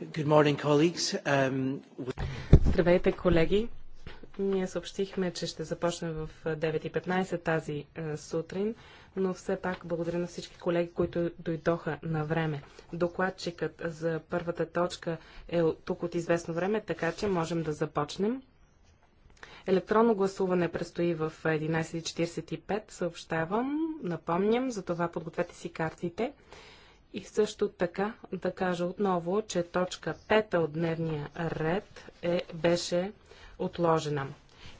Um, Здравейте, колеги! Ние съобщихме, че ще започнем в 9.15 тази сутрин, но все пак благодаря на всички колеги, които дойдоха на време. Докладчикът за първата точка е тук от известно време, така че можем да започнем. Електронно гласуване предстои в 11.45, съобщавам, напомням, за това подгответе си картите. И също така да кажа отново, че точка 5 от дневния ред е, беше отложена.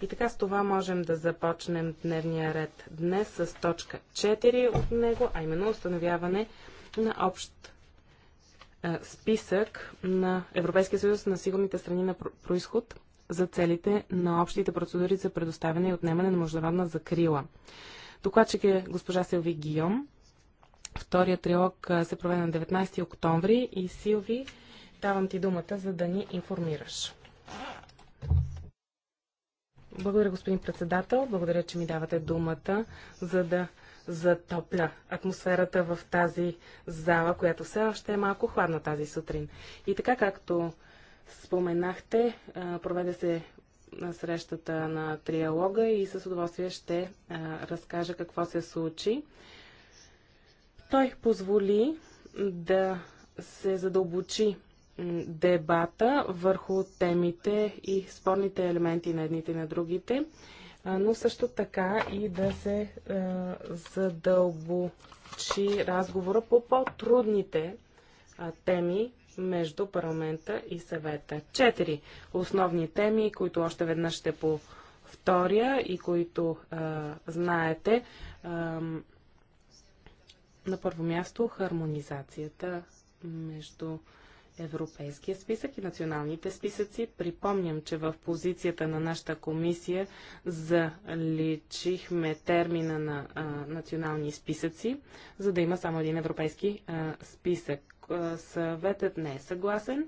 И така с това можем да започнем дневния ред днес с точка 4 от него, а именно установяване на общ е, списък на Европейския съюз на сигурните страни на происход за целите на общите процедури за предоставяне и отнемане на международна закрила. Докладчик е госпожа Силви Гион. Вторият трилог се проведе на 19 октомври и Силви, давам ти думата, за да ни информираш. Благодаря, господин председател. Благодаря, че ми давате думата, за да затопля атмосферата в тази зала, която все още е малко хладна тази сутрин. И така, както споменахте, проведе се на срещата на триалога и с удоволствие ще разкажа какво се случи. Той позволи да се задълбочи дебата върху темите и спорните елементи на едните и на другите, но също така и да се задълбочи разговора по по-трудните теми между парламента и съвета. Четири основни теми, които още веднъж ще повторя и които а, знаете. А, на първо място хармонизацията между Европейския списък и националните списъци. Припомням, че в позицията на нашата комисия заличихме термина на а, национални списъци, за да има само един европейски а, списък съветът не е съгласен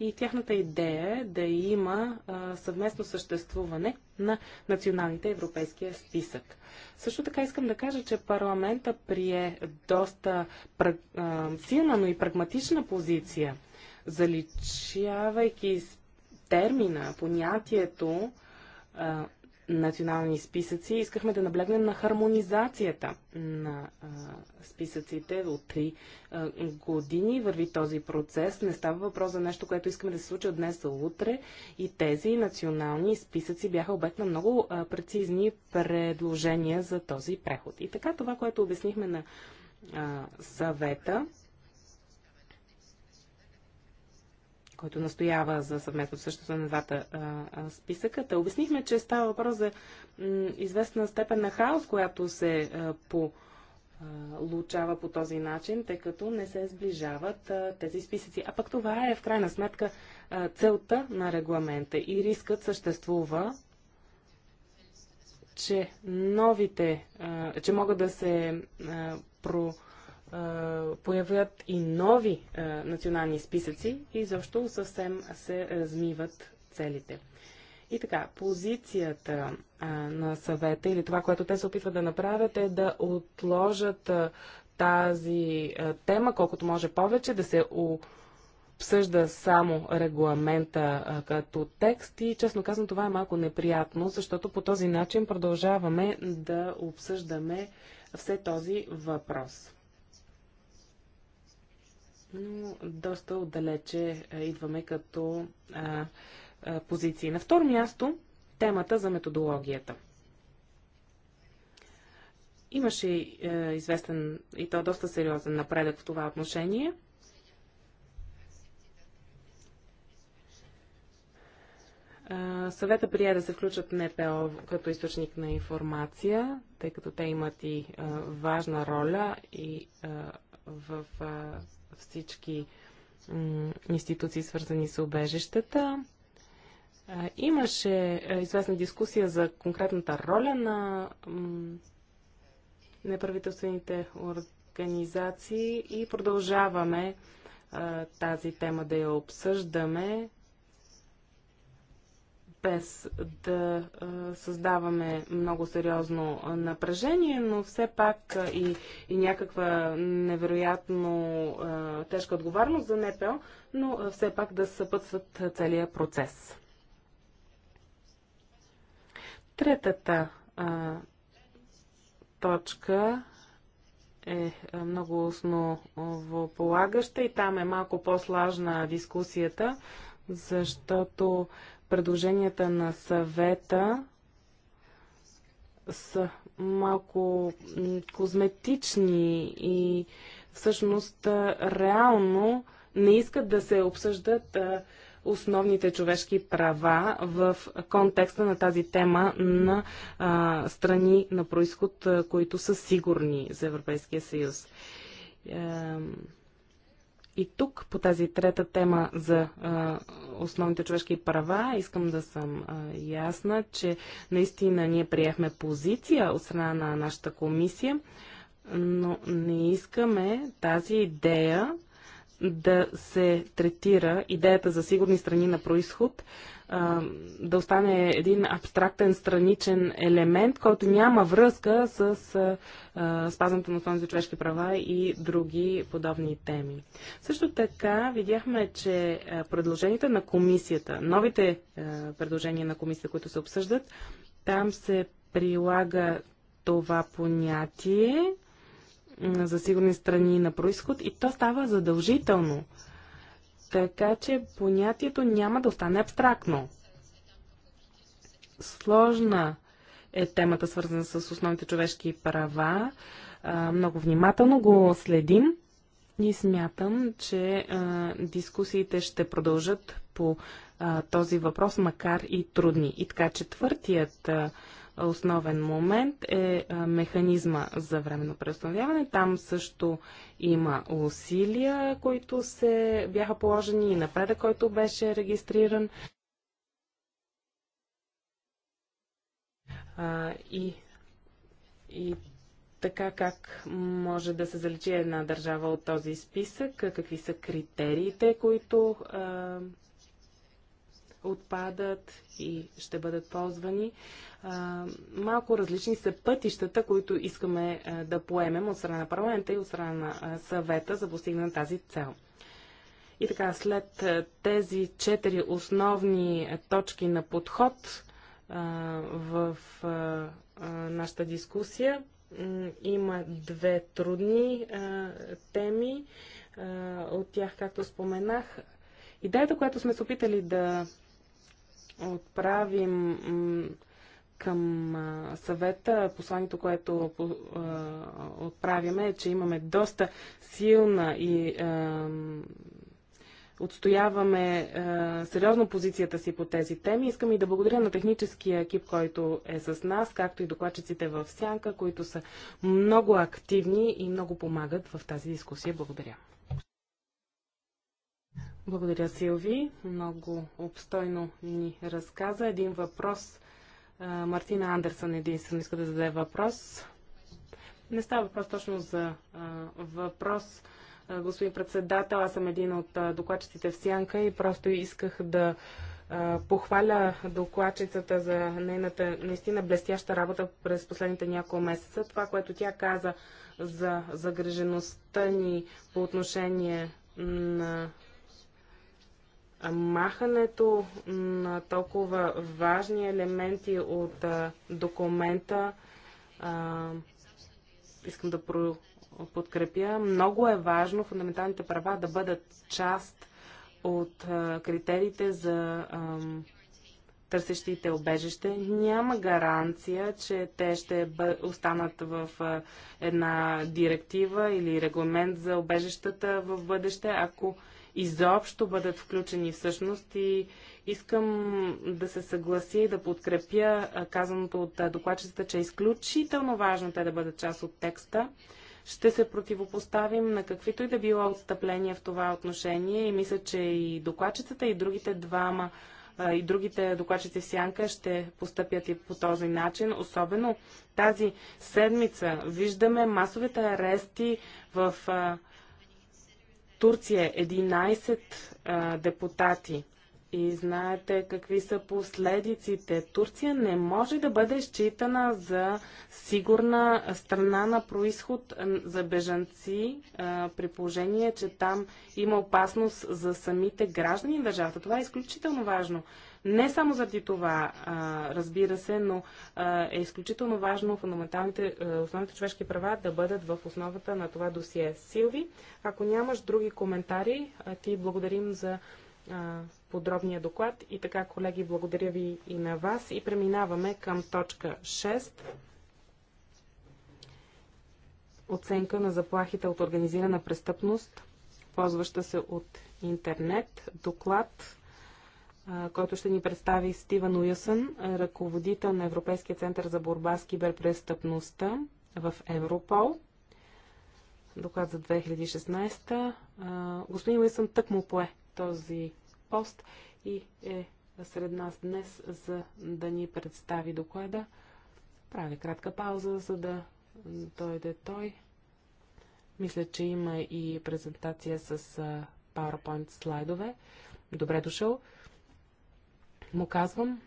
и тяхната идея е да има съвместно съществуване на националните европейския списък. Също така искам да кажа, че парламента прие доста силна, но и прагматична позиция, заличавайки термина, понятието национални списъци, искахме да наблегнем на хармонизацията на а, списъците от три а, години. Върви този процес. Не става въпрос за нещо, което искаме да се случи от днес за утре. И тези национални списъци бяха обект на много а, прецизни предложения за този преход. И така това, което обяснихме на а, съвета, който настоява за съвместно същото на двата а, списъка. Та обяснихме, че става въпрос за известна степен на хаос, която се а, по получава по този начин, тъй като не се сближават а, тези списъци. А пък това е в крайна сметка а, целта на регламента и рискът съществува, че новите, а, че могат да се про появят и нови национални списъци и защо съвсем се размиват целите. И така, позицията на съвета или това, което те се опитват да направят е да отложат тази тема колкото може повече, да се обсъжда само регламента като текст и честно казвам това е малко неприятно, защото по този начин продължаваме да обсъждаме все този въпрос но доста отдалече идваме като а, а, позиции. На второ място темата за методологията. Имаше е, известен и то доста сериозен напредък в това отношение. Съвета прие да се включат НПО като източник на информация, тъй като те имат и важна роля и в всички институции, свързани с обежищата. Имаше известна дискусия за конкретната роля на неправителствените организации и продължаваме тази тема да я обсъждаме без да създаваме много сериозно напрежение, но все пак и, и някаква невероятно тежка отговорност за НПО, но все пак да съпътстват целият процес. Третата а, точка е много основополагаща и там е малко по-слажна дискусията, защото предложенията на съвета са малко козметични и всъщност реално не искат да се обсъждат основните човешки права в контекста на тази тема на а, страни на происход, които са сигурни за Европейския съюз. И тук по тази трета тема за а, основните човешки права искам да съм а, ясна, че наистина ние приехме позиция от страна на нашата комисия, но не искаме тази идея да се третира идеята за сигурни страни на происход, да остане един абстрактен страничен елемент, който няма връзка с спазването на основните човешки права и други подобни теми. Също така видяхме, че предложенията на комисията, новите предложения на комисията, които се обсъждат, там се прилага това понятие, за сигурни страни на происход и то става задължително. Така че понятието няма да остане абстрактно. Сложна е темата, свързана с основните човешки права. Много внимателно го следим и смятам, че дискусиите ще продължат по този въпрос, макар и трудни. И така, четвъртият основен момент е механизма за временно преустановяване. Там също има усилия, които се бяха положени и напредък, който беше регистриран. А, и, и така как може да се заличи една държава от този списък, какви са критериите, които а, отпадат и ще бъдат ползвани. Малко различни са пътищата, които искаме да поемем от страна на парламента и от страна на съвета за постигане тази цел. И така, след тези четири основни точки на подход в нашата дискусия, има две трудни теми. От тях, както споменах, идеята, която сме се опитали да отправим към съвета, посланието, което отправяме е, че имаме доста силна и отстояваме сериозно позицията си по тези теми. Искам и да благодаря на техническия екип, който е с нас, както и докладчиците в Сянка, които са много активни и много помагат в тази дискусия. Благодаря. Благодаря, Силви. Много обстойно ни разказа. Един въпрос. Мартина Андерсън единствено иска да зададе въпрос. Не става въпрос точно за въпрос. господин председател, аз съм един от докладчиците в Сянка и просто исках да похваля докладчицата за нейната наистина блестяща работа през последните няколко месеца. Това, което тя каза за загрежеността ни по отношение на махането на толкова важни елементи от документа искам да подкрепя. Много е важно фундаменталните права да бъдат част от критериите за търсещите обежище, няма гаранция, че те ще останат в една директива или регламент за обежищата в бъдеще, ако изобщо бъдат включени всъщност и искам да се съглася и да подкрепя казаното от докладчицата, че е изключително важно те да бъдат част от текста. Ще се противопоставим на каквито и да било отстъпления в това отношение и мисля, че и докладчицата и другите двама и другите докладчици в Сянка ще постъпят и по този начин. Особено тази седмица виждаме масовите арести в Турция 11 а, депутати. И знаете какви са последиците. Турция не може да бъде считана за сигурна страна на происход за бежанци, при положение, че там има опасност за самите граждани на държавата. Това е изключително важно. Не само заради това, разбира се, но е изключително важно фундаменталните, основните човешки права да бъдат в основата на това досие. Силви, ако нямаш други коментари, ти благодарим за подробния доклад. И така, колеги, благодаря ви и на вас. И преминаваме към точка 6 оценка на заплахите от организирана престъпност, ползваща се от интернет, доклад който ще ни представи Стивен Уилсън, ръководител на Европейския център за борба с киберпрестъпността в Европол. Доклад за 2016. Господин Уилсън тък му пое този пост и е сред нас днес, за да ни представи доклада. Прави кратка пауза, за да дойде той. Мисля, че има и презентация с PowerPoint слайдове. Добре дошъл му казвам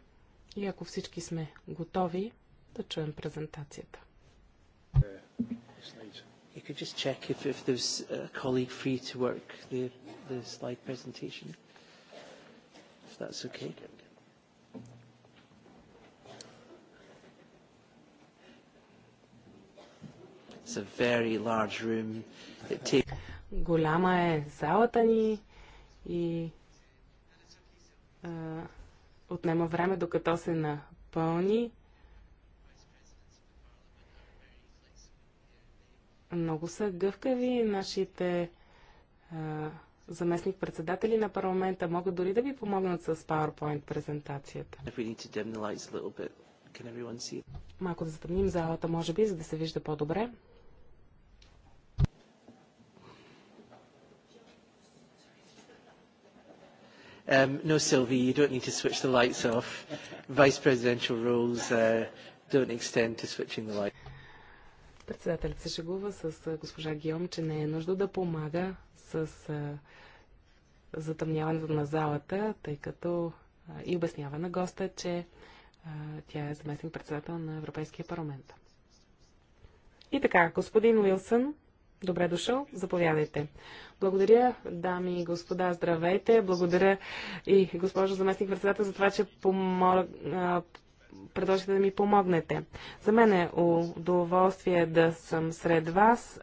и ако всички сме готови, да чуем презентацията. You could just check if, if there's a colleague free to work the, the slide presentation, if that's okay. It's a very large room. It takes... Голяма е залата ни и а, отнема време докато се напълни. Много са гъвкави нашите а, заместник-председатели на парламента. Могат дори да ви помогнат с PowerPoint презентацията. Малко да затъмним залата, може би, за да се вижда по-добре. Um, no, Sylvie, you don't need to switch the lights off. Vice presidential rules uh, don't extend to switching the lights. Председателят се шегува с госпожа Гиом, че не е нужда да помага с затъмняването на залата, тъй като и обяснява на госта, че тя е заместник председател на Европейския парламент. И така, господин Уилсън, Добре дошъл, заповядайте. Благодаря, дами и господа, здравейте. Благодаря и госпожо заместник председател за това, че помог... предложите да ми помогнете. За мен е удоволствие да съм сред вас.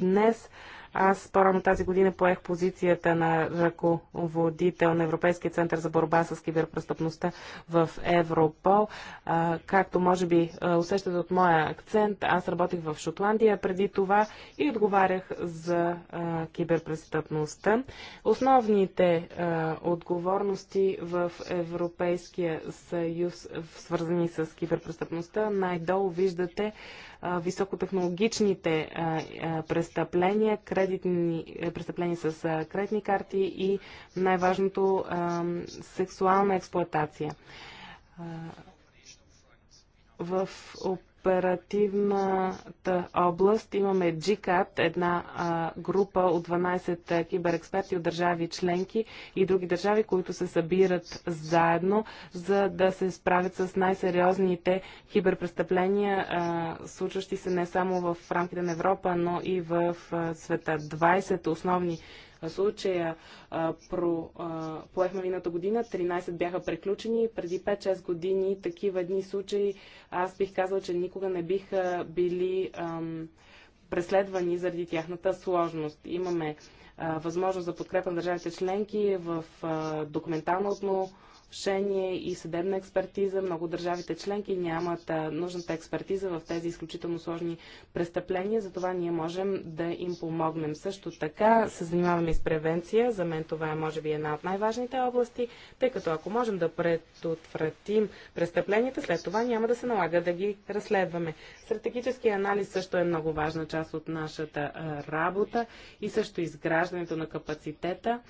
Днес аз по-рано тази година поех позицията на ръководител на Европейския център за борба с киберпрестъпността в Европол. А, както може би усещате от моя акцент, аз работих в Шотландия преди това и отговарях за а, киберпрестъпността. Основните а, отговорности в Европейския съюз, свързани с киберпрестъпността, най-долу виждате високотехнологичните престъпления, кредитни, е, престъпления с кредитни карти и най-важното сексуална експлоатация. В оперативната област имаме GCAT, една а, група от 12 киберексперти от държави членки и други държави, които се събират заедно, за да се справят с най-сериозните киберпрестъпления, а, случващи се не само в рамките на Европа, но и в а, света. 20 основни случая а, про, а, поехме мината година, 13 бяха преключени. Преди 5-6 години такива дни случаи, аз бих казал, че никога не биха били ам, преследвани заради тяхната сложност. Имаме а, възможност за подкрепа на държавите членки в а, документалното решение и съдебна експертиза. Много държавите членки нямат нужната експертиза в тези изключително сложни престъпления, затова ние можем да им помогнем. Също така се занимаваме и с превенция. За мен това е може би една от най-важните области, тъй като ако можем да предотвратим престъпленията, след това няма да се налага да ги разследваме. Стратегически анализ също е много важна част от нашата работа и също изграждането на капацитета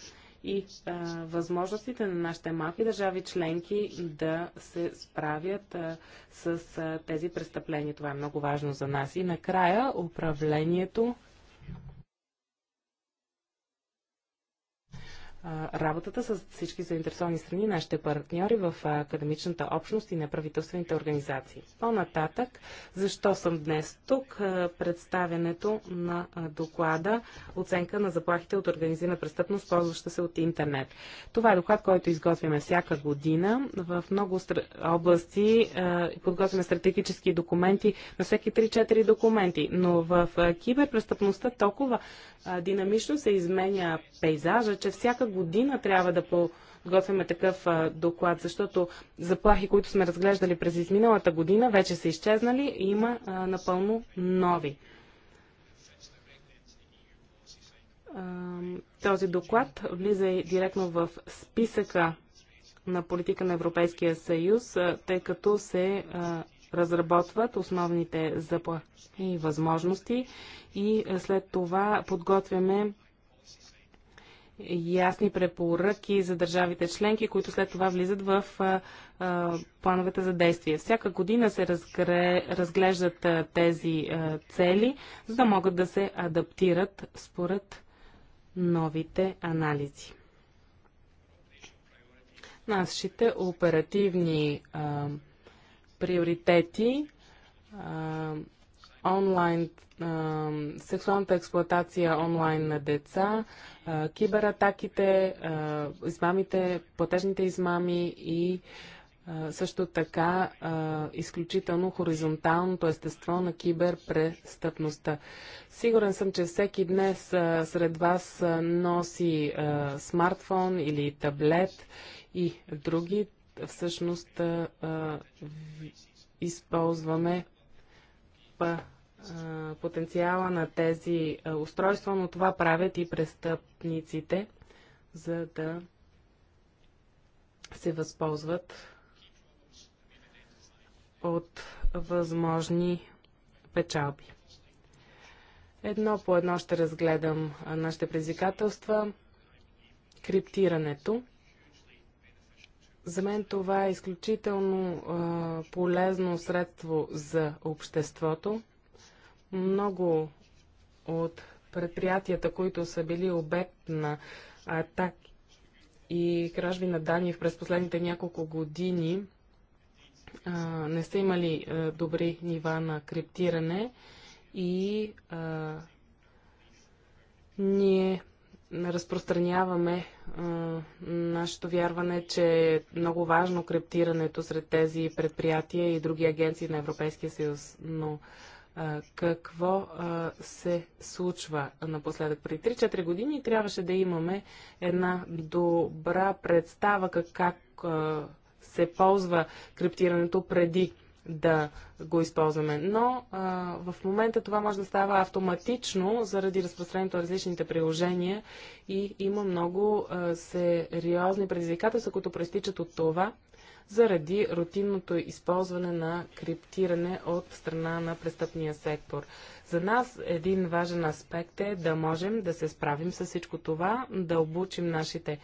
и а, възможностите на нашите малки държави членки да се справят а, с а, тези престъпления. Това е много важно за нас. И накрая управлението работата с всички заинтересовани страни, нашите партньори в академичната общност и неправителствените организации. По-нататък, защо съм днес тук? Представянето на доклада Оценка на заплахите от организирана престъпност, ползваща се от интернет. Това е доклад, който изготвяме всяка година. В много области подготвяме стратегически документи на всеки 3-4 документи, но в киберпрестъпността толкова динамично се изменя пейзажа, че всяка година трябва да по подготвяме такъв а, доклад, защото заплахи, които сме разглеждали през изминалата година, вече са изчезнали и има а, напълно нови. А, този доклад влиза и директно в списъка на политика на Европейския съюз, тъй като се разработват основните заплахи и възможности и след това подготвяме ясни препоръки за държавите членки, които след това влизат в а, а, плановете за действие. Всяка година се разгре, разглеждат а, тези цели, за да могат да се адаптират според новите анализи. Нашите оперативни приоритети онлайн, а, сексуалната експлоатация онлайн на деца, а, кибератаките, а, измамите, платежните измами и също така изключително хоризонталното естество на киберпрестъпността. Сигурен съм, че всеки днес сред вас носи смартфон или таблет и други. Всъщност използваме потенциала на тези устройства, но това правят и престъпниците, за да се възползват от възможни печалби. Едно по едно ще разгледам нашите предизвикателства. Криптирането. За мен това е изключително а, полезно средство за обществото. Много от предприятията, които са били обект на атаки и кражби на данни през последните няколко години, не са имали добри нива на криптиране и ние разпространяваме а, нашето вярване, че е много важно криптирането сред тези предприятия и други агенции на Европейския съюз. Но какво се случва напоследък. При 3-4 години трябваше да имаме една добра представа как, как се ползва криптирането преди да го използваме. Но а, в момента това може да става автоматично заради разпространението на различните приложения и има много а, сериозни предизвикателства, които проистичат от това заради рутинното използване на криптиране от страна на престъпния сектор. За нас един важен аспект е да можем да се справим с всичко това, да обучим нашите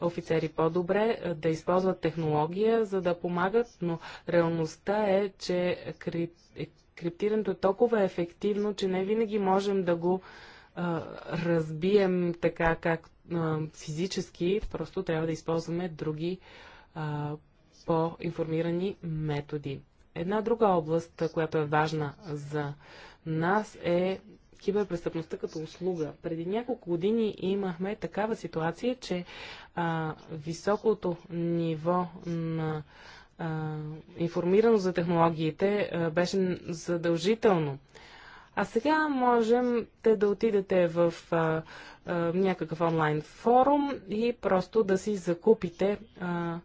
офицери по-добре, е, да използват технология, за да помагат, но реалността е, че крип... Е, криптирането е толкова ефективно, че не винаги можем да го е, разбием така как а, физически, просто трябва да използваме други а, по-информирани методи. Една друга област, която е важна за нас е киберпрестъпността като услуга. Преди няколко години имахме такава ситуация, че а, високото ниво на а, информираност за технологиите а, беше задължително. А сега можем те да отидете в а, а, някакъв онлайн форум и просто да си закупите а,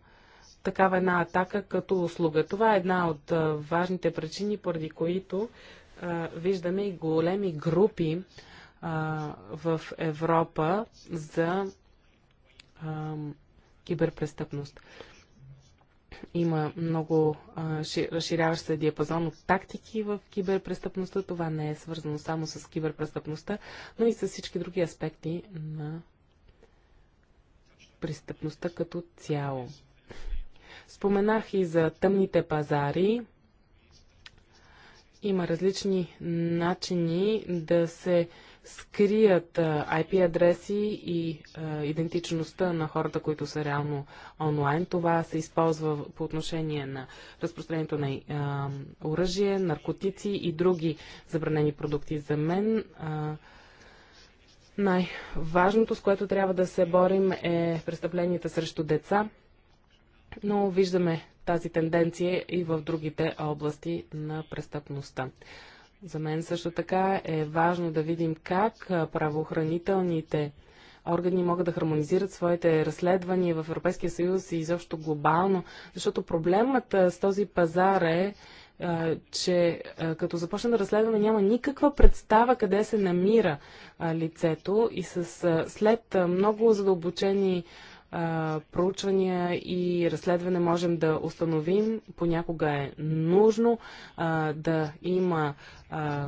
такава една атака като услуга. Това е една от важните причини, поради които а, виждаме и големи групи а, в Европа за киберпрестъпност. Има много разширяващ се диапазон от тактики в киберпрестъпността. Това не е свързано само с киберпрестъпността, но и с всички други аспекти на престъпността като цяло. Споменах и за тъмните пазари. Има различни начини да се скрият IP адреси и а, идентичността на хората, които са реално онлайн. Това се използва по отношение на разпространението на оръжие, наркотици и други забранени продукти. За мен най-важното, с което трябва да се борим е престъпленията срещу деца но виждаме тази тенденция и в другите области на престъпността. За мен също така е важно да видим как правоохранителните органи могат да хармонизират своите разследвания в Европейския съюз и изобщо глобално, защото проблемът с този пазар е, че като започне да разследваме, няма никаква представа къде се намира лицето и с, след много задълбочени проучвания и разследване можем да установим. Понякога е нужно а, да има а,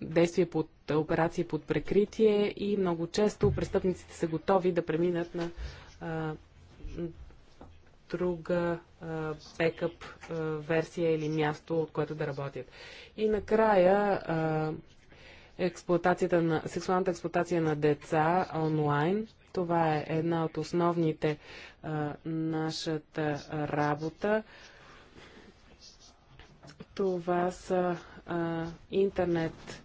действия под операции под прекритие и много често престъпниците са готови да преминат на а, друга бекъп версия или място, от което да работят. И накрая експлуатацията на, сексуалната експлуатация на деца онлайн това е една от основните а, нашата работа. Това са а, интернет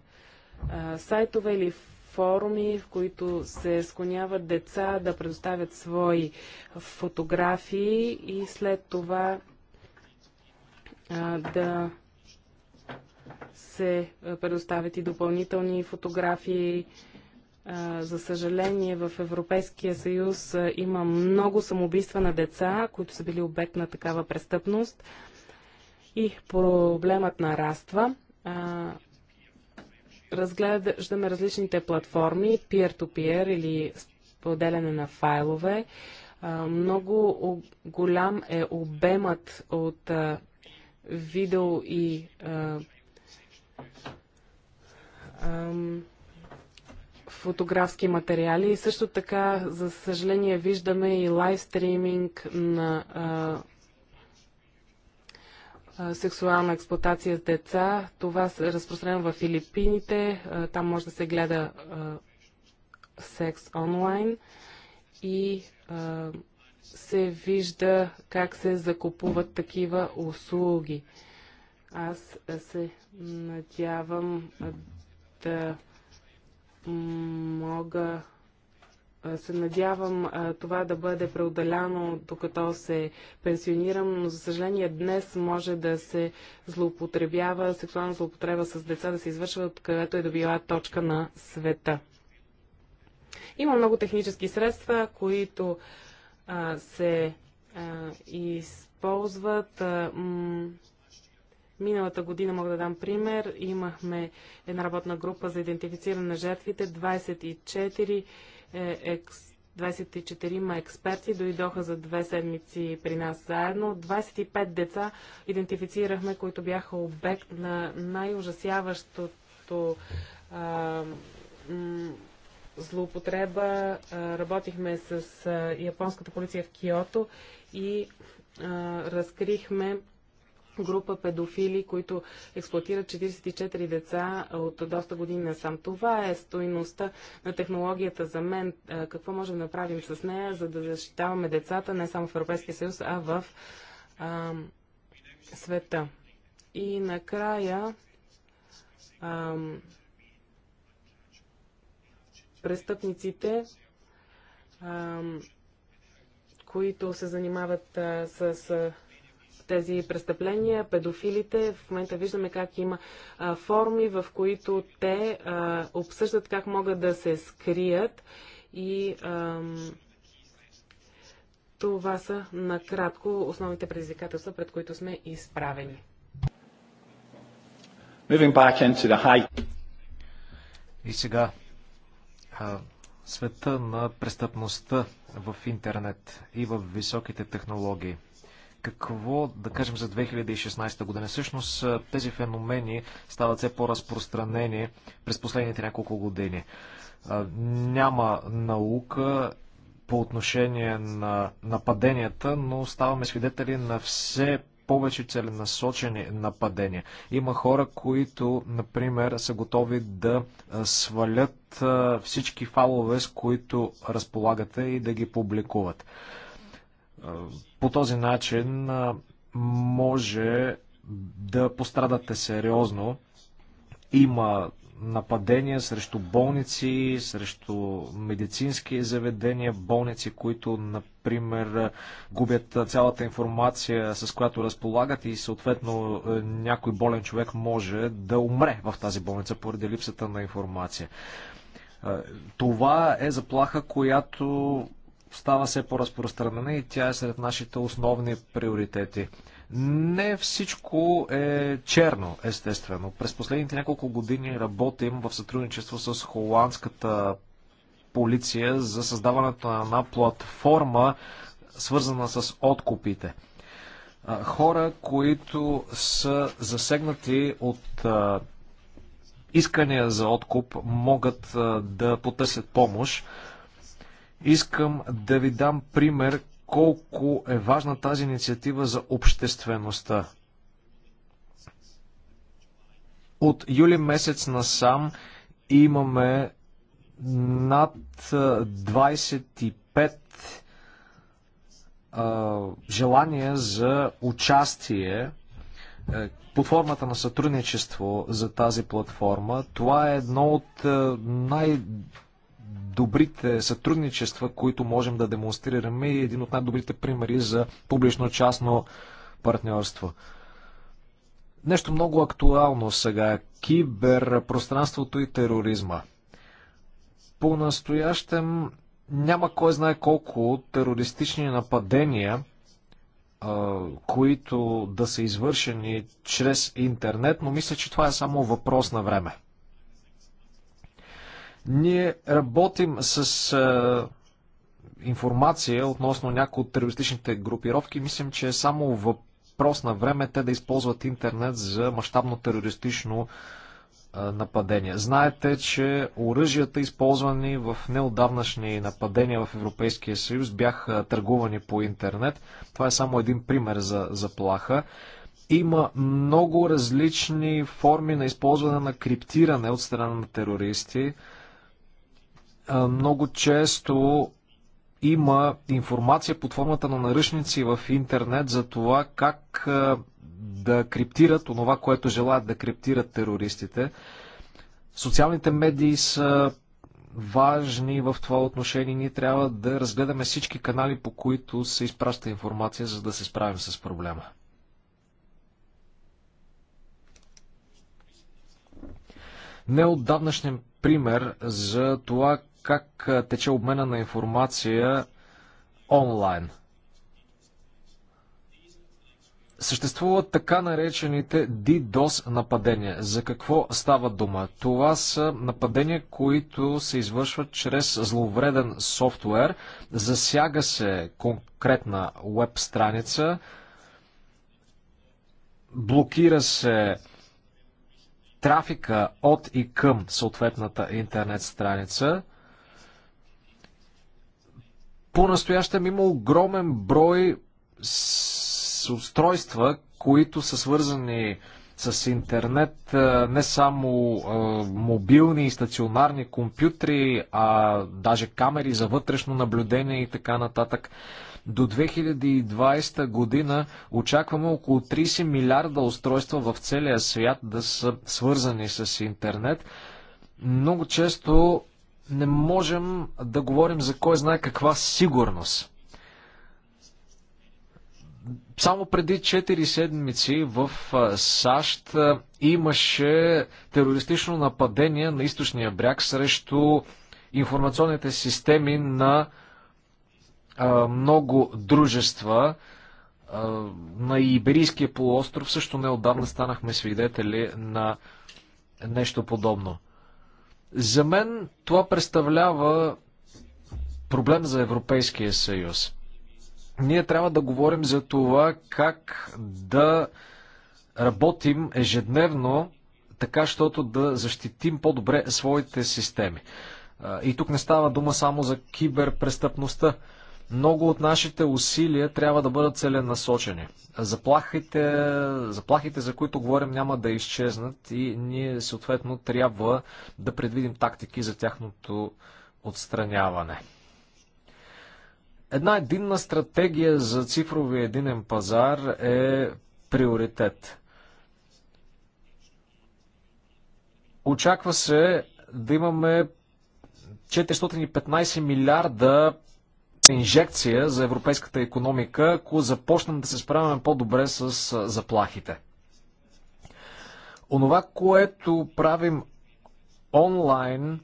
а, сайтове или форуми, в които се склоняват деца да предоставят свои фотографии и след това а, да се предоставят и допълнителни фотографии, за съжаление, в Европейския съюз има много самоубийства на деца, които са били обект на такава престъпност и проблемът нараства. Разглеждаме различните платформи, peer-to-peer -peer или споделяне на файлове. Много голям е обемът от видео и фотографски материали и също така, за съжаление, виждаме и лайв стриминг на а, сексуална експлуатация с деца. Това се разпространено в Филипините. Там може да се гледа а, секс онлайн и а, се вижда как се закупуват такива услуги. Аз се надявам да мога се надявам това да бъде преодоляно докато се пенсионирам, но за съжаление днес може да се злоупотребява, сексуална злоупотреба с деца да се извършва от където е добила точка на света. Има много технически средства, които а, се а, използват. А, Миналата година, мога да дам пример, имахме една работна група за идентифициране на жертвите. 24 е, екс, 24 експерти дойдоха за две седмици при нас заедно. 25 деца идентифицирахме, които бяха обект на най-ужасяващото а, злоупотреба. А, работихме с а, японската полиция в Киото и разкрихме група педофили, които експлуатират 44 деца от доста години насам. Това е стойността на технологията за мен. Какво можем да направим с нея, за да защитаваме децата не само в Европейския съюз, а в а, света. И накрая а, престъпниците а, които се занимават а, с тези престъпления, педофилите. В момента виждаме как има а, форми, в които те а, обсъждат как могат да се скрият и ам, това са накратко основните предизвикателства, пред които сме изправени. И сега а, света на престъпността в интернет и в високите технологии какво да кажем за 2016 година. Всъщност тези феномени стават все по-разпространени през последните няколко години. Няма наука по отношение на нападенията, но ставаме свидетели на все повече целенасочени нападения. Има хора, които, например, са готови да свалят всички фалове, с които разполагате и да ги публикуват. По този начин може да пострадате сериозно. Има нападения срещу болници, срещу медицински заведения, болници, които, например, губят цялата информация, с която разполагат и съответно е, някой болен човек може да умре в тази болница поради липсата на информация. Е, това е заплаха, която става все по-разпространена и тя е сред нашите основни приоритети. Не всичко е черно, естествено. През последните няколко години работим в сътрудничество с холандската полиция за създаването на една платформа, свързана с откупите. Хора, които са засегнати от искания за откуп, могат да потърсят помощ Искам да ви дам пример колко е важна тази инициатива за обществеността. От юли месец насам имаме над 25 а, желания за участие е, под формата на сътрудничество за тази платформа. Това е едно от най- добрите сътрудничества, които можем да демонстрираме и е един от най-добрите примери за публично-частно партньорство. Нещо много актуално сега е киберпространството и тероризма. По-настоящем няма кой знае колко терористични нападения, които да са извършени чрез интернет, но мисля, че това е само въпрос на време. Ние работим с а, информация относно някои от терористичните групировки. Мислим, че е само въпрос на време те да използват интернет за мащабно терористично а, нападение. Знаете, че оръжията, използвани в неодавнашни нападения в Европейския съюз, бяха търгувани по интернет. Това е само един пример за заплаха има много различни форми на използване на криптиране от страна на терористи много често има информация под формата на наръчници в интернет за това как да криптират онова, което желаят да криптират терористите. Социалните медии са важни в това отношение. Ние трябва да разгледаме всички канали, по които се изпраща информация, за да се справим с проблема. Неотдавнашен пример за това как тече обмена на информация онлайн. Съществуват така наречените DDoS нападения. За какво става дума? Това са нападения, които се извършват чрез зловреден софтуер. Засяга се конкретна веб страница, блокира се трафика от и към съответната интернет страница – по-настоящем има огромен брой с устройства, които са свързани с интернет, не само мобилни и стационарни компютри, а даже камери за вътрешно наблюдение и така нататък. До 2020 година очакваме около 30 милиарда устройства в целия свят да са свързани с интернет. Много често не можем да говорим за кой знае каква сигурност. Само преди 4 седмици в САЩ имаше терористично нападение на източния бряг срещу информационните системи на много дружества на Иберийския полуостров също неодавна станахме свидетели на нещо подобно. За мен това представлява проблем за Европейския съюз. Ние трябва да говорим за това как да работим ежедневно, така, щото да защитим по-добре своите системи. И тук не става дума само за киберпрестъпността. Много от нашите усилия трябва да бъдат целенасочени. Заплахите, заплахите, за които говорим, няма да изчезнат и ние съответно трябва да предвидим тактики за тяхното отстраняване. Една единна стратегия за цифровия единен пазар е приоритет. Очаква се да имаме 415 милиарда инжекция за европейската економика, ако започнем да се справяме по-добре с заплахите. Онова, което правим онлайн,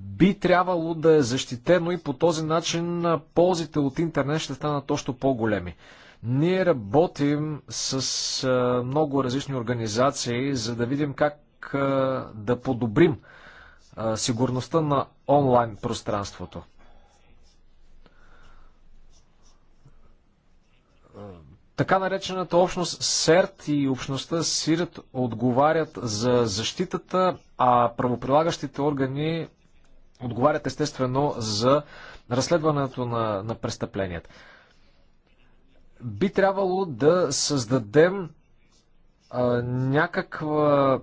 би трябвало да е защитено и по този начин ползите от интернет ще станат още по-големи. Ние работим с много различни организации, за да видим как да подобрим сигурността на онлайн пространството. Така наречената общност СЕРТ и общността СИРТ отговарят за защитата, а правоприлагащите органи отговарят естествено за разследването на, на престъпленията. Би трябвало да създадем а, някаква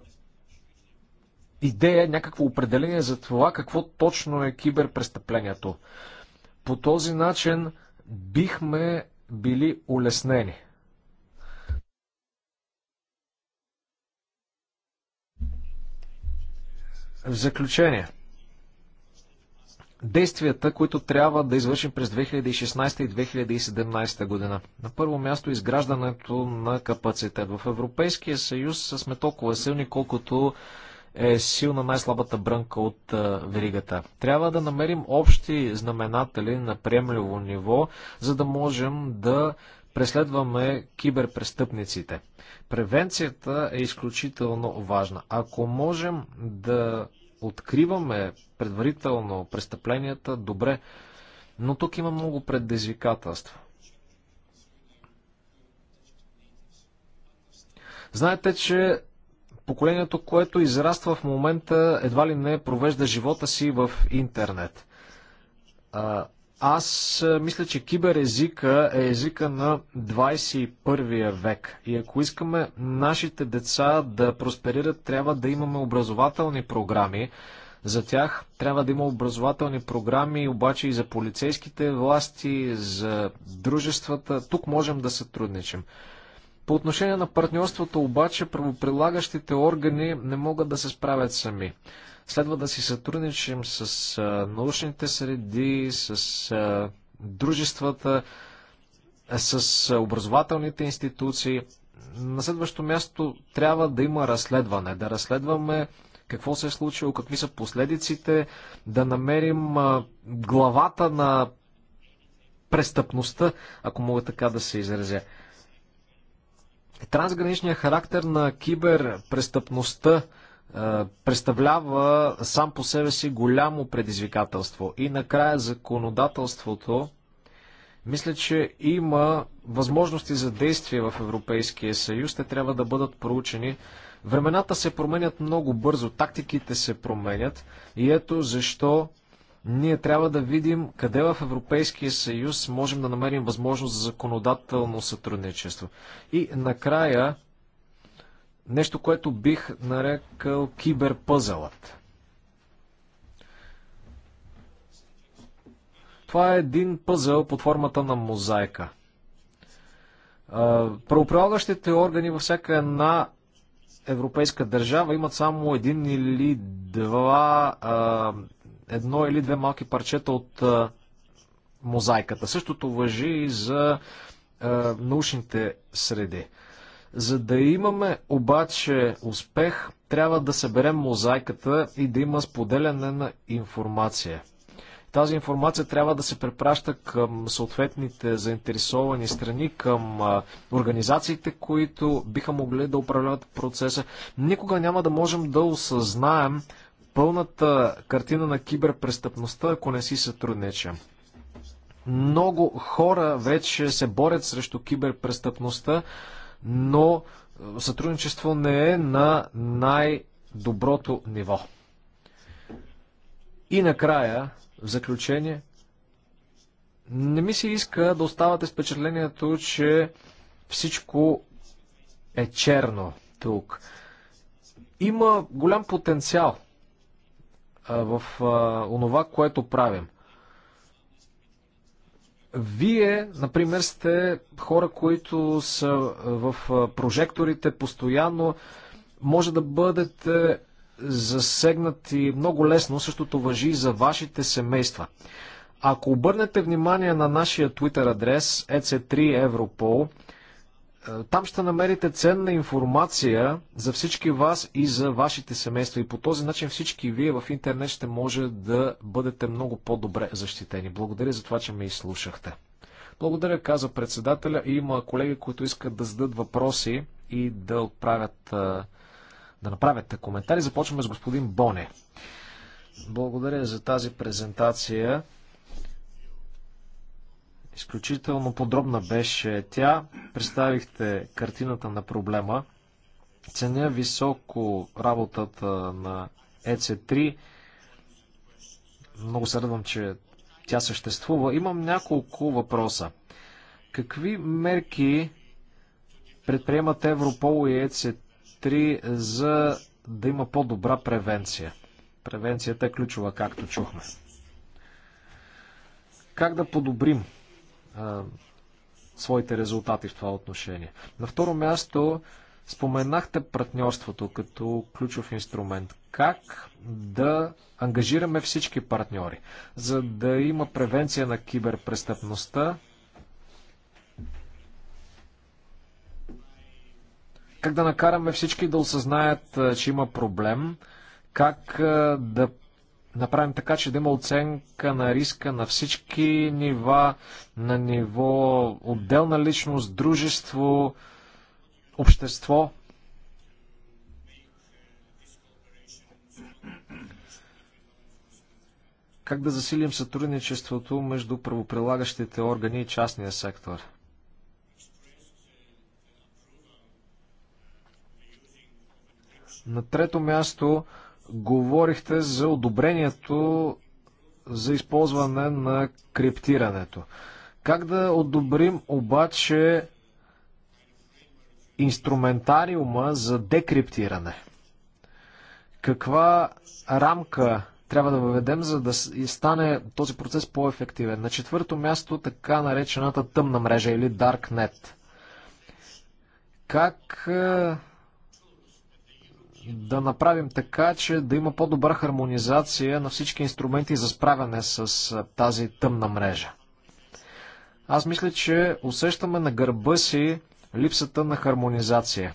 идея, някакво определение за това какво точно е киберпрестъплението. По този начин бихме били улеснени. В заключение, действията, които трябва да извършим през 2016 и 2017 година. На първо място изграждането на капацитет. В Европейския съюз сме толкова силни, колкото е силна най-слабата брънка от а, веригата. Трябва да намерим общи знаменатели на приемливо ниво, за да можем да преследваме киберпрестъпниците. Превенцията е изключително важна. Ако можем да откриваме предварително престъпленията, добре, но тук има много предизвикателства. Знаете, че поколението, което израства в момента, едва ли не провежда живота си в интернет. Аз е, мисля, че киберезика е езика на 21 век. И ако искаме нашите деца да просперират, трябва да имаме образователни програми. За тях трябва да има образователни програми, обаче и за полицейските власти, за дружествата. Тук можем да сътрудничим. По отношение на партньорството обаче, правоприлагащите органи не могат да се справят сами. Следва да си сътрудничим с научните среди, с дружествата, с образователните институции. На следващо място трябва да има разследване, да разследваме какво се е случило, какви са последиците, да намерим главата на престъпността, ако мога така да се изразя. Трансграничният характер на киберпрестъпността е, представлява сам по себе си голямо предизвикателство. И накрая законодателството. Мисля, че има възможности за действие в Европейския съюз. Те трябва да бъдат проучени. Времената се променят много бързо, тактиките се променят и ето защо ние трябва да видим къде в Европейския съюз можем да намерим възможност за законодателно сътрудничество. И накрая Нещо, което бих нарекал киберпъзълът. Това е един пъзъл под формата на мозайка. Правоприлагащите органи във всяка една европейска държава имат само един или два, едно или две малки парчета от мозайката. Същото въжи и за научните среди. За да имаме обаче успех, трябва да съберем мозайката и да има споделяне на информация. Тази информация трябва да се препраща към съответните заинтересовани страни, към организациите, които биха могли да управляват процеса. Никога няма да можем да осъзнаем пълната картина на киберпрестъпността, ако не си сътрудничам. Много хора вече се борят срещу киберпрестъпността, но е, сътрудничество не е на най-доброто ниво. И накрая, в заключение, не ми се иска да оставате с впечатлението, че всичко е черно тук. Има голям потенциал в онова, което правим. Вие, например, сте хора, които са в прожекторите постоянно. Може да бъдете засегнати много лесно. Същото въжи и за вашите семейства. Ако обърнете внимание на нашия Twitter адрес ec3europol, е, там ще намерите ценна информация за всички вас и за вашите семейства. И по този начин всички вие в интернет ще може да бъдете много по-добре защитени. Благодаря за това, че ме изслушахте. Благодаря, каза председателя. Има колеги, които искат да зададат въпроси и да отправят, е, да направят коментари. Започваме с господин Боне. Благодаря за тази презентация. Изключително подробна беше тя. Представихте картината на проблема. Ценя високо работата на ЕЦ3. Много се радвам, че тя съществува. Имам няколко въпроса. Какви мерки предприемат Европол и ЕЦ3 за да има по-добра превенция? Превенцията е ключова, както чухме. Как да подобрим своите резултати в това отношение. На второ място споменахте партньорството като ключов инструмент. Как да ангажираме всички партньори, за да има превенция на киберпрестъпността? Как да накараме всички да осъзнаят, че има проблем? Как да направим така, че да има оценка на риска на всички нива, на ниво отделна личност, дружество, общество. Как да засилим сътрудничеството между правоприлагащите органи и частния сектор? На трето място говорихте за одобрението за използване на криптирането. Как да одобрим обаче инструментариума за декриптиране? Каква рамка трябва да въведем, за да стане този процес по-ефективен? На четвърто място така наречената тъмна мрежа или Darknet. Как е, да направим така, че да има по-добра хармонизация на всички инструменти за справяне с тази тъмна мрежа. Аз мисля, че усещаме на гърба си липсата на хармонизация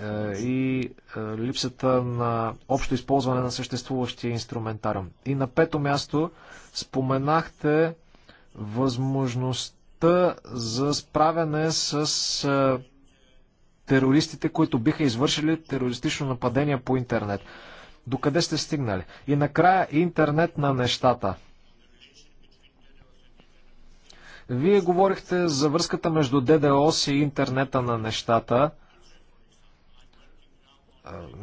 е, и е, липсата на общо използване на съществуващия инструментар. И на пето място споменахте възможността за справяне с терористите, които биха извършили терористично нападение по интернет. Докъде сте стигнали? И накрая интернет на нещата. Вие говорихте за връзката между ДДОС и интернета на нещата.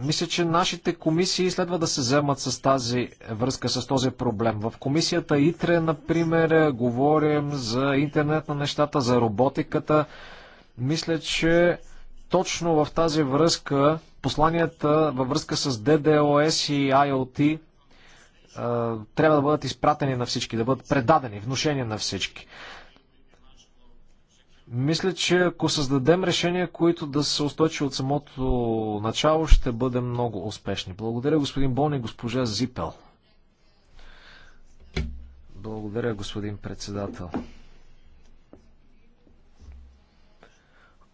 Мисля, че нашите комисии следва да се вземат с тази връзка, с този проблем. В комисията ИТРЕ, например, говорим за интернет на нещата, за роботиката. Мисля, че точно в тази връзка, посланията във връзка с DDoS и IoT трябва да бъдат изпратени на всички, да бъдат предадени, вношени на всички. Мисля, че ако създадем решения, които да се устойчи от самото начало, ще бъдем много успешни. Благодаря, господин Бон и госпожа Зипел. Благодаря, господин председател.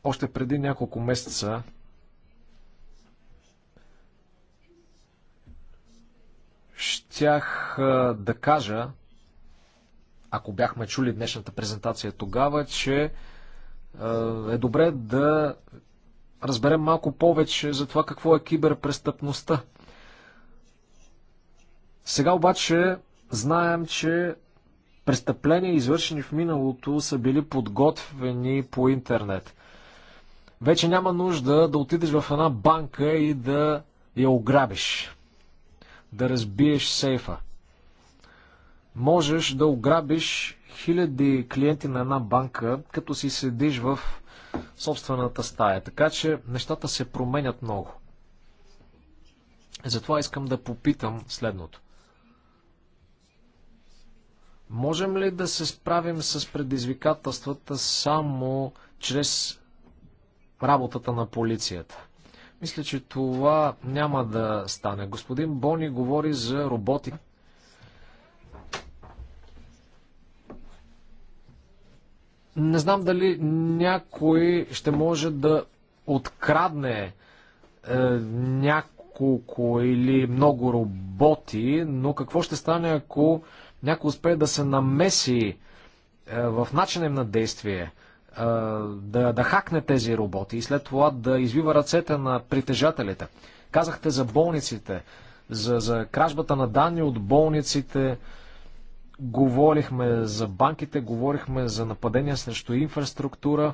Още преди няколко месеца щях да кажа, ако бяхме чули днешната презентация тогава, че е добре да разберем малко повече за това какво е киберпрестъпността. Сега обаче знаем, че престъпления, извършени в миналото, са били подготвени по интернет – вече няма нужда да отидеш в една банка и да я ограбиш, да разбиеш сейфа. Можеш да ограбиш хиляди клиенти на една банка, като си седиш в собствената стая. Така че нещата се променят много. Затова искам да попитам следното. Можем ли да се справим с предизвикателствата само чрез работата на полицията. Мисля, че това няма да стане. Господин Бони говори за роботи. Не знам дали някой ще може да открадне е, няколко или много роботи, но какво ще стане, ако някой успее да се намеси е, в начина им на действие? да, да хакне тези роботи и след това да извива ръцете на притежателите. Казахте за болниците, за, за кражбата на данни от болниците, говорихме за банките, говорихме за нападения срещу инфраструктура.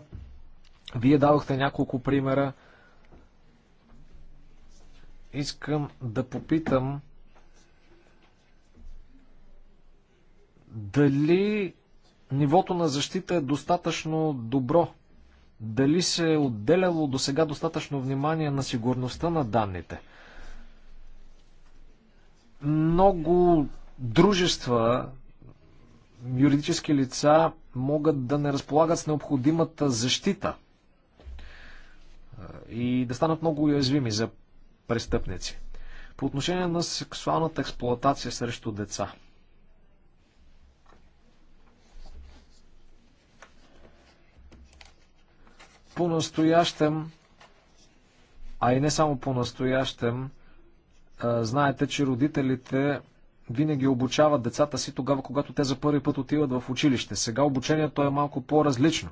Вие дадохте няколко примера. Искам да попитам дали нивото на защита е достатъчно добро? Дали се е отделяло до сега достатъчно внимание на сигурността на данните? Много дружества, юридически лица могат да не разполагат с необходимата защита и да станат много уязвими за престъпници. По отношение на сексуалната експлоатация срещу деца – По-настоящем, а и не само по-настоящем, знаете, че родителите винаги обучават децата си тогава, когато те за първи път отиват в училище. Сега обучението е малко по-различно.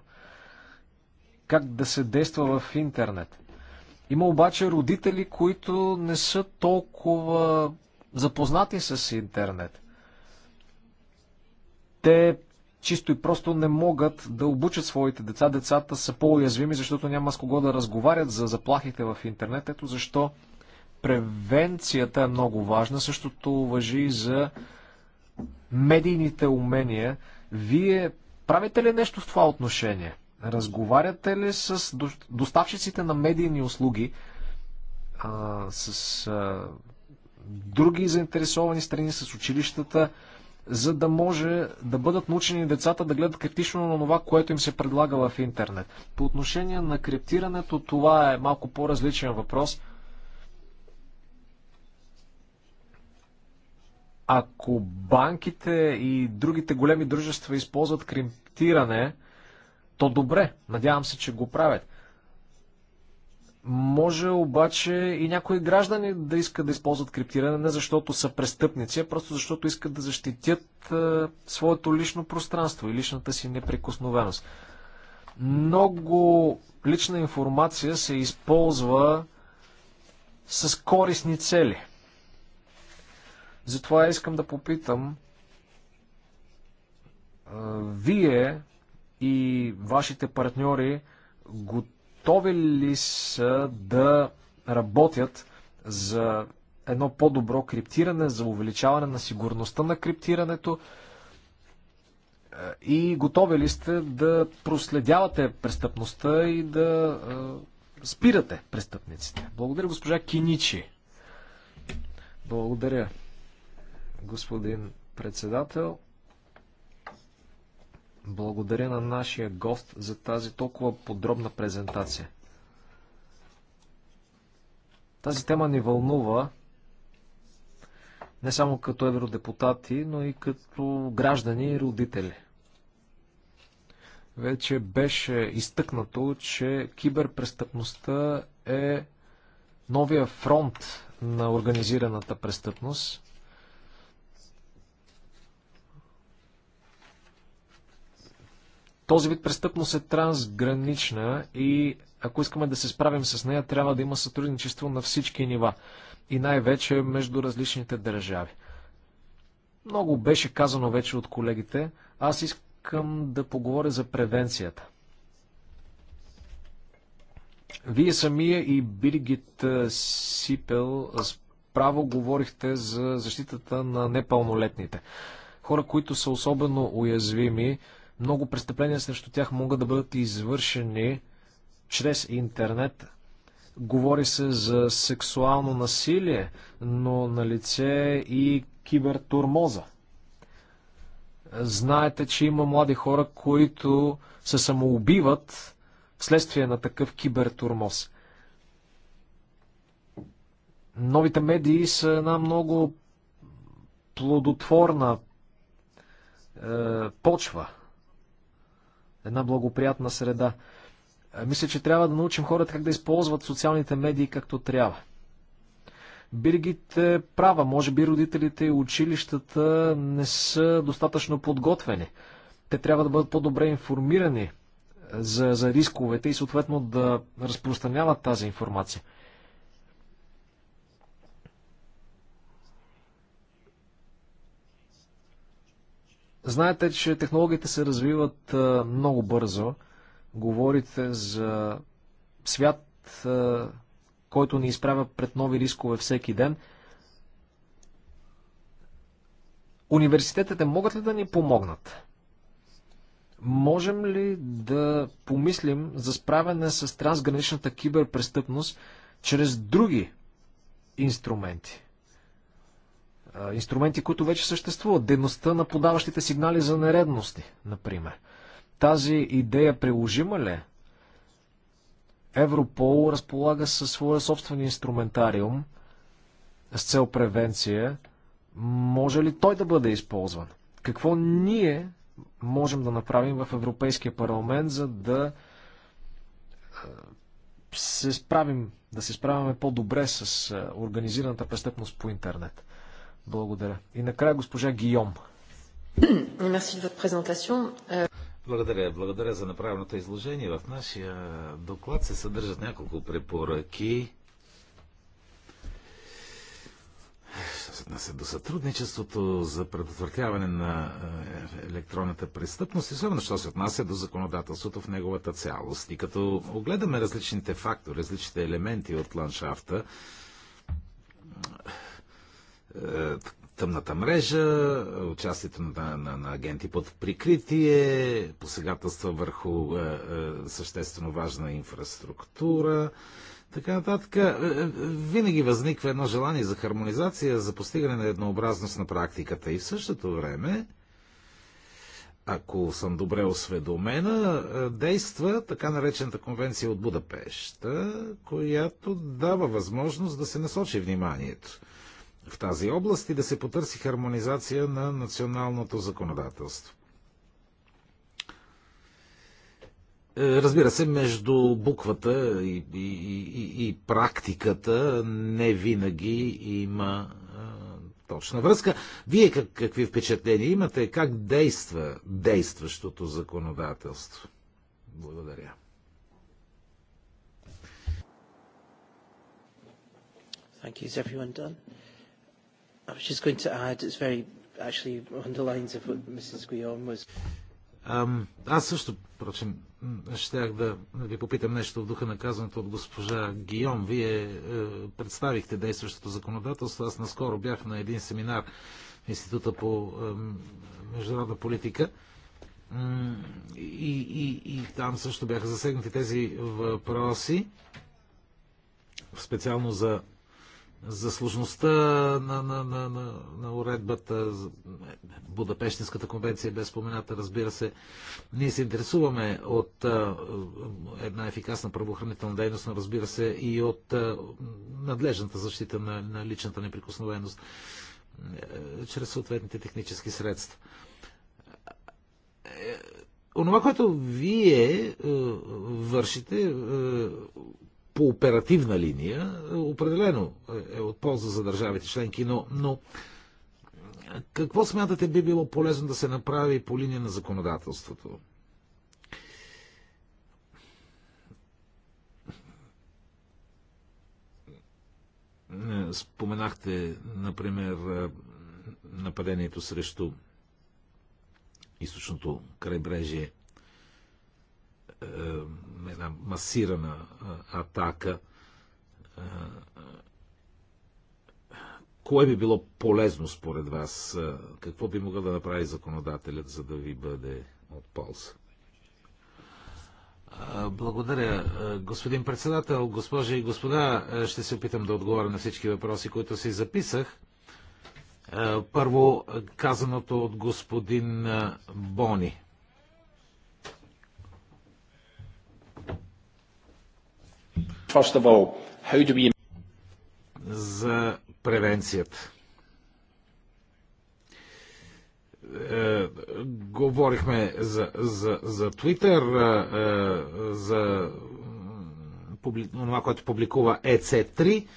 Как да се действа в интернет? Има обаче родители, които не са толкова запознати с интернет. Те чисто и просто не могат да обучат своите деца. Децата са по-уязвими, защото няма с кого да разговарят за заплахите в интернет. Ето защо превенцията е много важна. Същото въжи и за медийните умения. Вие правите ли нещо в това отношение? Разговаряте ли с доставчиците на медийни услуги, а, с а, други заинтересовани страни, с училищата? за да може да бъдат научени децата да гледат критично на това, което им се предлага в интернет. По отношение на криптирането, това е малко по-различен въпрос. Ако банките и другите големи дружества използват криптиране, то добре, надявам се, че го правят. Може обаче и някои граждани да искат да използват криптиране не защото са престъпници, а просто защото искат да защитят е, своето лично пространство и личната си неприкосновеност. Много лична информация се използва с корисни цели. Затова искам да попитам е, вие и вашите партньори готови готови ли са да работят за едно по-добро криптиране, за увеличаване на сигурността на криптирането е, и готови ли сте да проследявате престъпността и да е, спирате престъпниците? Благодаря, госпожа Киничи. Благодаря, господин председател. Благодаря на нашия гост за тази толкова подробна презентация. Тази тема ни вълнува не само като евродепутати, но и като граждани и родители. Вече беше изтъкнато, че киберпрестъпността е новия фронт на организираната престъпност. Този вид престъпност е трансгранична и ако искаме да се справим с нея, трябва да има сътрудничество на всички нива и най-вече между различните държави. Много беше казано вече от колегите. Аз искам да поговоря за превенцията. Вие самия и Биргит Сипел справо говорихте за защитата на непълнолетните. Хора, които са особено уязвими, много престъпления срещу тях могат да бъдат извършени чрез интернет. Говори се за сексуално насилие, но на лице и кибертурмоза. Знаете, че има млади хора, които се самоубиват вследствие на такъв кибертурмоз. Новите медии са една много плодотворна е, почва една благоприятна среда. Е, мисля, че трябва да научим хората как да използват социалните медии както трябва. Биргит е права. Може би родителите и училищата не са достатъчно подготвени. Те трябва да бъдат по-добре информирани е, за, за рисковете и съответно да разпространяват тази информация. Знаете, че технологиите се развиват много бързо. Говорите за свят, който ни изправя пред нови рискове всеки ден. Университетите могат ли да ни помогнат? Можем ли да помислим за справяне с трансграничната киберпрестъпност чрез други инструменти? инструменти, които вече съществуват. Дейността на подаващите сигнали за нередности, например. Тази идея приложима ли? Е? Европол разполага със своя собствен инструментариум с цел превенция. Може ли той да бъде използван? Какво ние можем да направим в Европейския парламент, за да се справим, да се справяме по-добре с организираната престъпност по интернет? Благодаря. И накрая госпожа Гийом. Euh, благодаря. Благодаря за направеното изложение. В нашия доклад се съдържат няколко препоръки. до сътрудничеството за предотвратяване на е, електронната престъпност, особено що се отнася до законодателството в неговата цялост. И като огледаме различните фактори, различните елементи от ландшафта, тъмната мрежа, участието на, на, на агенти под прикритие, посегателства върху е, е, съществено важна инфраструктура, така нататък. Е, е, винаги възниква едно желание за хармонизация, за постигане на еднообразност на практиката. И в същото време, ако съм добре осведомена, е, действа така наречената конвенция от Будапешта, която дава възможност да се насочи вниманието в тази област и да се потърси хармонизация на националното законодателство. Е, разбира се, между буквата и, и, и, и практиката не винаги има а, е, точна връзка. Вие как, какви впечатления имате? Как действа действащото законодателство? Благодаря. Thank you. Is everyone done? I was just going to add, it's very actually on the lines of what Mrs. Guillaume was. Um, аз също, впрочем, щях да ви попитам нещо в духа на казаното от госпожа Гион. Вие е, представихте действащото законодателство. Аз наскоро бях на един семинар в Института по е, международна политика. И, и, и там също бяха засегнати тези въпроси, специално за за сложността на, на, на, на, на уредбата, Будапештинската конвенция е без спомената, разбира се, ние се интересуваме от а, една ефикасна правоохранителна дейност, но разбира се и от а, надлежната защита на, на личната неприкосновеност е, чрез съответните технически средства. Е, онова, което вие вършите, по оперативна линия определено е от полза за държавите членки, но, но какво смятате би било полезно да се направи по линия на законодателството? Споменахте, например, нападението срещу източното крайбрежие. Е, е, една масирана е, атака, кое би било полезно според вас? Какво би могъл да направи законодателят, за да ви бъде от полза? Благодаря, господин председател, госпожи и господа. Ще се опитам да отговоря на всички въпроси, които си записах. Първо, казаното от господин Бони. First of all, how do we... За превенцията. Е, говорихме за, за, за Twitter, е, е за публи... това, което публикува EC3. Е,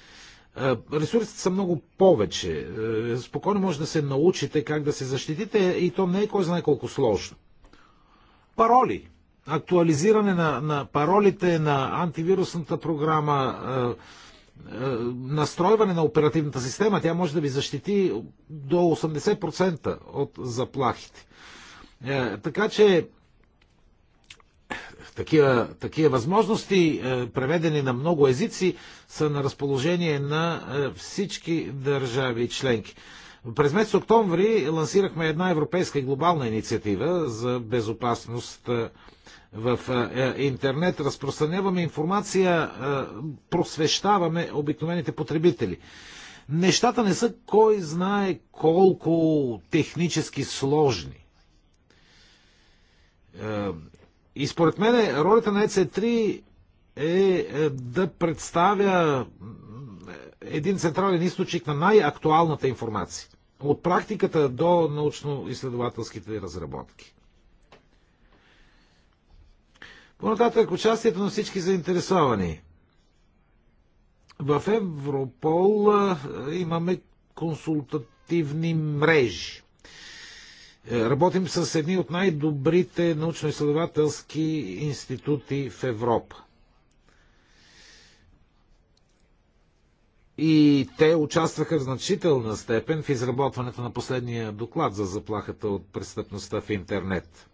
ресурсите са много повече. Е, спокойно може да се научите как да се защитите и то не е кой знае колко сложно. Пароли актуализиране на, на паролите на антивирусната програма, е, е, настройване на оперативната система, тя може да ви защити до 80% от заплахите. Е, така че такива, такива възможности, преведени на много езици, са на разположение на всички държави членки. През месец октомври лансирахме една европейска и глобална инициатива за безопасност в е, е, интернет, разпространяваме информация, е, просвещаваме обикновените потребители. Нещата не са кой знае колко технически сложни. И според мен ролята на ец 3 е да представя един централен източник на най-актуалната информация. От практиката до научно-изследователските разработки. Понататък участието на всички заинтересовани. В Европол имаме консултативни мрежи. Е, работим с едни от най-добрите научно-изследователски институти в Европа. И те участваха в значителна степен в изработването на последния доклад за заплахата от престъпността в интернет.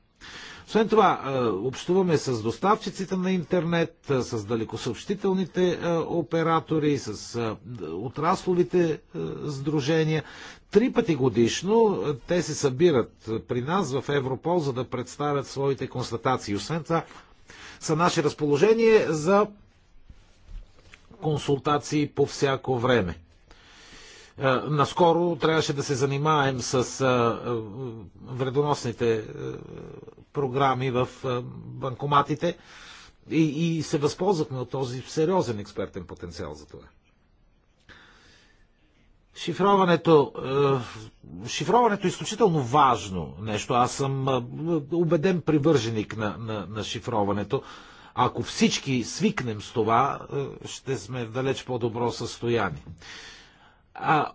Освен това, общуваме с доставчиците на интернет, с далекосъобщителните оператори, с отрасловите сдружения. Три пъти годишно те се събират при нас в Европол, за да представят своите констатации. Освен това, са наше разположение за консултации по всяко време. Е, наскоро трябваше да се занимаем с е, е, вредоносните програми в банкоматите и, и се възползвахме от този сериозен експертен потенциал за това. Шифроването, шифроването е изключително важно нещо. Аз съм убеден привърженик на, на, на шифроването. Ако всички свикнем с това, ще сме в далеч по-добро състояние. А,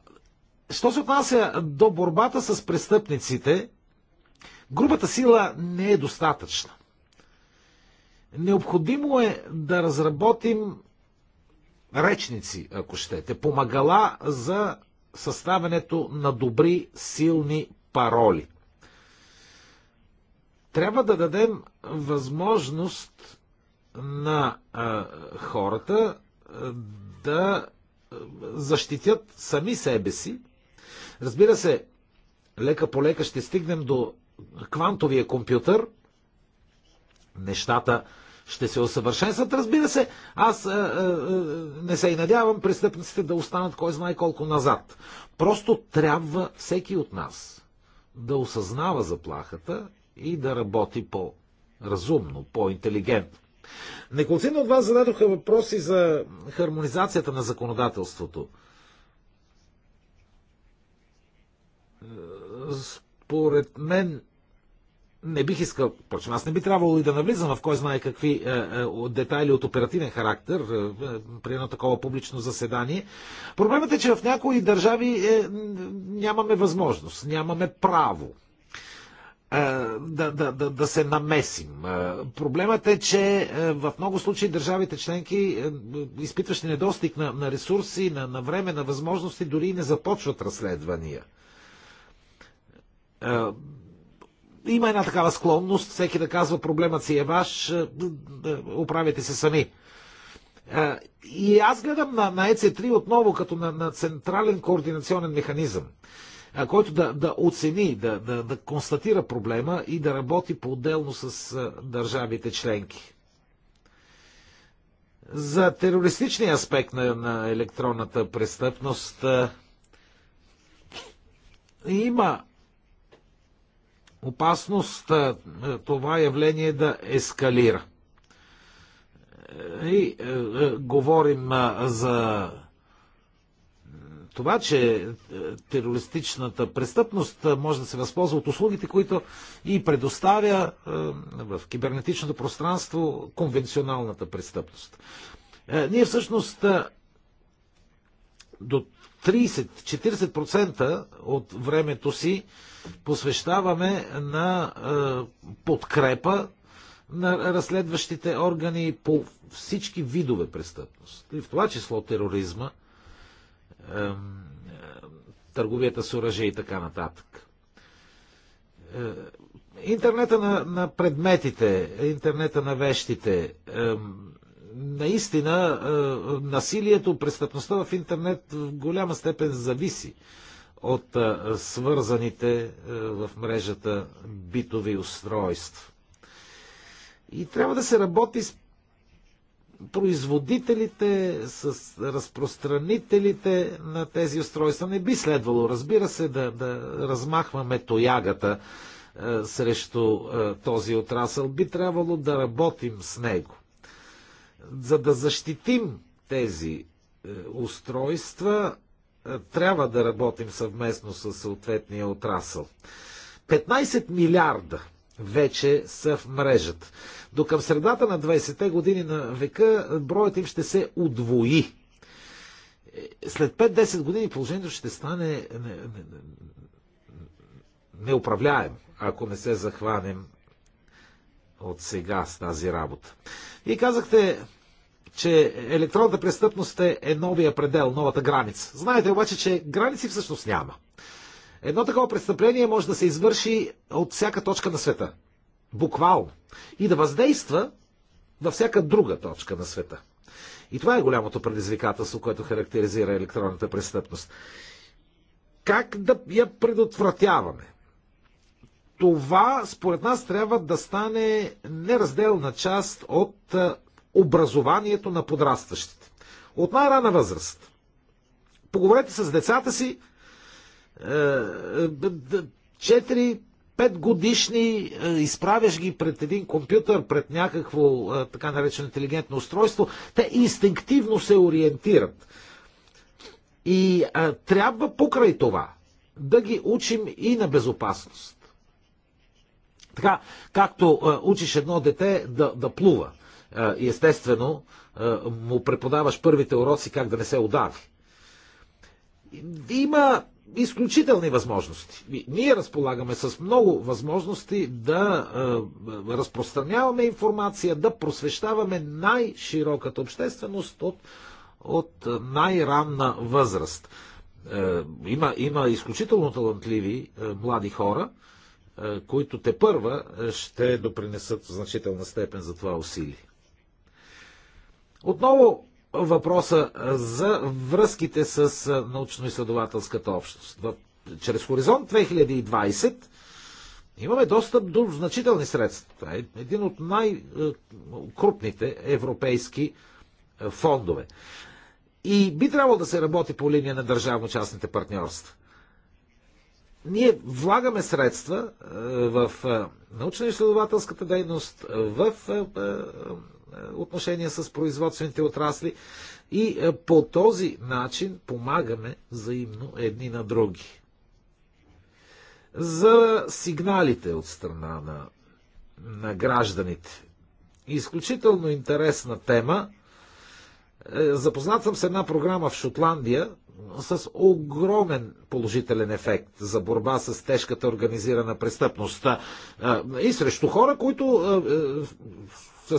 що се отнася до борбата с престъпниците, грубата сила не е достатъчна. Необходимо е да разработим речници, ако щете, помагала за съставянето на добри, силни пароли. Трябва да дадем възможност на а, хората да защитят сами себе си. Разбира се, лека по лека ще стигнем до квантовия компютър. Нещата ще се усъвършенстват, разбира се. Аз а, е, а, е, е, не се и надявам престъпниците да останат кой знае колко назад. Просто трябва всеки от нас да осъзнава заплахата и да работи по-разумно, по-интелигентно. Неколцина от вас зададоха въпроси за хармонизацията на законодателството. Според мен не бих искал, впрочем, аз не би трябвало и да навлизам в кой знае какви е, е, детайли от оперативен характер е, е, при едно такова публично заседание. Проблемът е, че в някои държави е, нямаме възможност, нямаме право е, да, да, да, да се намесим. Е, проблемът е, че е, в много случаи държавите членки, изпитващи недостиг на, на ресурси, на, на време, на възможности, дори не започват разследвания. Има една такава склонност, всеки да казва проблемът си е ваш, оправяйте се сами. И аз гледам на, на ЕЦ3 отново като на, на централен координационен механизъм който да, да оцени, да, да, да констатира проблема и да работи по-отделно с държавите членки. За терористичния аспект на, на електронната престъпност има опасност това явление да ескалира. И е, е, говорим за това, че е, терористичната престъпност е, може да се възползва от услугите, които и предоставя е, в кибернетичното пространство конвенционалната престъпност. Ние всъщност до 30-40% от времето си посвещаваме на подкрепа на разследващите органи по всички видове престъпност. И в това число тероризма – търговията с оръжие и така нататък. Е, интернета на, на предметите, интернета на вещите, наистина е, насилието, престъпността в интернет в голяма степен зависи от е, свързаните в мрежата битови устройства. И трябва да се работи с производителите, с разпространителите на тези устройства. Не би следвало, разбира се, да, да размахваме тоягата е, срещу е, този отрасъл. Би трябвало да работим с него. За да защитим тези е, устройства, е, трябва да работим съвместно с съответния отрасъл. 15 милиарда вече са в мрежата. До към средата на 20-те години на века броят им ще се удвои. След 5-10 години положението ще стане неуправляем, ако не се захванем от сега с тази работа. Вие казахте, че електронната престъпност е новия предел, новата граница. Знаете обаче, че граници всъщност няма. Едно такова престъпление може да се извърши от всяка точка на света. Буквално. И да въздейства във всяка друга точка на света. И това е голямото предизвикателство, което характеризира електронната престъпност. Как да я предотвратяваме? Това, според нас, трябва да стане неразделна част от е, образованието на подрастващите. От най-рана възраст. Поговорете с децата си 4 е, е, пет годишни, е, изправяш ги пред един компютър, пред някакво така наречено интелигентно устройство, те инстинктивно се ориентират. И а, трябва покрай това да ги учим и на безопасност. Така, както а, учиш едно дете да, да плува, а, и естествено а, му преподаваш първите уроци как да не се удави. Има изключителни възможности. Ние разполагаме с много възможности да е, разпространяваме информация, да просвещаваме най-широката общественост от, от най-ранна възраст. Е, има, има изключително талантливи е, млади хора, е, които те първа ще допринесат в значителна степен за това усилие. Отново въпроса за връзките с научно-изследователската общност. Чрез Хоризонт 2020 имаме достъп до значителни средства. е един от най-крупните европейски фондове. И би трябвало да се работи по линия на държавно-частните партньорства. Ние влагаме средства в научно-изследователската дейност, в отношения с производствените отрасли и е, по този начин помагаме взаимно едни на други. За сигналите от страна на, на гражданите. Изключително интересна тема. Е, запознат съм с една програма в Шотландия с огромен положителен ефект за борба с тежката организирана престъпност. Е, и срещу хора, които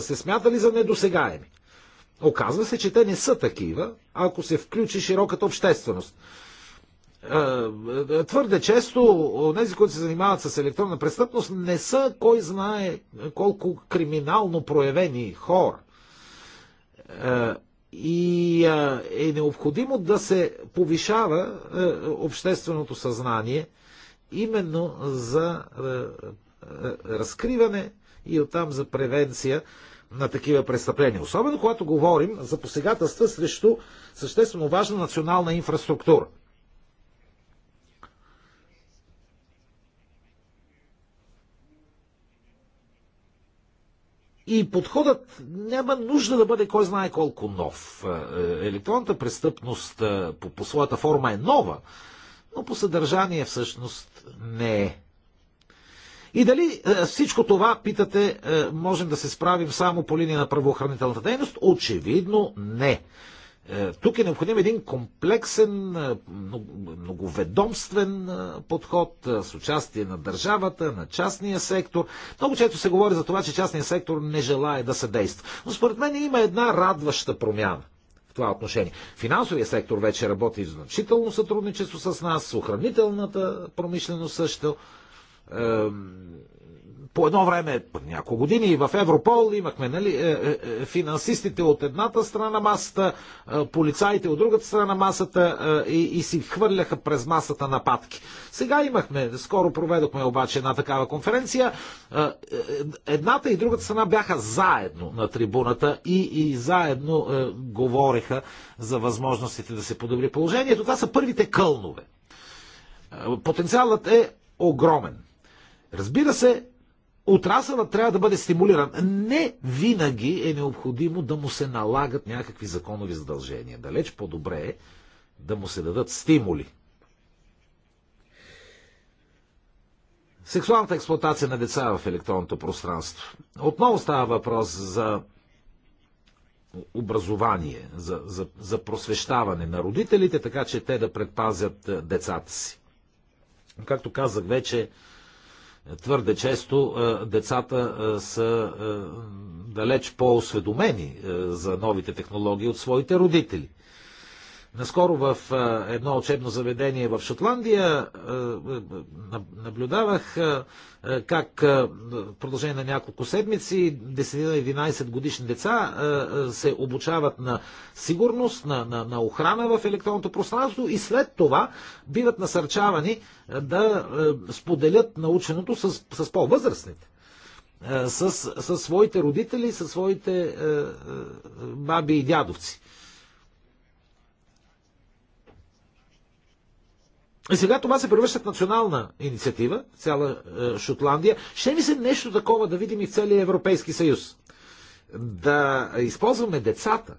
са се смятали за недосегаеми. Оказва се, че те не са такива, ако се включи широката общественост. Е, е, твърде често тези, които се занимават с електронна престъпност, не са кой знае колко криминално проявени хора. Е, и е необходимо да се повишава общественото съзнание именно за разкриване и оттам за превенция на такива престъпления. Особено когато говорим за посегателства срещу съществено важна национална инфраструктура. И подходът няма нужда да бъде кой знае колко нов. Е, електронната престъпност е, по, по своята форма е нова, но по съдържание всъщност не е. И дали е, всичко това, питате, е, можем да се справим само по линия на правоохранителната дейност? Очевидно не. Е, тук е необходим един комплексен, многоведомствен подход с участие на държавата, на частния сектор. Много често се говори за това, че частния сектор не желая да се действа. Но според мен има една радваща промяна в това отношение. Финансовия сектор вече работи значително сътрудничество с нас, охранителната промишленост също по едно време, няколко години в Европол имахме нали, е, е, е, финансистите от едната страна на масата, полицаите от другата страна на масата и, и си хвърляха през масата нападки. Сега имахме, скоро проведохме обаче една такава конференция. Едната и другата страна бяха заедно на трибуната и, и заедно е, говореха за възможностите да се подобри положението. Това са първите кълнове. Потенциалът е огромен. Разбира се, отрасълът трябва да бъде стимулиран. Не винаги е необходимо да му се налагат някакви законови задължения. Далеч по-добре е да му се дадат стимули. Сексуалната експлуатация на деца в електронното пространство. Отново става въпрос за образование, за, за, за просвещаване на родителите, така че те да предпазят е, децата си. Както казах вече, Твърде често е, децата е, са е, далеч по-осведомени за новите технологии от своите родители – Наскоро в едно учебно заведение в Шотландия наблюдавах как в продължение на няколко седмици 10-11 годишни деца се обучават на сигурност, на, на, на охрана в електронното пространство и след това биват насърчавани да споделят наученото с, с по-възрастните с, с своите родители, с своите е, е, баби и дядовци. И сега това се превръща в национална инициатива, цяла е, Шотландия. Ще ми се нещо такова да видим и в целия Европейски съюз. Да използваме децата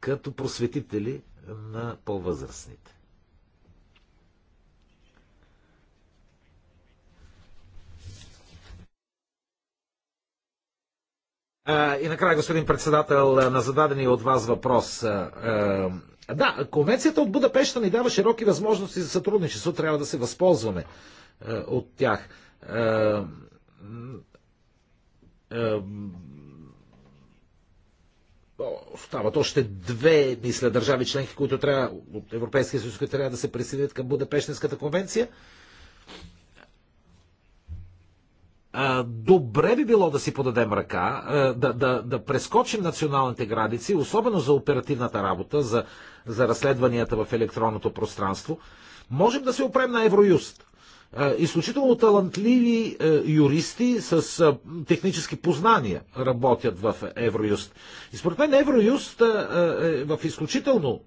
като просветители на по-възрастните. И накрая, господин председател, на зададени от вас въпрос да, конвенцията от Будапешта ни дава широки възможности за сътрудничество, трябва да се възползваме е, от тях. Е, е, остават още две, мисля, държави членки, които трябва, от Европейския съюз, които трябва да се присъединят към Будапештинската конвенция. добре би било да си подадем ръка, е, да, да, да прескочим националните граници, особено за оперативната работа, за за разследванията в електронното пространство, можем да се опрем на Евроюст. Е, изключително талантливи е, юристи с е, технически познания работят в Евроюст. И според мен Евроюст е в изключително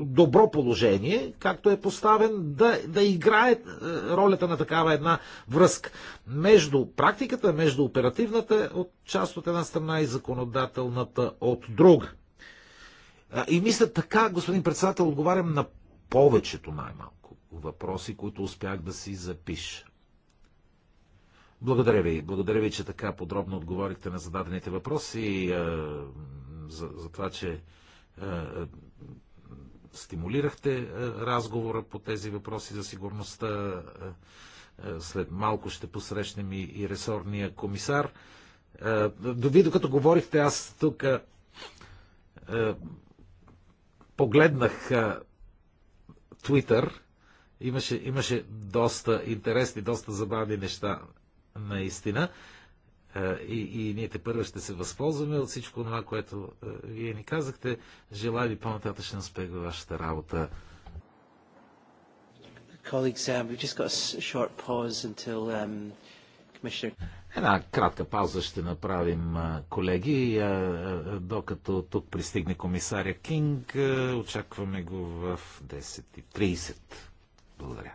добро положение, както е поставен, да, да играе ролята на такава една връзка между практиката, между оперативната от част от една страна и законодателната от друга. И мисля така, господин председател, отговарям на повечето най-малко въпроси, които успях да си запиша. Благодаря ви. Благодаря ви, че така подробно отговорихте на зададените въпроси и е, за, за това, че е, стимулирахте е, разговора по тези въпроси за сигурността. След малко ще посрещнем и, и ресорния комисар. Е, ви, докато говорихте, аз тук погледнах Твитър. Имаше, имаше доста интересни, доста забавни неща наистина. И, и ние те първо ще се възползваме от всичко това, което вие ни казахте. Желая ви по-нататъчен успех във вашата работа. Colleagues, um, we've just got a short pause until um, Commissioner. Една кратка пауза ще направим, колеги, докато тук пристигне комисаря Кинг. Очакваме го в 10.30. Благодаря.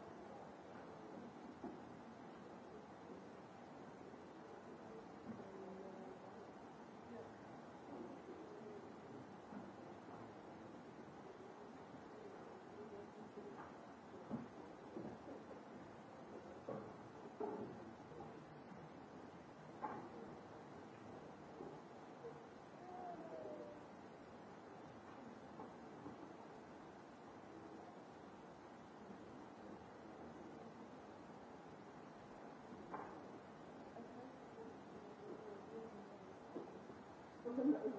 Thank you.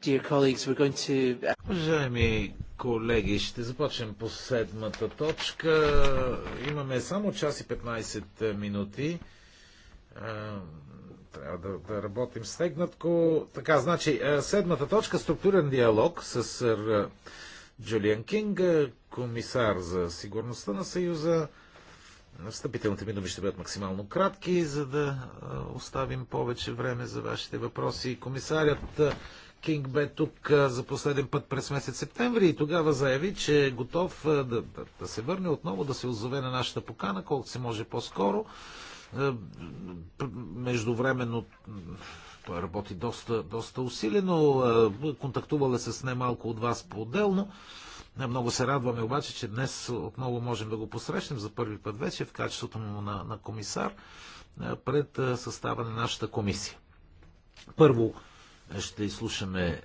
To... Uh, Уважаеми колеги, ще започнем по седмата точка. Имаме само час и 15 минути. Трябва да, да работим стегнатко. Така, значи, седмата точка структурен диалог с сър Джулиан Кинг, комисар за сигурността на Съюза. Встъпителните ми думи ще бъдат максимално кратки, за да оставим повече време за вашите въпроси. Комисарят Кинг бе тук за последен път през месец септември и тогава заяви, че е готов да, да, да се върне отново, да се озове на нашата покана, колкото се може по-скоро. Междувременно той работи доста, доста усилено, контактувал е с немалко от вас по-отделно. Много се радваме обаче, че днес отново можем да го посрещнем за първи път вече в качеството му на, на комисар пред състава на нашата комисия. Първо, ще изслушаме е,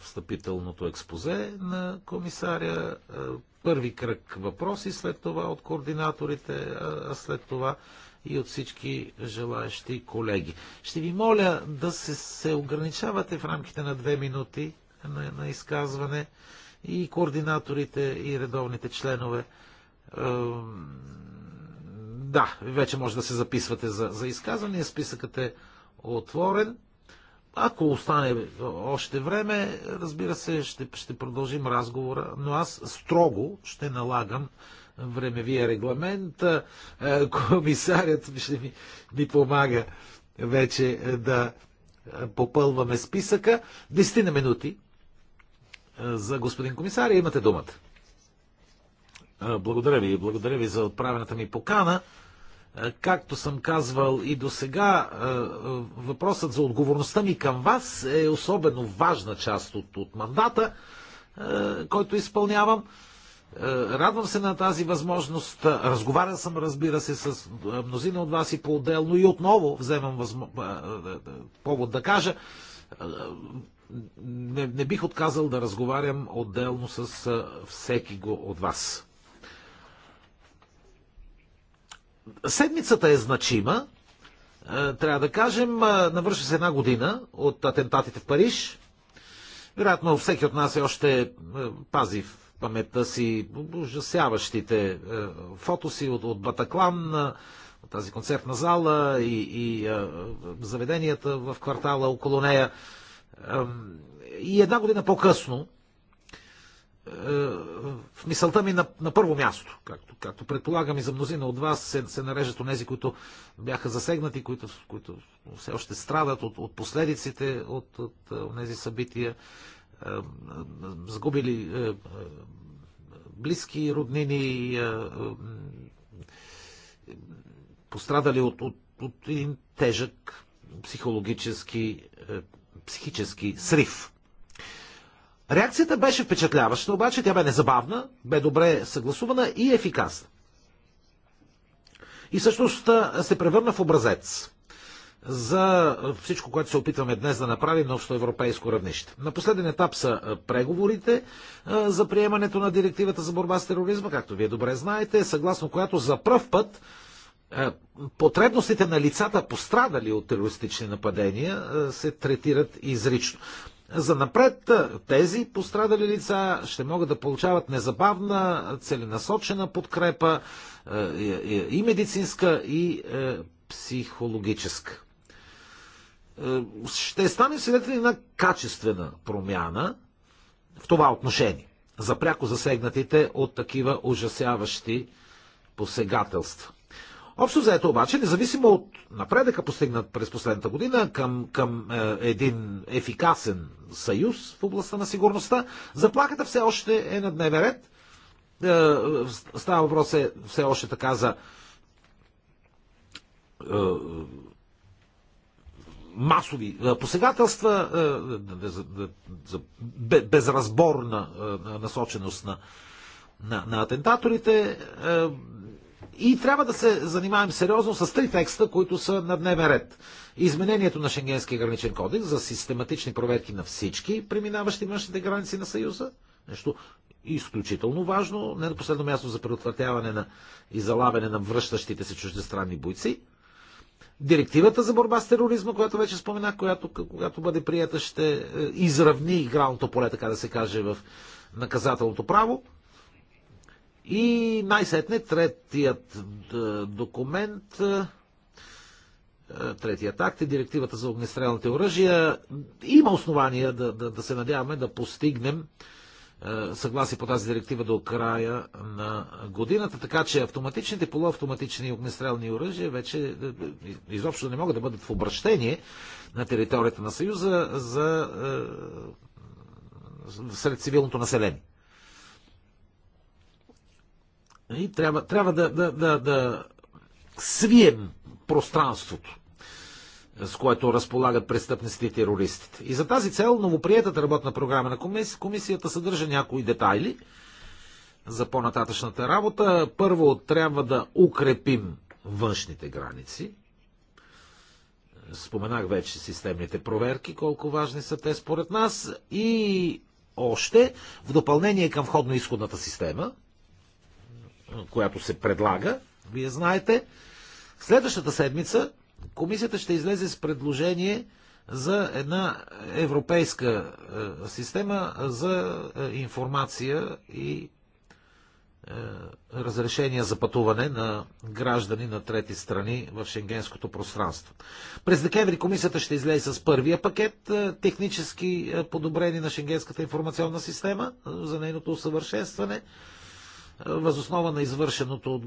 встъпителното експозе на комисаря. Е, първи кръг въпроси, след това от координаторите, а след това и от всички желаящи колеги. Ще ви моля да се, се ограничавате в рамките на две минути на, на изказване и координаторите и редовните членове. Е, да, вече може да се записвате за, за изказване. Списъкът е отворен. Ако остане още време, разбира се, ще, ще продължим разговора, но аз строго ще налагам времевия регламент. Е, комисарят ще ми, ми помага вече да е, попълваме списъка. Десетина минути е, за господин комисар. Имате думата. Благодаря ви. Благодаря ви за отправената ми покана. Е, както съм казвал и до сега, е, е, въпросът за отговорността ми към вас е особено важна част от, от мандата, който изпълнявам. Радвам се на тази възможност. Разговарял съм, разбира се, с мнозина от вас и по-отделно. И отново вземам възмо... повод да кажа. Не, не бих отказал да разговарям отделно с всеки го от вас. Седмицата е значима. Е, трябва да кажем, е, навършва се една година от атентатите в Париж. Вероятно всеки от нас е още е, пази в паметта си ужасяващите фотоси от, от Батаклан, от тази концертна зала и, и заведенията в квартала около нея. И една година по-късно, е, в мисълта ми на, на първо място, както, както предполагам и за мнозина от вас, се, се нарежат от тези, които бяха засегнати, които, които все още страдат от, от последиците от, от, е, от тези събития, е, загубили е, е близки роднини, пострадали от, от, от един тежък психологически, психически срив. Реакцията беше впечатляваща, обаче тя бе незабавна, бе добре съгласувана и ефикасна. И всъщност се превърна в образец за всичко, което се опитваме днес да направим на общоевропейско равнище. На последен етап са преговорите за приемането на директивата за борба с тероризма, както вие добре знаете, съгласно която за пръв път потребностите на лицата пострадали от терористични нападения се третират изрично. За напред тези пострадали лица ще могат да получават незабавна, целенасочена подкрепа и медицинска, и е, психологическа. Е, ще станем свидетели на качествена промяна в това отношение за пряко засегнатите от такива ужасяващи посегателства. Общо заето обаче, независимо от напредъка постигнат през последната година към, към е, един ефикасен съюз в областта на сигурността, заплахата все още е на дневен ред. Е, става въпрос е все още така за е, масови е, посегателства, е, е за, е, за безразборна насоченост на, на, на атентаторите. Е, и трябва да се занимаем сериозно с три текста, които са на дневен ред. Изменението на Шенгенския граничен кодекс за систематични проверки на всички преминаващи външните граници на Съюза. Нещо изключително важно, не на последно място за предотвратяване на и залавяне на връщащите се чуждестранни бойци. Директивата за борба с тероризма, която вече споменах, която когато бъде прията ще е, изравни игралното поле, така да се каже, в наказателното право. И най-сетне третият е, документ, е, третият акт е директивата за огнестрелните оръжия. Има основания да, да, да се надяваме да постигнем е, съгласие по тази директива до края на годината, така че автоматичните, полуавтоматични огнестрелни оръжия вече изобщо не могат да бъдат в обращение на територията на Съюза за, сред цивилното население. И нали? трябва, трябва да, да, да, да свием пространството, с което разполагат престъпниците и терористите. И за тази цел новоприетата работна програма на комисията, комисията съдържа някои детайли за по-нататъчната работа. Първо трябва да укрепим външните граници. Споменах вече системните проверки, колко важни са те според нас. И още в допълнение към входно-изходната система – която се предлага, вие знаете, следващата седмица комисията ще излезе с предложение за една европейска е, система за е, информация и е, разрешения за пътуване на граждани на трети страни в шенгенското пространство. През декември комисията ще излезе с първия пакет технически подобрени на шенгенската информационна система за нейното усъвършенстване възоснова на извършеното от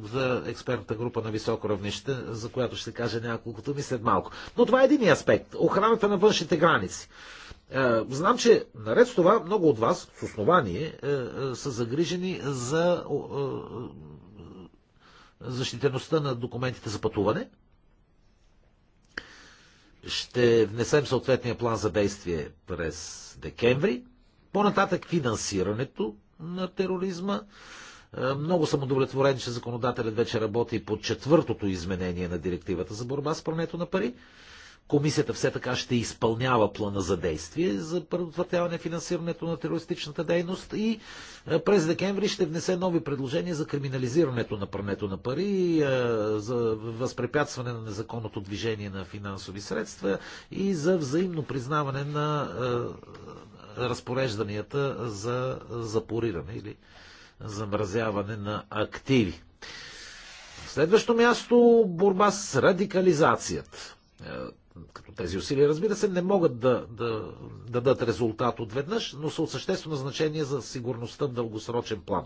експертната група на високо равнище, за която ще кажа няколко думи след малко. Но това е един аспект. Охраната на външните граници. Е, знам, че наред с това много от вас с основание е, е, са загрижени за защитеността на документите за пътуване. Ще внесем съответния план за действие през декември. По-нататък финансирането на тероризма. Е, много съм удовлетворен, че законодателят вече работи по четвъртото изменение на директивата за борба с прането на пари. Комисията все така ще изпълнява плана за действие за предотвратяване финансирането на терористичната дейност и е, през декември ще внесе нови предложения за криминализирането на прането на пари, е, за възпрепятстване на незаконното движение на финансови средства и за взаимно признаване на разпорежданията за запориране или замразяване на активи. Следващо място борба с радикализацията. Е, като тези усилия, разбира се, не могат да, да, да дадат резултат отведнъж, но са от съществено значение за сигурността в дългосрочен план.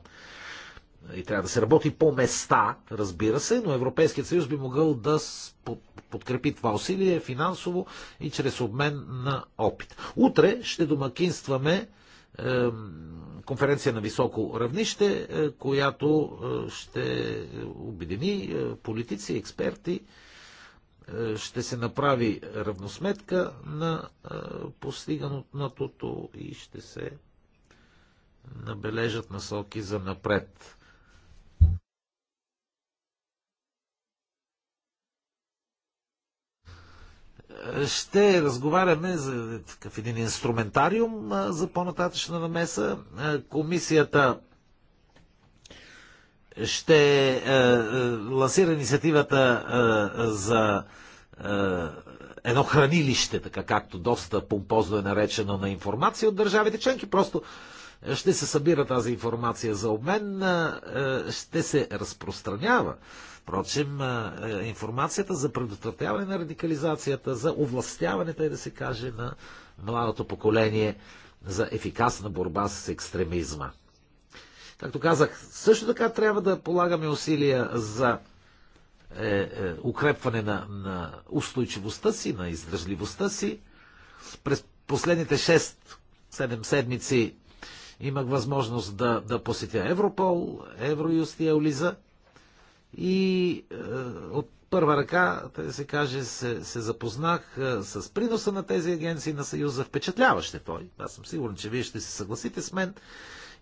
И трябва да се работи по места, разбира се, но Европейският съюз би могъл да подкрепи това усилие финансово и чрез обмен на опит. Утре ще домакинстваме е, конференция на високо равнище, е, която е, ще обедини политици, експерти, ще се направи равносметка на постиганото и ще се набележат насоки за напред. ще разговаряме за такъв един инструментариум за по-нататъчна намеса. Комисията ще е, лансира инициативата е, за е, едно хранилище, така както доста помпозно е наречено на информация от държавите членки. Просто ще се събира тази информация за обмен, ще се разпространява. Впрочем, информацията за предотвратяване на радикализацията, за овластяването, и е да се каже, на младото поколение за ефикасна борба с екстремизма. Както казах, също така трябва да полагаме усилия за е, е, укрепване на, на устойчивостта си, на издържливостта си. През последните 6-7 седмици Имах възможност да, да посетя Европол, Евроюст и Еолиза и е, от първа ръка, да се каже, се, се запознах е, с приноса на тези агенции на Съюза. Впечатляващ е той. Аз съм сигурен, че вие ще се съгласите с мен.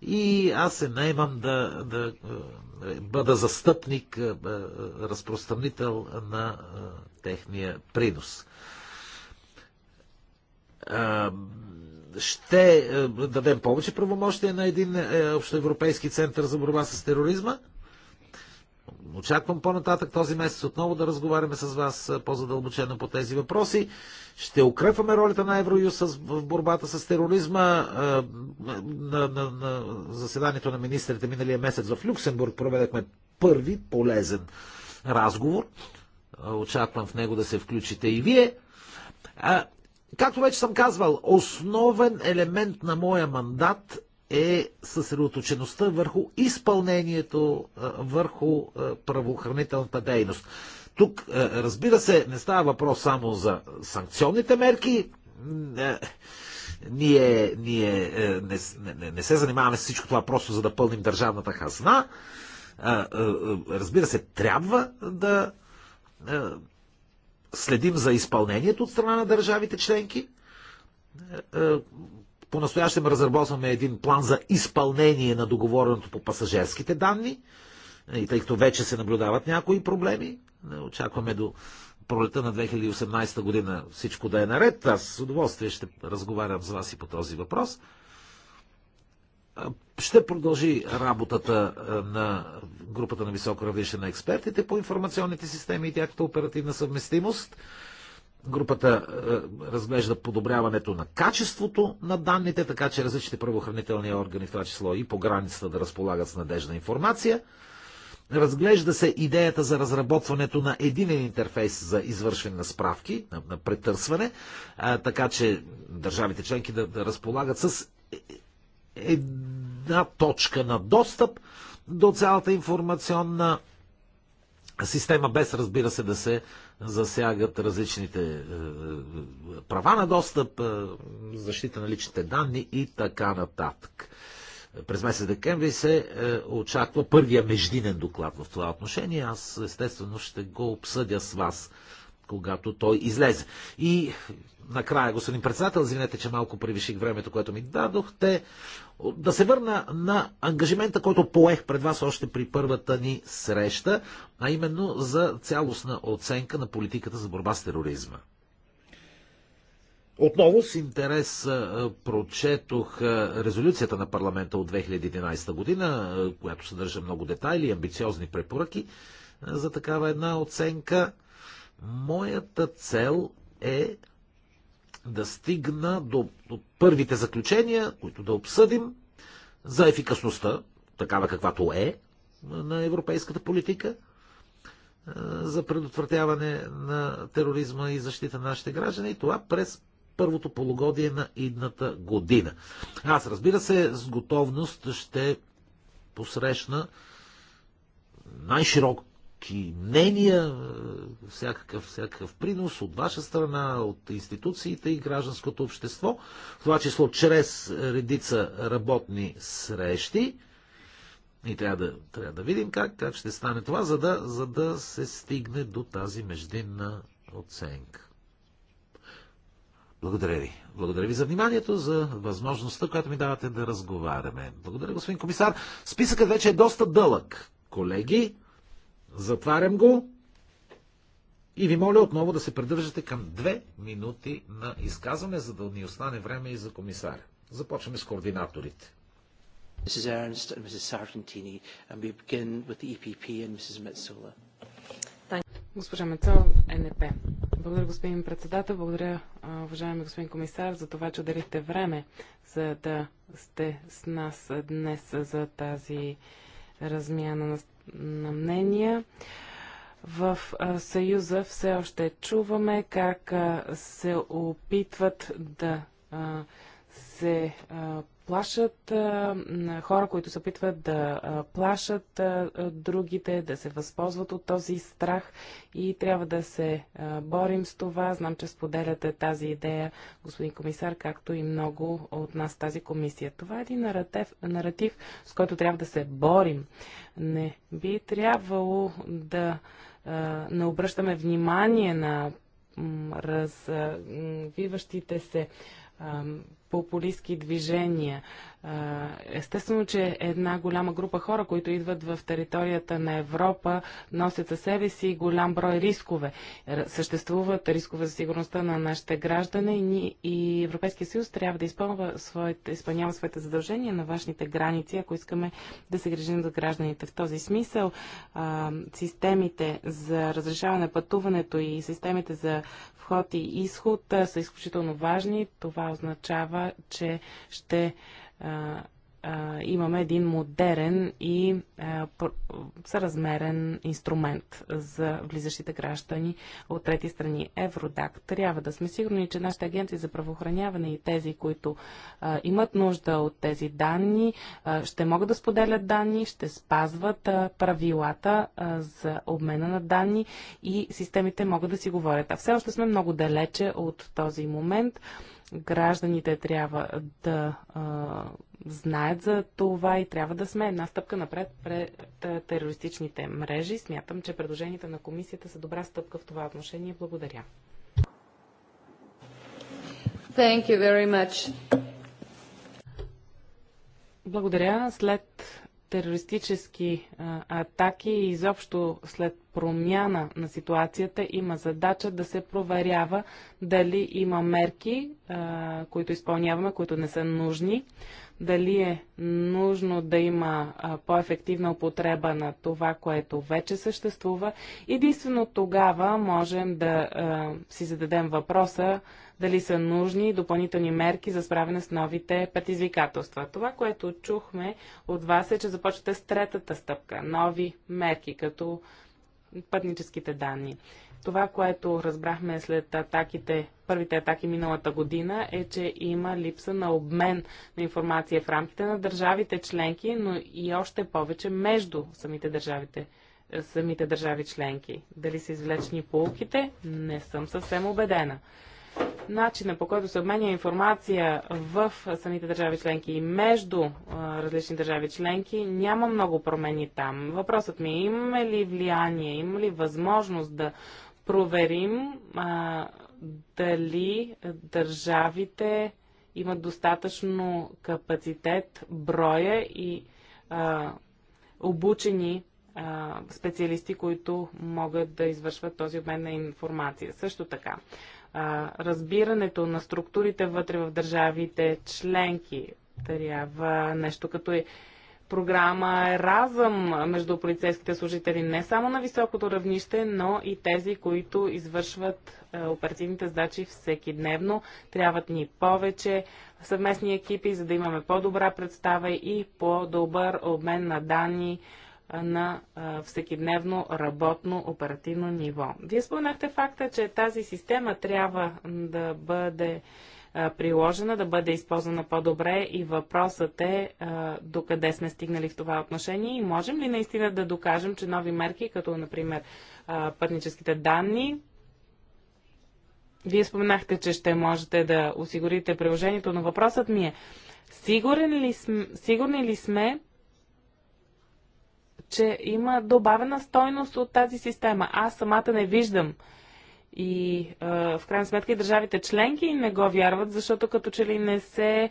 И аз се наймам да, да е, бъда застъпник, е, е, разпространител на техния принос ще е, дадем повече правомощия на един е, общоевропейски център за борба с тероризма. Очаквам по-нататък този месец отново да разговаряме с вас е, по-задълбочено по тези въпроси. Ще укрепваме ролята на Евроюз в борбата с тероризма. На, на, на заседанието на министрите миналия месец в Люксембург проведахме първи полезен разговор. Очаквам в него да се включите и вие. Както вече съм казвал, основен елемент на моя мандат е съсредоточеността върху изпълнението, върху правоохранителната дейност. Тук, разбира се, не става въпрос само за санкционните мерки. Ние, ние не, не, не се занимаваме с всичко това просто за да пълним държавната хазна. Разбира се, трябва да следим за изпълнението от страна на държавите членки. Е, е, по-настоящем разработваме един план за изпълнение на договореното по пасажирските данни, е, и тъй като вече се наблюдават някои проблеми. Очакваме до пролета на 2018 година всичко да е наред. Аз с удоволствие ще разговарям с вас и по този въпрос ще продължи работата е, на групата на високо равнище на експертите по информационните системи и тяхната оперативна съвместимост. Групата е, разглежда подобряването на качеството на данните, така че различните правоохранителни органи, в това число и по границата, да разполагат с надежна информация. Разглежда се идеята за разработването на единен интерфейс за извършване на справки, на, на претърсване, а, е, така че държавите членки да, да разполагат с една точка на достъп до цялата информационна система, без разбира се да се засягат различните е, е, права на достъп, е, защита на личните данни и така нататък. През месец декември се очаква първия междинен доклад в това отношение. Аз естествено ще го обсъдя с вас когато той излезе. И накрая, господин председател, извинете, че малко превиших времето, което ми дадохте, да се върна на ангажимента, който поех пред вас още при първата ни среща, а именно за цялостна оценка на политиката за борба с тероризма. Отново с интерес прочетох резолюцията на парламента от 2011 година, която съдържа много детайли и амбициозни препоръки за такава една оценка. Моята цел е да стигна до, до първите заключения, които да обсъдим за ефикасността, такава каквато е на европейската политика, е, за предотвратяване на тероризма и защита на нашите граждани и това през първото полугодие на идната година. Аз, разбира се, с готовност ще посрещна най-широко всякакви мнения, е, всякакъв, всякакъв принос от ваша страна, от институциите и гражданското общество, в това число чрез редица работни срещи. И трябва да, трябва да видим как, как ще стане това, за да, за да се стигне до тази междинна оценка. Благодаря ви. Благодаря ви за вниманието, за възможността, която ми давате да разговаряме. Благодаря, господин комисар. Списъкът вече е доста дълъг, колеги. Затварям го и ви моля отново да се придържате към две минути на изказване, за да ни остане време и за комисаря. Започваме с координаторите. Mrs. Ernst and Mrs. Sargentini, and we begin with the EPP and Mrs. Metzola. Госпожа Мецол, НП. Благодаря, господин председател. Благодаря, уважаеми господин комисар, за това, че отделихте време, за да сте с нас днес за тази размяна на на мнения. В Съюза все още чуваме как се опитват да се плашат а, хора, които се опитват да а, плашат а, другите, да се възползват от този страх и трябва да се борим с това. Знам, че споделяте тази идея, господин комисар, както и много от нас тази комисия. Това е един наратив, наратив с който трябва да се борим. Не би трябвало да не обръщаме внимание на развиващите се популистски движения. Естествено, че една голяма група хора, които идват в територията на Европа, носят със себе си голям брой рискове. Съществуват рискове за сигурността на нашите граждани и Европейския съюз трябва да изпълнява своите, изпълнява своите задължения на вашните граници, ако искаме да се грижим за гражданите. В този смисъл системите за разрешаване на пътуването и системите за вход и изход са изключително важни. Това означава, че ще а, имаме един модерен и а, съразмерен инструмент за влизащите граждани от трети страни. Евродак. Трябва да сме сигурни, че нашите агенции за правоохраняване и тези, които а, имат нужда от тези данни, а, ще могат да споделят данни, ще спазват а, правилата а, за обмена на данни и системите могат да си говорят. А все още сме много далече от този момент. Гражданите трябва да а, знаят за това и трябва да сме една стъпка напред пред терористичните мрежи. Смятам, че предложенията на комисията са добра стъпка в това отношение. Благодаря. Thank you very much. Благодаря. След терористически а, атаки и изобщо след промяна на ситуацията има задача да се проверява дали има мерки, а, които изпълняваме, които не са нужни, дали е нужно да има по-ефективна употреба на това, което вече съществува. Единствено тогава можем да а, си зададем въпроса дали са нужни допълнителни мерки за справяне с новите предизвикателства. Това, което чухме от вас е, че започвате с третата стъпка нови мерки, като пътническите данни. Това, което разбрахме след атаките, първите атаки миналата година, е, че има липса на обмен на информация в рамките на държавите членки, но и още повече между самите държавите самите държави членки. Дали са извлечени полуките? Не съм съвсем убедена начина по който се обменя информация в самите държави членки и между различни държави членки, няма много промени там. Въпросът ми е, имаме ли влияние, има ли възможност да проверим а, дали държавите имат достатъчно капацитет, броя и а, обучени специалисти, които могат да извършват този обмен на информация. Също така, а, разбирането на структурите вътре в държавите членки. Трябва нещо като е програма разъм между полицейските служители, не само на високото равнище, но и тези, които извършват е, оперативните задачи всеки дневно. Трябват ни повече съвместни екипи, за да имаме по-добра представа и по-добър обмен на данни на всекидневно работно оперативно ниво. Вие споменахте факта, че тази система трябва да бъде приложена, да бъде използвана по-добре и въпросът е докъде сме стигнали в това отношение и можем ли наистина да докажем, че нови мерки, като например пътническите данни, вие споменахте, че ще можете да осигурите приложението, но въпросът ми е, сигурен ли сме, сигурни ли сме, че има добавена стойност от тази система. Аз самата не виждам. И а, в крайна сметка и държавите членки не го вярват, защото като че ли не, се,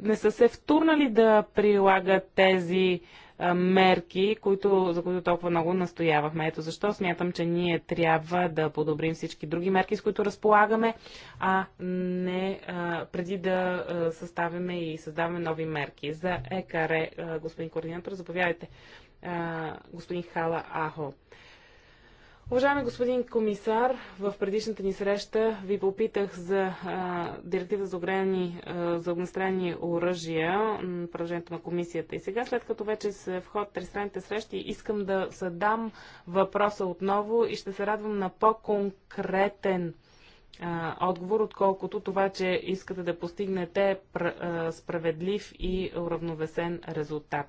не са се втурнали да прилагат тези а, мерки, които, за които толкова много настоявахме. Ето защо смятам, че ние трябва да подобрим всички други мерки, с които разполагаме, а не а, преди да а, съставяме и създаваме нови мерки. За ЕКАРЕ, господин координатор, заповядайте господин Хала Ахо. Уважаеми господин комисар, в предишната ни среща ви попитах за а, директива за, огрени, а, за огнестрелни оръжия, поражението на комисията. И сега, след като вече се в ход тристранните срещи, искам да задам въпроса отново и ще се радвам на по-конкретен отговор, отколкото това, че искате да постигнете справедлив и уравновесен резултат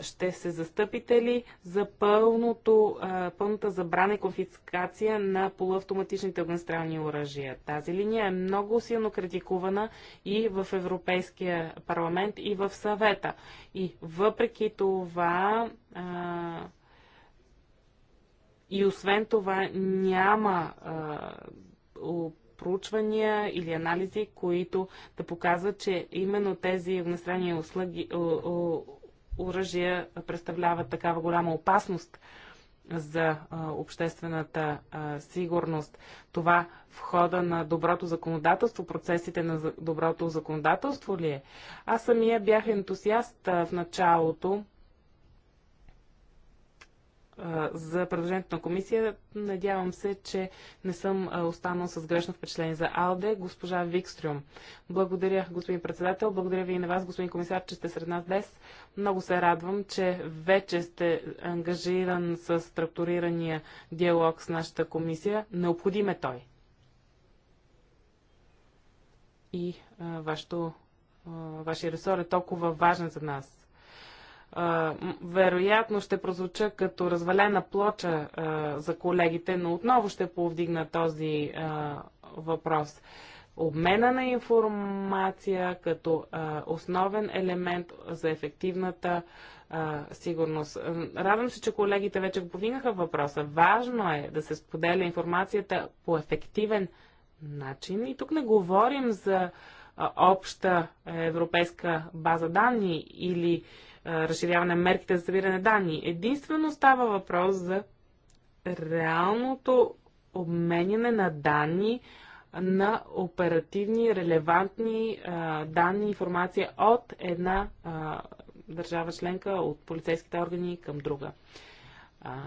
ще се застъпите ли за пълното, пълната забрана и конфискация на полуавтоматичните огнестрелни оръжия? Тази линия е много силно критикувана и в Европейския парламент, и в съвета. И въпреки това. и освен това няма проучвания или анализи, които да показват, че именно тези огнестрелни услуги, оръжия представляват такава голяма опасност за обществената сигурност. Това в хода на доброто законодателство, процесите на доброто законодателство ли е? Аз самия бях ентусиаст в началото за предложението на комисия. Надявам се, че не съм останал с грешно впечатление за АЛДЕ. Госпожа Викстрюм. Благодаря, господин председател. Благодаря ви и на вас, господин комисар, че сте сред нас днес. Много се радвам, че вече сте ангажиран с структурирания диалог с нашата комисия. Необходим е той. И а, вашето, а, вашия ресор е толкова важен за нас вероятно ще прозвуча като развалена плоча за колегите, но отново ще повдигна този въпрос. Обмена на информация като основен елемент за ефективната сигурност. Радвам се, че колегите вече го повдигнаха въпроса. Важно е да се споделя информацията по ефективен начин. И тук не говорим за обща европейска база данни или а, разширяване на мерките за събиране данни. Единствено става въпрос за реалното обменяне на данни на оперативни, релевантни а, данни, информация от една а, държава членка, от полицейските органи към друга. А,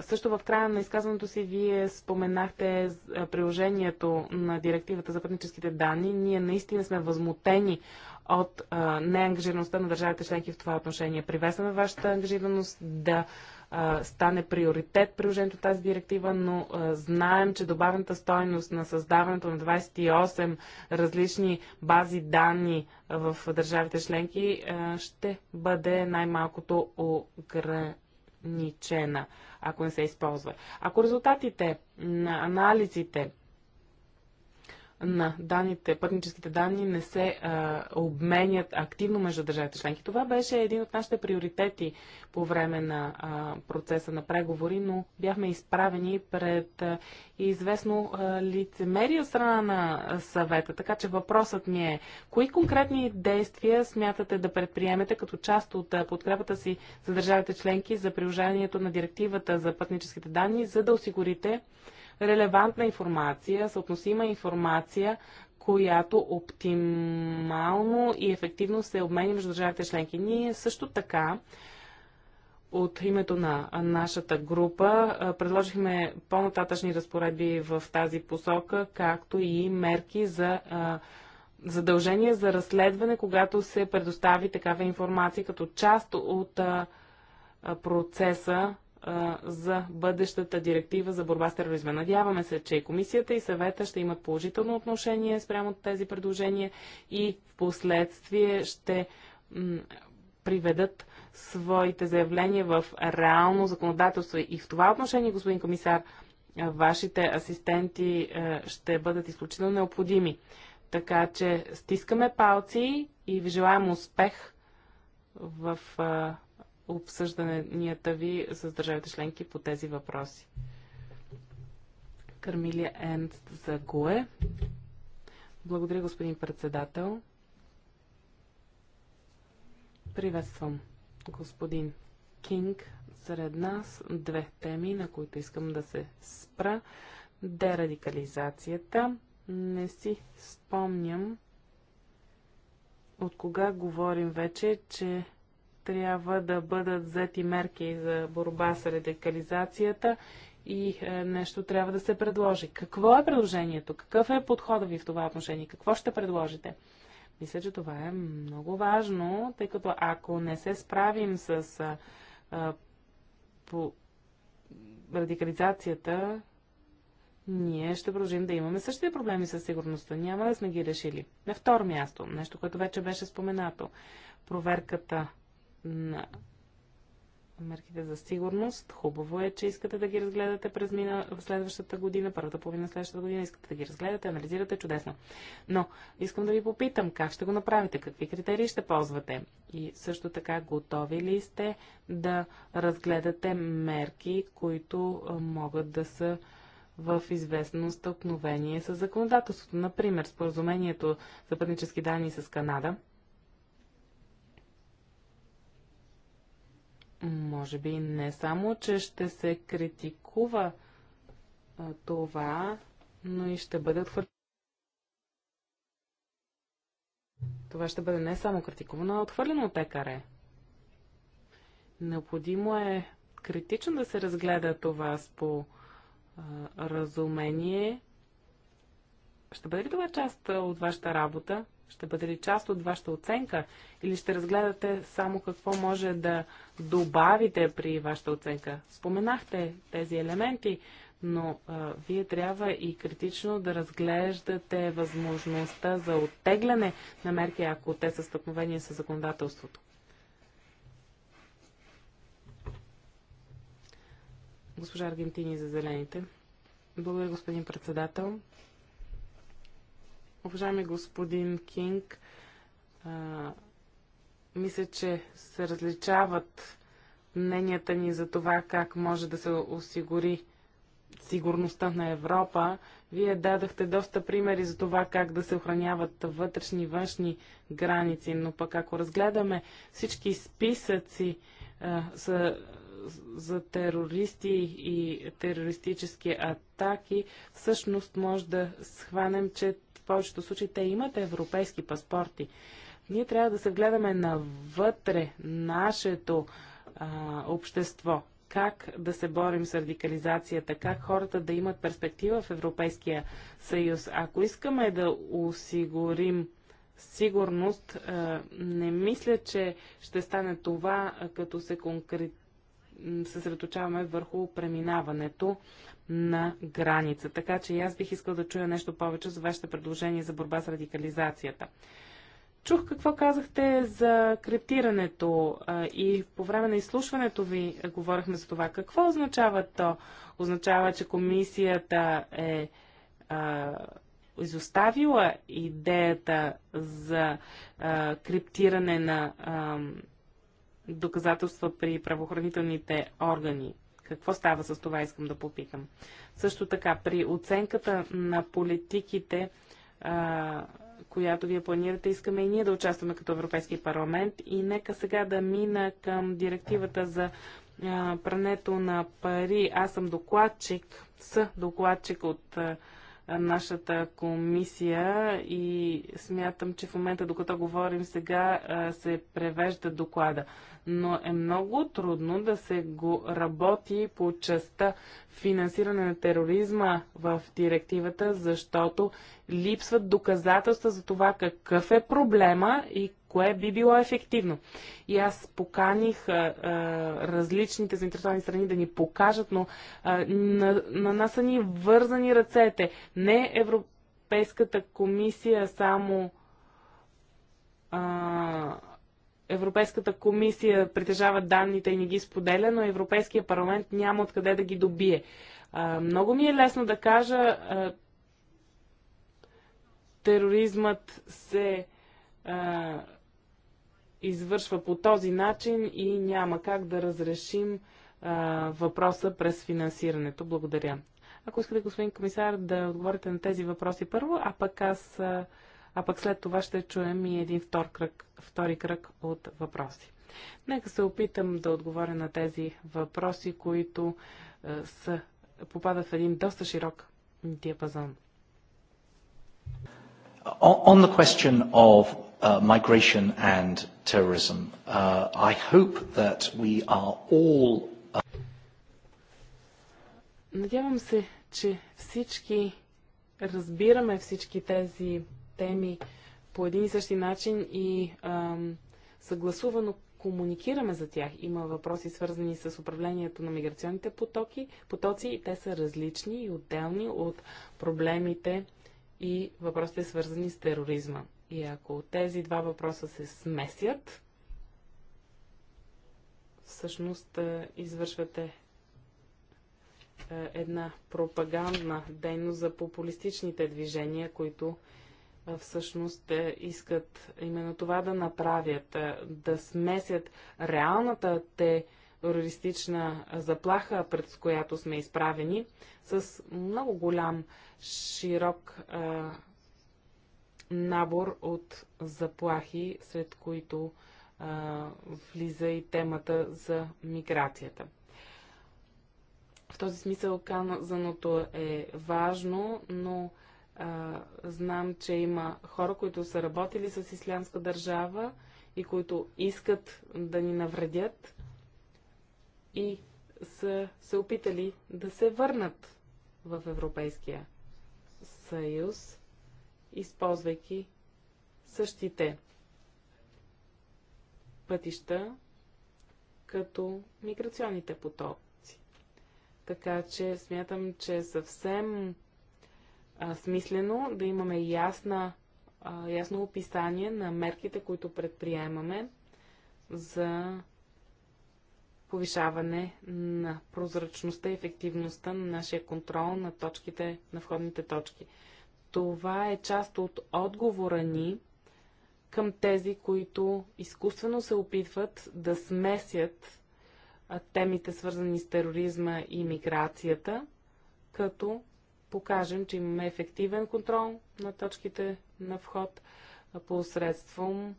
също в края на изказването си вие споменахте приложението на директивата за пътническите данни. Ние наистина сме възмутени от а, неангажираността на държавите членки в това отношение. Приветстваме вашата ангажираност да а, стане приоритет приложението тази директива, но а, знаем, че добавената стойност на създаването на 28 различни бази данни в държавите членки а, ще бъде най-малкото ограничена, ако не се използва. Ако резултатите на анализите на данните, пътническите данни не се а, обменят активно между държавите членки. Това беше един от нашите приоритети по време на а, процеса на преговори, но бяхме изправени пред а, известно а, лицемерие от страна на съвета. Така че въпросът ми е, кои конкретни действия смятате да предприемете като част от а, подкрепата си за държавите членки за приложението на директивата за пътническите данни, за да осигурите релевантна информация, съотносима информация, която оптимално и ефективно се обменя между държавите членки. Ние също така от името на нашата група предложихме по-нататъчни разпоредби в тази посока, както и мерки за задължение за разследване, когато се предостави такава информация като част от процеса за бъдещата директива за борба с тероризма. Надяваме се, че и комисията и съвета ще имат положително отношение спрямо тези предложения и в последствие ще приведат своите заявления в реално законодателство. И в това отношение, господин комисар, вашите асистенти ще бъдат изключително необходими. Така че стискаме палци и ви желаем успех в обсъжданията ви с държавите членки по тези въпроси. Кармилия Енст за ГУЕ. Благодаря, господин председател. Приветствам господин Кинг сред нас. Две теми, на които искам да се спра. Дерадикализацията. Не си спомням от кога говорим вече, че трябва да бъдат взети мерки за борба с радикализацията и е, нещо трябва да се предложи. Какво е предложението? Какъв е подходът ви в това отношение? Какво ще предложите? Мисля, че това е много важно, тъй като ако не се справим с а, е, а, е, по радикализацията, ние ще продължим да имаме същите проблеми със сигурността. Няма да сме ги решили. На второ място, нещо, което вече беше споменато, проверката на мерките за сигурност. Хубаво е, че искате да ги разгледате през мина, в следващата година, първата половина следващата година, искате да ги разгледате, анализирате, чудесно. Но искам да ви попитам как ще го направите, какви критерии ще ползвате и също така готови ли сте да разгледате мерки, които могат да са в известно стълкновение с законодателството. Например, споразумението за пътнически данни с Канада – може би не само, че ще се критикува а, това, но и ще бъде отхвърлено. Това ще бъде не само критикувано, а отхвърлено от ЕКР. Необходимо е критично да се разгледа това с по а, разумение. Ще бъде ли това част от вашата работа? Ще бъде ли част от вашата оценка или ще разгледате само какво може да добавите при вашата оценка? Споменахте тези елементи, но а, вие трябва и критично да разглеждате възможността за оттегляне на мерки, ако те са стъпновени с законодателството. Госпожа Аргентини за зелените. Благодаря, господин председател. Уважаеми господин Кинг, а, мисля, че се различават мненията ни за това как може да се осигури сигурността на Европа. Вие дадахте доста примери за това как да се охраняват вътрешни и външни граници, но пък ако разгледаме всички списъци а, са, за терористи и терористически атаки, всъщност може да схванем, че повечето случаи те имат европейски паспорти. Ние трябва да се гледаме навътре нашето а, общество, как да се борим с радикализацията, как хората да имат перспектива в Европейския съюз. Ако искаме да осигурим сигурност, не мисля, че ще стане това, като се конкретизира съсредоточаваме върху преминаването на граница. Така че и аз бих искал да чуя нещо повече за вашето предложение за борба с радикализацията. Чух какво казахте за криптирането а, и по време на изслушването ви говорихме за това. Какво означава то? Означава, че комисията е а, изоставила идеята за а, криптиране на а, доказателства при правоохранителните органи. Какво става с това, искам да попитам. Също така, при оценката на политиките, а, която вие планирате, искаме и ние да участваме като Европейски парламент. И нека сега да мина към директивата за а, прането на пари. Аз съм докладчик, с докладчик от а, нашата комисия и смятам, че в момента, докато говорим сега, се превежда доклада но е много трудно да се го работи по частта финансиране на тероризма в директивата, защото липсват доказателства за това какъв е проблема и кое би било ефективно. И аз поканих а, а, различните заинтересовани страни да ни покажат, но а, на, на нас са ни вързани ръцете. Не Европейската комисия само а, Европейската комисия притежава данните и не ги споделя, но Европейския парламент няма откъде да ги добие. А, много ми е лесно да кажа, а, тероризмът се а, извършва по този начин и няма как да разрешим а, въпроса през финансирането. Благодаря. Ако искате, господин комисар, да отговорите на тези въпроси първо, а пък аз. А, а пък след това ще чуем и един втор кръг, втори кръг от въпроси. Нека се опитам да отговоря на тези въпроси, които е, са, попадат в един доста широк диапазон. On the question of uh, migration and terrorism, uh, I hope that we are all. Uh, Надявам се, че всички разбираме всички тези теми по един и същи начин и ам, съгласувано комуникираме за тях. Има въпроси свързани с управлението на миграционните потоки, потоци и те са различни и отделни от проблемите и въпросите свързани с тероризма. И ако тези два въпроса се смесят, всъщност извършвате една пропагандна дейност за популистичните движения, които всъщност е, искат именно това да направят, е, да смесят реалната те терористична заплаха, пред която сме изправени, с много голям, широк а, набор от заплахи, сред които а, влиза и темата за миграцията. В този смисъл казаното е важно, но а, знам, че има хора, които са работили с Ислямска държава и които искат да ни навредят и са се опитали да се върнат в Европейския съюз, използвайки същите пътища като миграционните потоци. Така че смятам, че съвсем а, смислено, да имаме ясна, а, ясно описание на мерките, които предприемаме за повишаване на прозрачността и ефективността на нашия контрол на точките, на входните точки. Това е част от отговора ни към тези, които изкуствено се опитват да смесят темите, свързани с тероризма и миграцията, като покажем, че имаме ефективен контрол на точките на вход посредством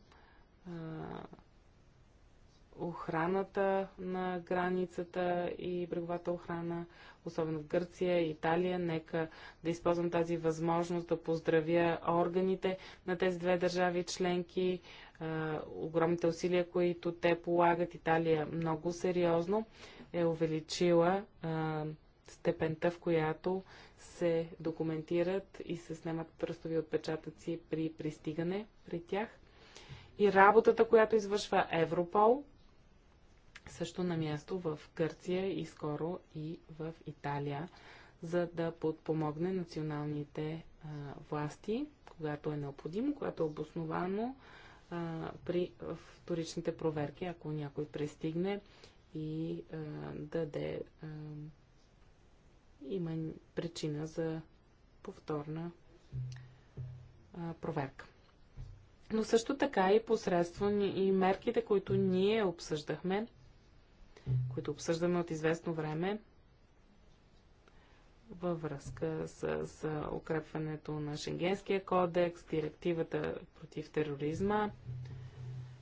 охраната на границата и бреговата охрана, особено в Гърция и Италия. Нека да използвам тази възможност да поздравя органите на тези две държави членки, огромните усилия, които те полагат. Италия много сериозно е увеличила а, степента, в която се документират и се снимат пръстови отпечатъци при пристигане при тях. И работата, която извършва Европол, също на място в Гърция и скоро и в Италия, за да подпомогне националните а, власти, когато е необходимо, когато е обосновано а, при вторичните проверки, ако някой пристигне и а, даде. А, има причина за повторна а, проверка. Но също така и посредством и мерките, които ние обсъждахме, които обсъждаме от известно време, във връзка с, с укрепването на Шенгенския кодекс, директивата против тероризма,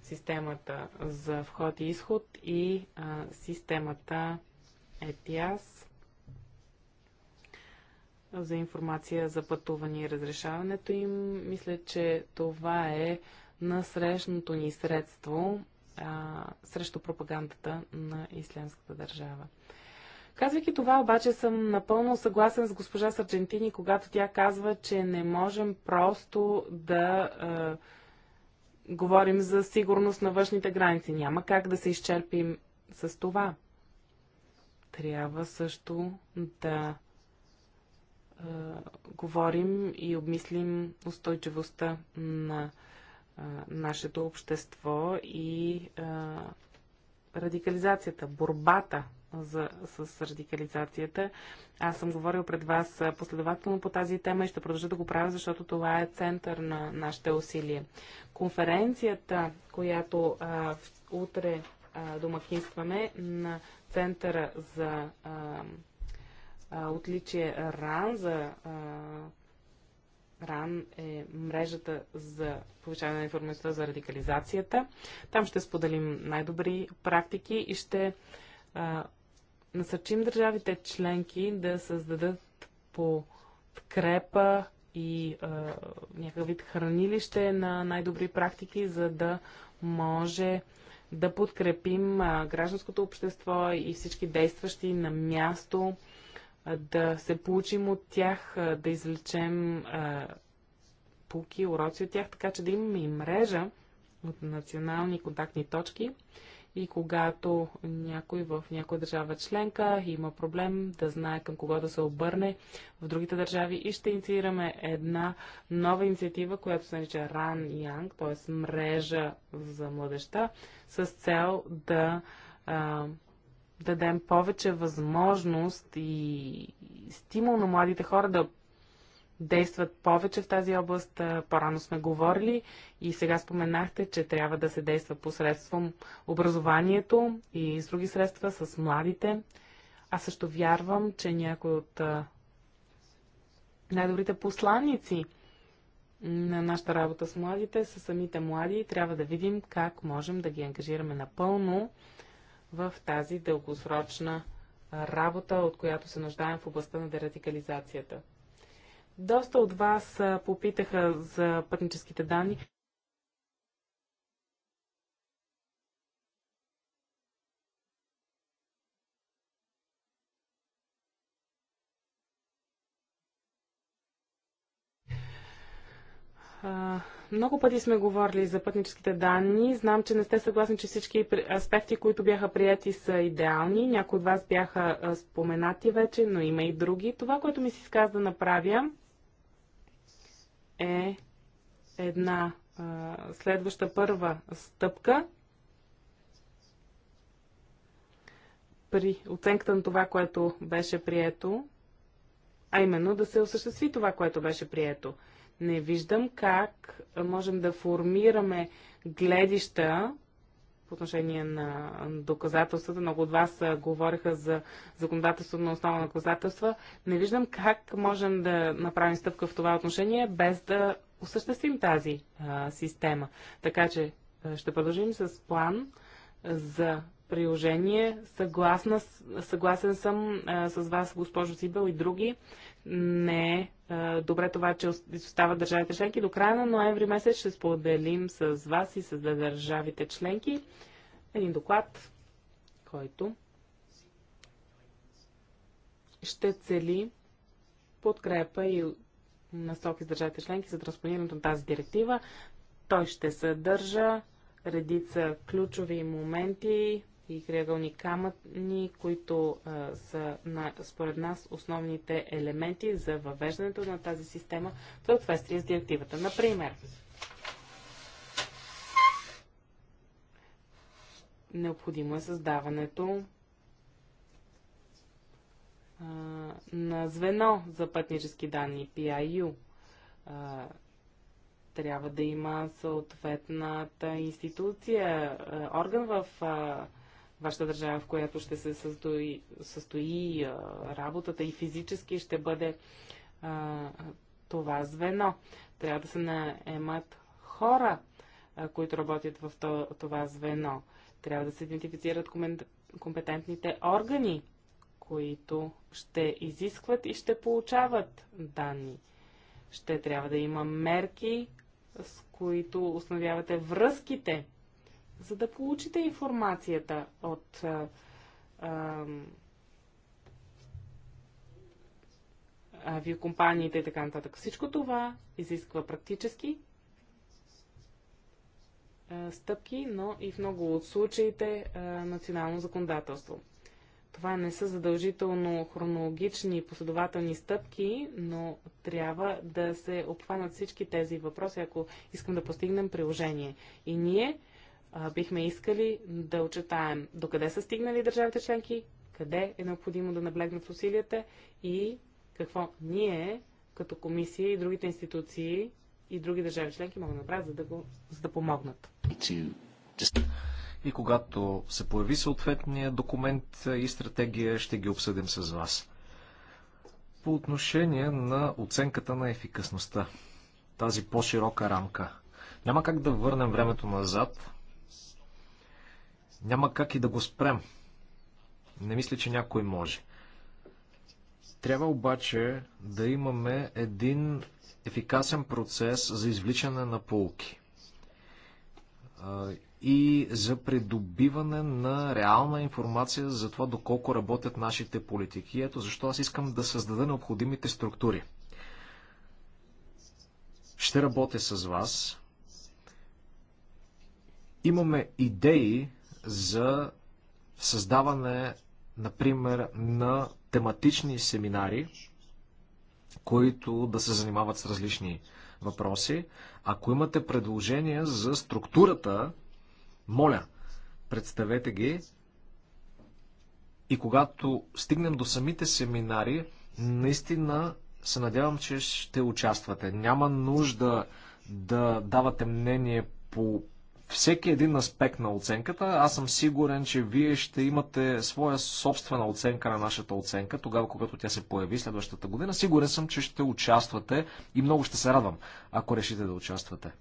системата за вход и изход и а, системата ETIAS, за информация за пътуване и разрешаването им. Мисля, че това е насрещното ни средство а, срещу пропагандата на исламската държава. Казвайки това, обаче съм напълно съгласен с госпожа Сарджентини, когато тя казва, че не можем просто да а, говорим за сигурност на външните граници. Няма как да се изчерпим с това. Трябва също да говорим и обмислим устойчивостта на а, нашето общество и а, радикализацията, борбата за, с радикализацията. Аз съм говорил пред вас последователно по тази тема и ще продължа да го правя, защото това е център на нашите усилия. Конференцията, която а, утре а, домакинстваме на Центъра за. А, а, отличие РАН за а, РАН е мрежата за повишаване на информацията за радикализацията. Там ще споделим най-добри практики и ще а, насърчим държавите членки да създадат по крепа и а, някакъв вид хранилище на най-добри практики, за да може да подкрепим а, гражданското общество и всички действащи на място да се получим от тях, да излечем пулки, уроци от тях, така че да имаме и мрежа от национални контактни точки и когато някой в някоя държава членка има проблем, да знае към кого да се обърне в другите държави и ще инициираме една нова инициатива, която се нарича Run Young, т.е. мрежа за младеща, с цел да а, дадем повече възможност и стимул на младите хора да действат повече в тази област. По-рано сме говорили и сега споменахте, че трябва да се действа посредством образованието и с други средства с младите. Аз също вярвам, че някои от най-добрите посланици на нашата работа с младите са самите млади и трябва да видим как можем да ги ангажираме напълно в тази дългосрочна работа, от която се нуждаем в областта на дерадикализацията. Доста от вас попитаха за пътническите данни. Много пъти сме говорили за пътническите данни. Знам, че не сте съгласни, че всички аспекти, които бяха прияти, са идеални. Някои от вас бяха споменати вече, но има и други. Това, което ми се иска да направя, е една а, следваща първа стъпка при оценката на това, което беше прието, а именно да се осъществи това, което беше прието. Не виждам как можем да формираме гледища по отношение на доказателствата. Много от вас говориха за законодателство на основа на доказателства. Не виждам как можем да направим стъпка в това отношение без да осъществим тази а, система. Така че ще продължим с план за приложение. Съгласна, съгласен съм а, с вас, госпожо Сибел и други. Не е добре това, че остават държавите членки. До края на ноември месец ще споделим с вас и с държавите членки един доклад, който ще цели подкрепа и насоки с държавите членки за транспонирането на тази директива. Той ще съдържа редица ключови моменти, и крайъгълни камъни, които а, са на, според нас основните елементи за въвеждането на тази система в съответствие с директивата. Например, необходимо е създаването а, на звено за пътнически данни, PIU. А, трябва да има съответната институция, орган в вашата държава, в която ще се състои, състои работата и физически ще бъде а, това звено. Трябва да се наемат хора, а, които работят в то, това звено. Трябва да се идентифицират компетентните органи, които ще изискват и ще получават данни. Ще трябва да има мерки, с които установявате връзките за да получите информацията от а, авиокомпаниите и така нататък. Всичко това изисква практически а, стъпки, но и в много от случаите а, национално законодателство. Това не са задължително хронологични и последователни стъпки, но трябва да се обхванат всички тези въпроси, ако искам да постигнем приложение. И ние бихме искали да очетаем докъде са стигнали държавите членки, къде е необходимо да наблегнат усилията и какво ние, като комисия и другите институции и други държави членки могат да направят, за да, го, за да помогнат. И когато се появи съответния документ и стратегия, ще ги обсъдим с вас. По отношение на оценката на ефикасността, тази по-широка рамка, няма как да върнем времето назад, няма как и да го спрем. Не мисля, че някой може. Трябва обаче да имаме един ефикасен процес за извличане на полки и за придобиване на реална информация за това доколко работят нашите политики. Ето защо аз искам да създада необходимите структури. Ще работя с вас. Имаме идеи за създаване, например, на тематични семинари, които да се занимават с различни въпроси. Ако имате предложения за структурата, моля, представете ги. И когато стигнем до самите семинари, наистина се надявам, че ще участвате. Няма нужда да давате мнение по всеки един аспект на оценката. Аз съм сигурен, че вие ще имате своя собствена оценка на нашата оценка, тогава, когато тя се появи следващата година. Сигурен съм, че ще участвате и много ще се радвам, ако решите да участвате.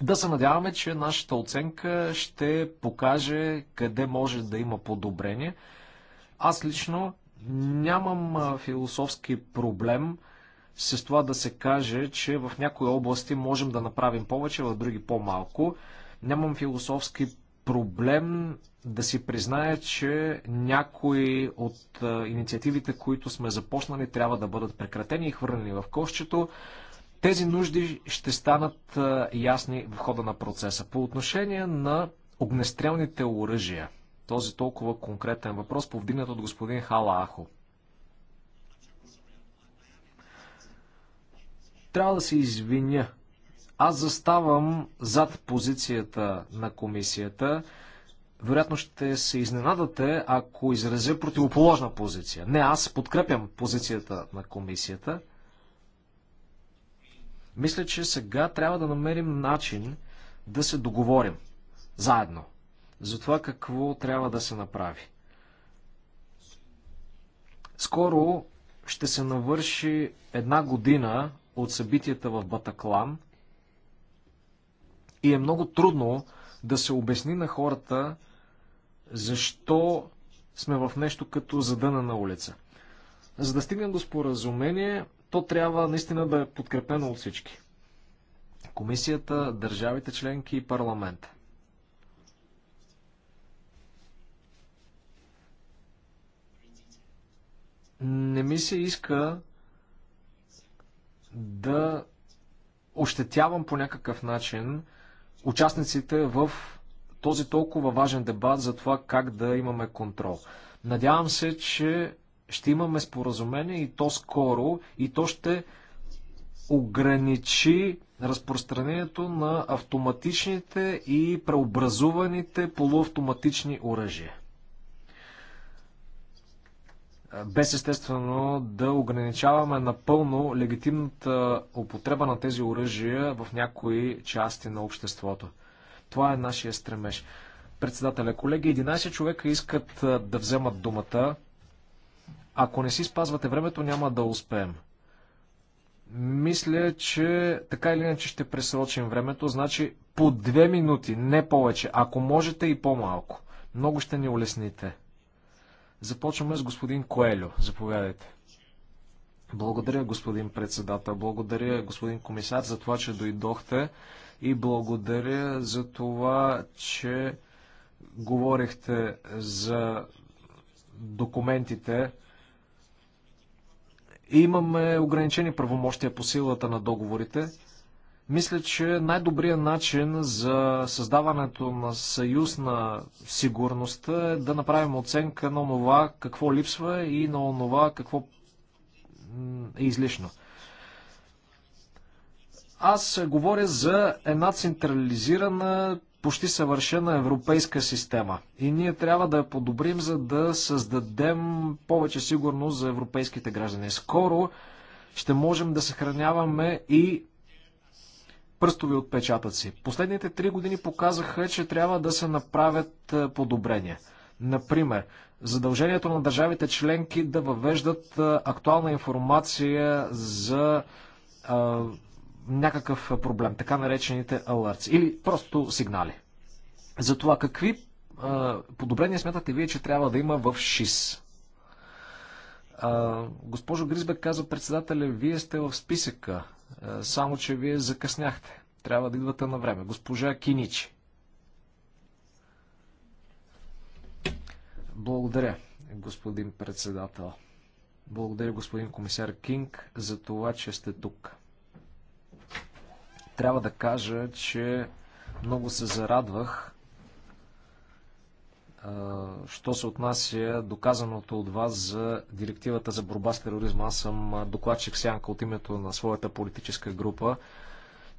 Да се надяваме, че нашата оценка ще покаже къде може да има подобрение. Аз лично нямам философски проблем с това да се каже, че в някои области можем да направим повече, в други по-малко. Нямам философски проблем да си призная, че някои от инициативите, които сме започнали, трябва да бъдат прекратени и хвърлени в кошчето. Тези нужди ще станат ясни в хода на процеса. По отношение на огнестрелните оръжия, този толкова конкретен въпрос, повдигнат от господин Хала Ахо. Трябва да се извиня. Аз заставам зад позицията на комисията. Вероятно ще се изненадате, ако изразя противоположна позиция. Не, аз подкрепям позицията на комисията. Мисля, че сега трябва да намерим начин да се договорим заедно за това какво трябва да се направи. Скоро ще се навърши една година от събитията в Батаклан и е много трудно да се обясни на хората защо сме в нещо като задъна на улица. За да стигнем до споразумение, то трябва наистина да е подкрепено от всички. Комисията, държавите членки и парламента. Не ми се иска да ощетявам по някакъв начин участниците в този толкова важен дебат за това как да имаме контрол. Надявам се, че ще имаме споразумение и то скоро, и то ще ограничи разпространението на автоматичните и преобразуваните полуавтоматични оръжия без естествено да ограничаваме напълно легитимната употреба на тези оръжия в някои части на обществото. Това е нашия стремеж. Председателя, колеги, 11 човека искат да вземат думата. Ако не си спазвате времето, няма да успеем. Мисля, че така или иначе ще пресрочим времето, значи по две минути, не повече. Ако можете и по-малко. Много ще ни улесните. Започваме с господин Коелю. Заповядайте. Благодаря, господин председател. Благодаря, господин комисар, за това, че дойдохте и благодаря за това, че говорихте за документите. Имаме ограничени правомощия по силата на договорите. Мисля, че най-добрият начин за създаването на съюз на сигурността е да направим оценка на това какво липсва и на това какво е излишно. Аз говоря за една централизирана, почти съвършена европейска система. И ние трябва да я подобрим, за да създадем повече сигурност за европейските граждани. Скоро ще можем да съхраняваме и пръстови отпечатъци. Последните три години показаха, че трябва да се направят е, подобрения. Например, задължението на държавите членки да въвеждат е, актуална информация за а, е, някакъв проблем, така наречените алърци или просто сигнали. За това какви а, подобрения смятате вие, че трябва да има в ШИС? А, госпожо Гризбек каза председателя, вие сте в списъка е, само, че вие закъсняхте. Трябва да идвате на време. Госпожа Киничи. Благодаря, господин председател. Благодаря, господин комисар Кинг, за това, че сте тук. Трябва да кажа, че много се зарадвах, що се отнася доказаното от вас за директивата за борба с тероризма. Аз съм докладчик Сянка от името на своята политическа група.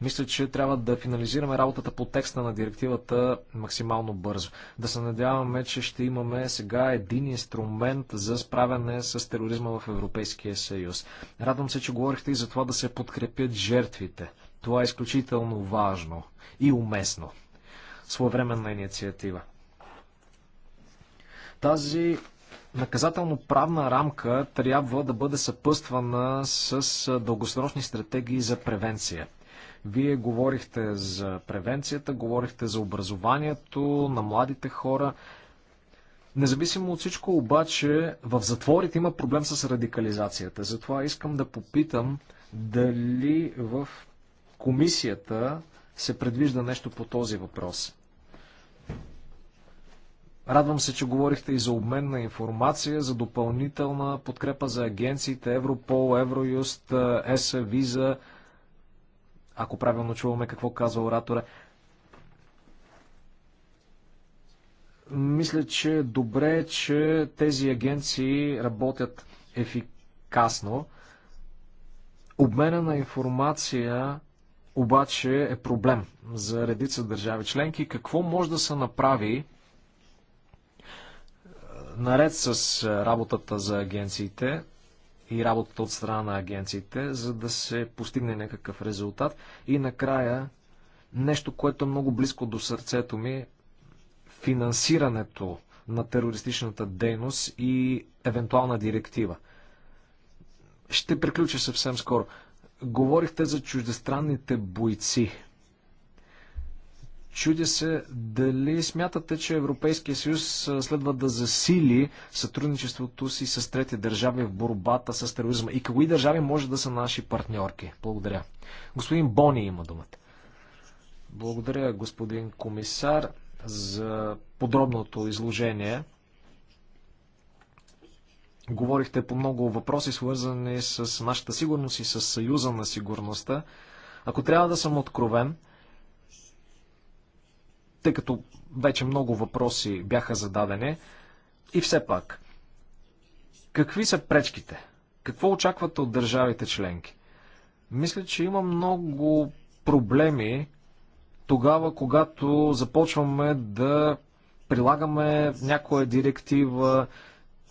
Мисля, че трябва да финализираме работата по текста на директивата максимално бързо. Да се надяваме, че ще имаме сега един инструмент за справяне с тероризма в Европейския съюз. Радвам се, че говорихте и за това да се подкрепят жертвите. Това е изключително важно и уместно. Своевременна инициатива. Тази наказателно-правна рамка трябва да бъде съпъствана с дългосрочни стратегии за превенция. Вие говорихте за превенцията, говорихте за образованието на младите хора. Независимо от всичко, обаче, в затворите има проблем с радикализацията. Затова искам да попитам дали в комисията се предвижда нещо по този въпрос. Радвам се, че говорихте и за обмен на информация, за допълнителна подкрепа за агенциите Европол, Евроюст, ЕСА, Виза, ако правилно чуваме какво казва оратора. Мисля, че е добре е, че тези агенции работят ефикасно. Обмена на информация обаче е проблем за редица държави членки. Какво може да се направи, наред с е, работата за агенциите и работата от страна на агенциите, за да се постигне някакъв резултат. И накрая нещо, което е много близко до сърцето ми, финансирането на терористичната дейност и евентуална директива. Ще приключа съвсем скоро. Говорихте за чуждестранните бойци. Чуди се дали смятате, че Европейския съюз следва да засили сътрудничеството си с трети държави в борбата с тероризма и кои държави може да са наши партньорки? Благодаря. Господин Бони има думата. Благодаря, господин комисар, за подробното изложение. Говорихте по много въпроси, свързани с нашата сигурност и с Съюза на сигурността. Ако трябва да съм откровен, тъй като вече много въпроси бяха зададени. И все пак, какви са пречките? Какво очаквате от държавите членки? Мисля, че има много проблеми тогава, когато започваме да прилагаме някоя директива,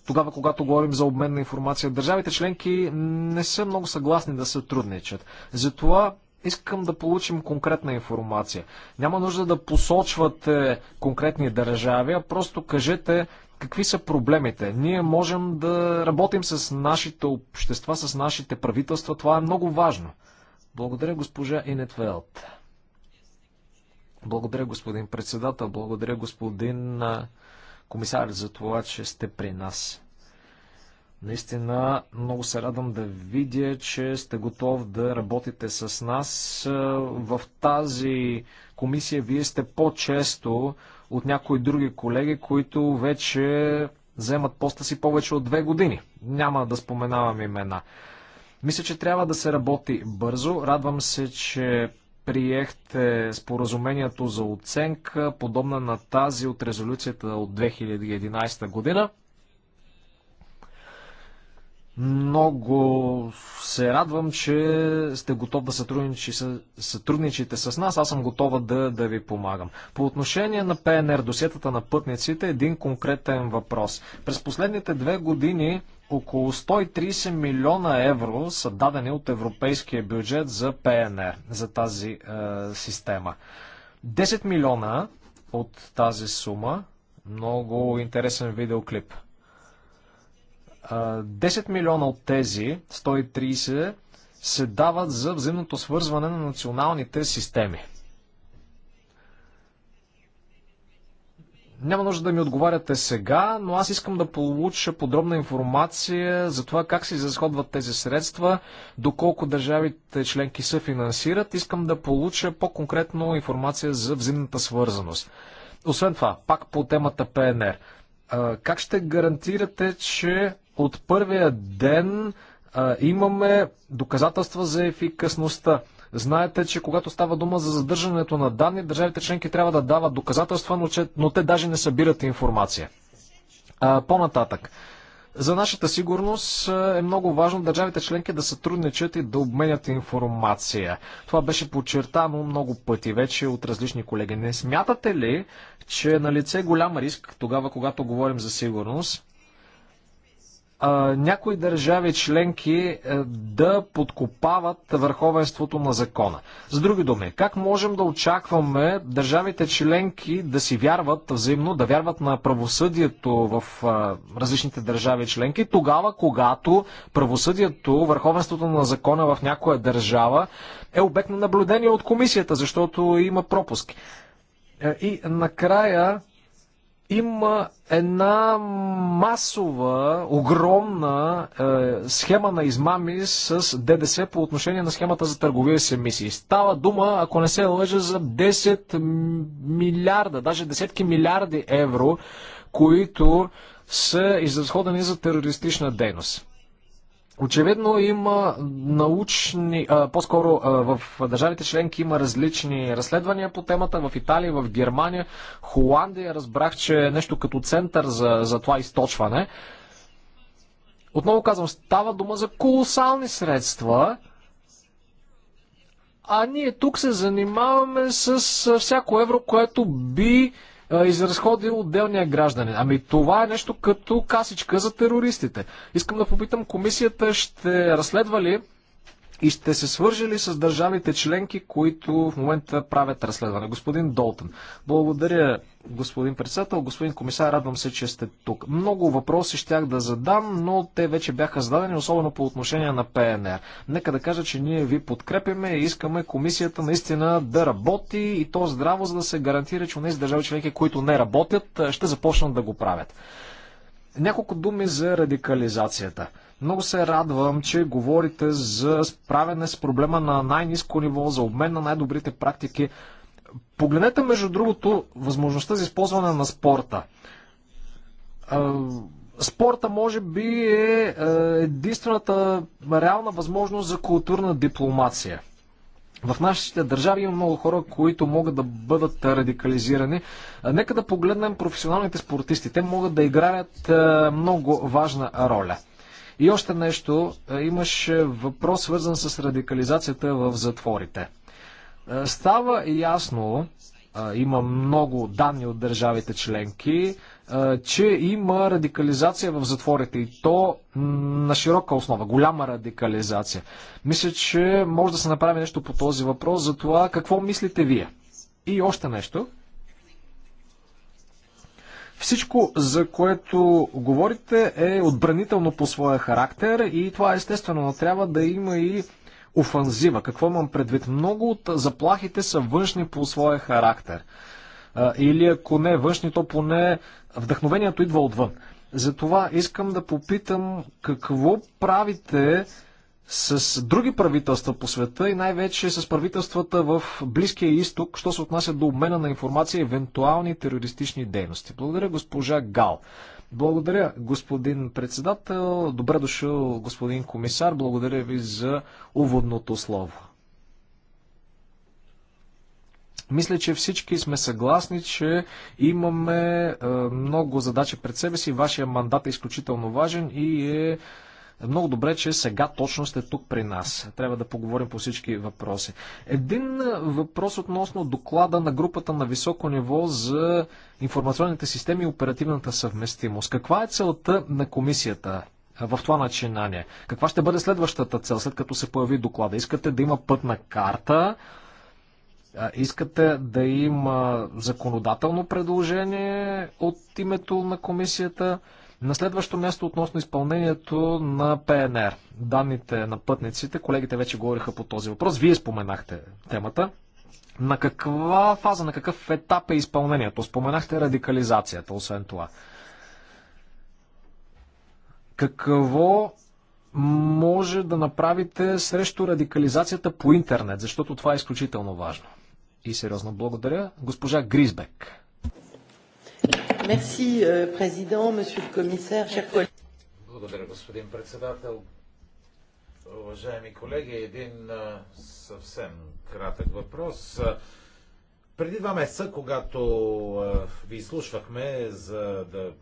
тогава, когато говорим за обмен на информация, държавите членки не са много съгласни да се трудничат. Затова Искам да получим конкретна информация. Няма нужда да посочвате конкретни държави, а просто кажете какви са проблемите. Ние можем да работим с нашите общества, с нашите правителства. Това е много важно. Благодаря, госпожа Инетвелт. Благодаря, господин председател. Благодаря, господин комисар, за това, че сте при нас. Наистина много се радвам да видя, че сте готов да работите с нас. Е, в тази комисия вие сте по-често от някои други колеги, които вече вземат поста си повече от две години. Няма да споменавам имена. Мисля, че трябва да се работи бързо. Радвам се, че приехте споразумението за оценка, подобна на тази от резолюцията от 2011 година. Много се радвам, че сте готов да сътрудничите с нас. Аз съм готова да, да ви помагам. По отношение на ПНР, досетата на пътниците, един конкретен въпрос. През последните две години около 130 милиона евро са дадени от европейския бюджет за ПНР, за тази е, система. 10 милиона от тази сума, много интересен видеоклип – 10 милиона от тези 130 се дават за взаимното свързване на националните системи. Няма нужда да ми отговаряте сега, но аз искам да получа подробна информация за това как се изразходват тези средства, доколко държавите членки се финансират. Искам да получа по-конкретно информация за взаимната свързаност. Освен това, пак по темата ПНР. Как ще гарантирате, че от първия ден а, имаме доказателства за ефикасността. Знаете, че когато става дума за задържането на данни, държавите членки трябва да дават доказателства, но, че, но те даже не събират информация. А, по-нататък. За нашата сигурност е много важно държавите членки да сътрудничат и да обменят информация. Това беше подчертано много пъти вече от различни колеги. Не смятате ли, че е на лице голям риск тогава, когато говорим за сигурност, някои държави членки е, да подкопават върховенството на закона. С други думи, как можем да очакваме държавите членки да си вярват взаимно, да вярват на правосъдието в различните държави членки, тогава когато правосъдието, върховенството на закона в някоя държава е обект на наблюдение от комисията, защото има пропуски. Е, и накрая има една масова, огромна е, схема на измами с ДДС по отношение на схемата за търговия с емисии. Става дума, ако не се лъжа, за 10 милиарда, даже десетки милиарди евро, които са изразходени за терористична дейност. Очевидно има научни, по-скоро в държавите членки има различни разследвания по темата. В Италия, в Германия, Холандия разбрах, че е нещо като център за, за това източване. Отново казвам, става дума за колосални средства, а ние тук се занимаваме с всяко евро, което би изразходи отделния гражданин. Ами това е нещо като касичка за терористите. Искам да попитам комисията ще разследва ли и сте се свържили с държавите членки, които в момента правят разследване. Господин Долтън, благодаря, господин председател, господин комисар, радвам се, че сте тук. Много въпроси щях да задам, но те вече бяха зададени, особено по отношение на ПНР. Нека да кажа, че ние ви подкрепяме и искаме комисията наистина да работи и то здраво, за да се гарантира, че у нези държави членки, които не работят, ще започнат да го правят. Няколко думи за радикализацията. Много се радвам, че говорите за справяне с проблема на най-низко ниво, за обмен на най-добрите практики. Погледнете, между другото, възможността за използване на спорта. Спорта, може би, е, е единствената реална възможност за културна дипломация. В нашите държави има много хора, които могат да бъдат радикализирани. Нека да погледнем професионалните спортисти. Те могат да играят е, много важна роля. И още нещо, е, имаше въпрос свързан с радикализацията в затворите. Е, става ясно, е, има много данни от държавите членки, че има радикализация в затворите и то на широка основа, голяма радикализация. Мисля, че може да се направи нещо по този въпрос за това какво мислите вие. И още нещо – всичко, за което говорите, е отбранително по своя характер и това естествено, но трябва да има и офанзива. Какво имам предвид? Много от заплахите са външни по своя характер. Или ако не външни, то поне вдъхновението идва отвън. Затова искам да попитам какво правите, с други правителства по света и най-вече с правителствата в Близкия изток, що се отнася до обмена на информация и евентуални терористични дейности. Благодаря, госпожа Гал. Благодаря, господин председател. Добре дошъл, господин комисар. Благодаря ви за уводното слово. Мисля, че всички сме съгласни, че имаме е, много задачи пред себе си. Вашия мандат е изключително важен и е много добре, че сега точно сте тук при нас. Трябва да поговорим по всички въпроси. Един въпрос относно доклада на групата на високо ниво за информационните системи и оперативната съвместимост. Каква е целта на комисията? в това начинание. Каква ще бъде следващата цел, след като се появи доклада? Искате да има пътна карта, искате да има законодателно предложение от името на комисията. На следващо място относно изпълнението на ПНР, данните на пътниците, колегите вече говориха по този въпрос, вие споменахте темата. На каква фаза, на какъв етап е изпълнението? Споменахте радикализацията, освен това. Какво може да направите срещу радикализацията по интернет, защото това е изключително важно. И сериозно благодаря. Госпожа Гризбек. Merci, euh, monsieur le commissaire, chers collègues. Благодаря, господин председател. Уважаеми колеги, един съвсем кратък въпрос. Преди два месеца, когато ви изслушвахме за да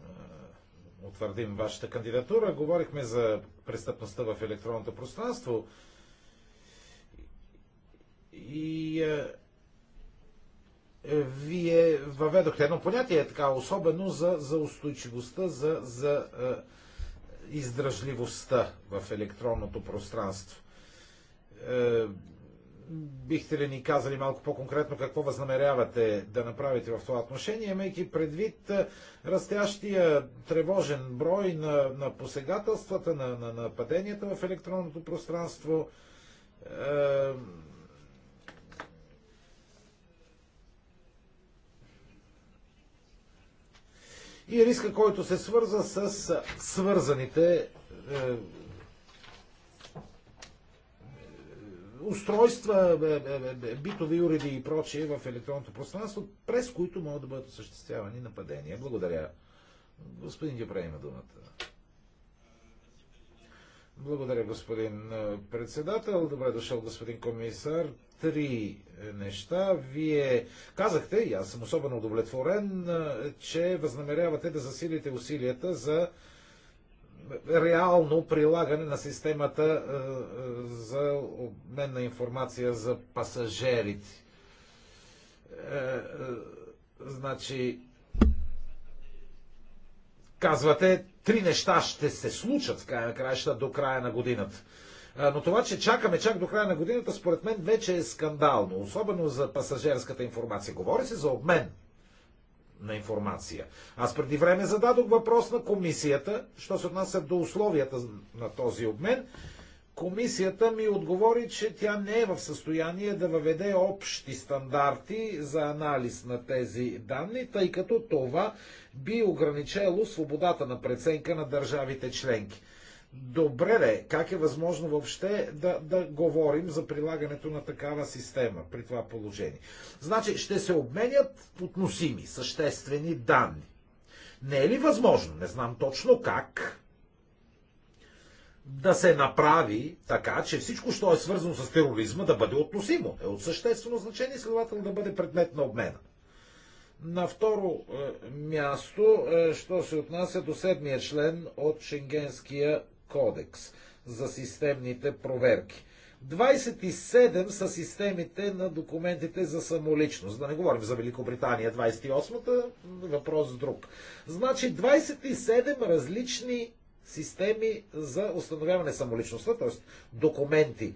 утвърдим вашата кандидатура, говорихме за престъпността в електронното пространство и вие въведохте едно понятие, така, особено за, за устойчивостта, за, за е, издръжливостта в електронното пространство. Е, бихте ли ни казали малко по-конкретно какво възнамерявате да направите в това отношение, имайки предвид е, растящия тревожен брой на, на посегателствата, на, на нападенията в електронното пространство? Е, и риска, който се свърза с свързаните е, е, устройства, е, битови уреди и прочие в електронното пространство, през които могат да бъдат осъществявани нападения. Благодаря. Господин Дюпре има думата. Благодаря, господин председател. Добре дошъл, господин комисар. Три е, неща. Вие казахте, и аз съм особено удовлетворен, че възнамерявате да засилите усилията за реално прилагане на системата за обмен на информация за пасажерите. Е, е, значи, Казвате, три неща ще се случат в края на краища до края на годината. Но това, че чакаме чак до края на годината, според мен вече е скандално, особено за пасажирската информация. Говори се за обмен на информация. Аз преди време зададох въпрос на комисията, що се отнася до условията на този обмен Комисията ми отговори, че тя не е в състояние да въведе общи стандарти за анализ на тези данни, тъй като това би ограничело свободата на преценка на държавите членки. Добре ли, как е възможно въобще да, да говорим за прилагането на такава система при това положение? Значи ще се обменят относими, съществени данни. Не е ли възможно, не знам точно как, да се направи така, че всичко, що е свързано с тероризма, да бъде относимо. Е от съществено значение, следователно да бъде предмет на обмена. На второ е, място, е, що се отнася до седмия член от Шенгенския кодекс за системните проверки. 27 са системите на документите за самоличност. Да не говорим за Великобритания 28-та, въпрос друг. Значи 27 различни системи за установяване самоличността, т.е. документи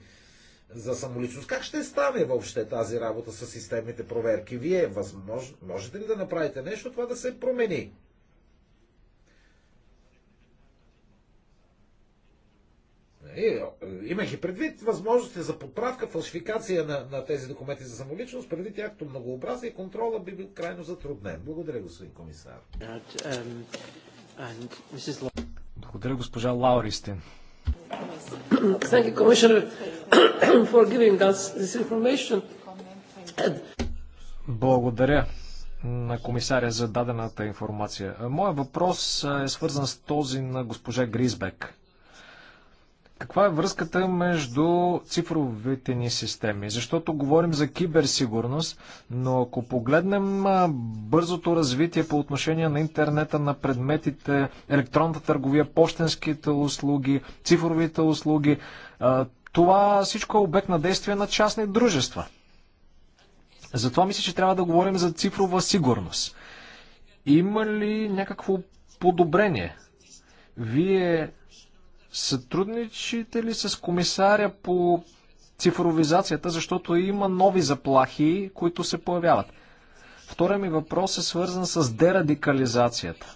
за самоличност. Как ще стане въобще тази работа с системните проверки? Вие възмож... можете ли да направите нещо, това да се промени? И, предвид възможности за подправка, фалшификация на, на тези документи за самоличност, преди тяхто многообразие, контрола би бил крайно затруднен. Благодаря, господин комисар. And, um, and благодаря, госпожа Лауристин. Thank you, Commissioner, for giving us this information. Благодаря на комисаря за дадената информация. Моя въпрос е свързан с този на госпожа Гризбек. Каква е връзката между цифровите ни системи? Защото говорим за киберсигурност, но ако погледнем бързото развитие по отношение на интернета, на предметите, електронната търговия, почтенските услуги, цифровите услуги, това всичко е обект на действие на частни дружества. Затова мисля, че трябва да говорим за цифрова сигурност. Има ли някакво подобрение? Вие Сътрудничите ли с комисаря по цифровизацията, защото има нови заплахи, които се появяват? Втория ми въпрос е свързан с дерадикализацията.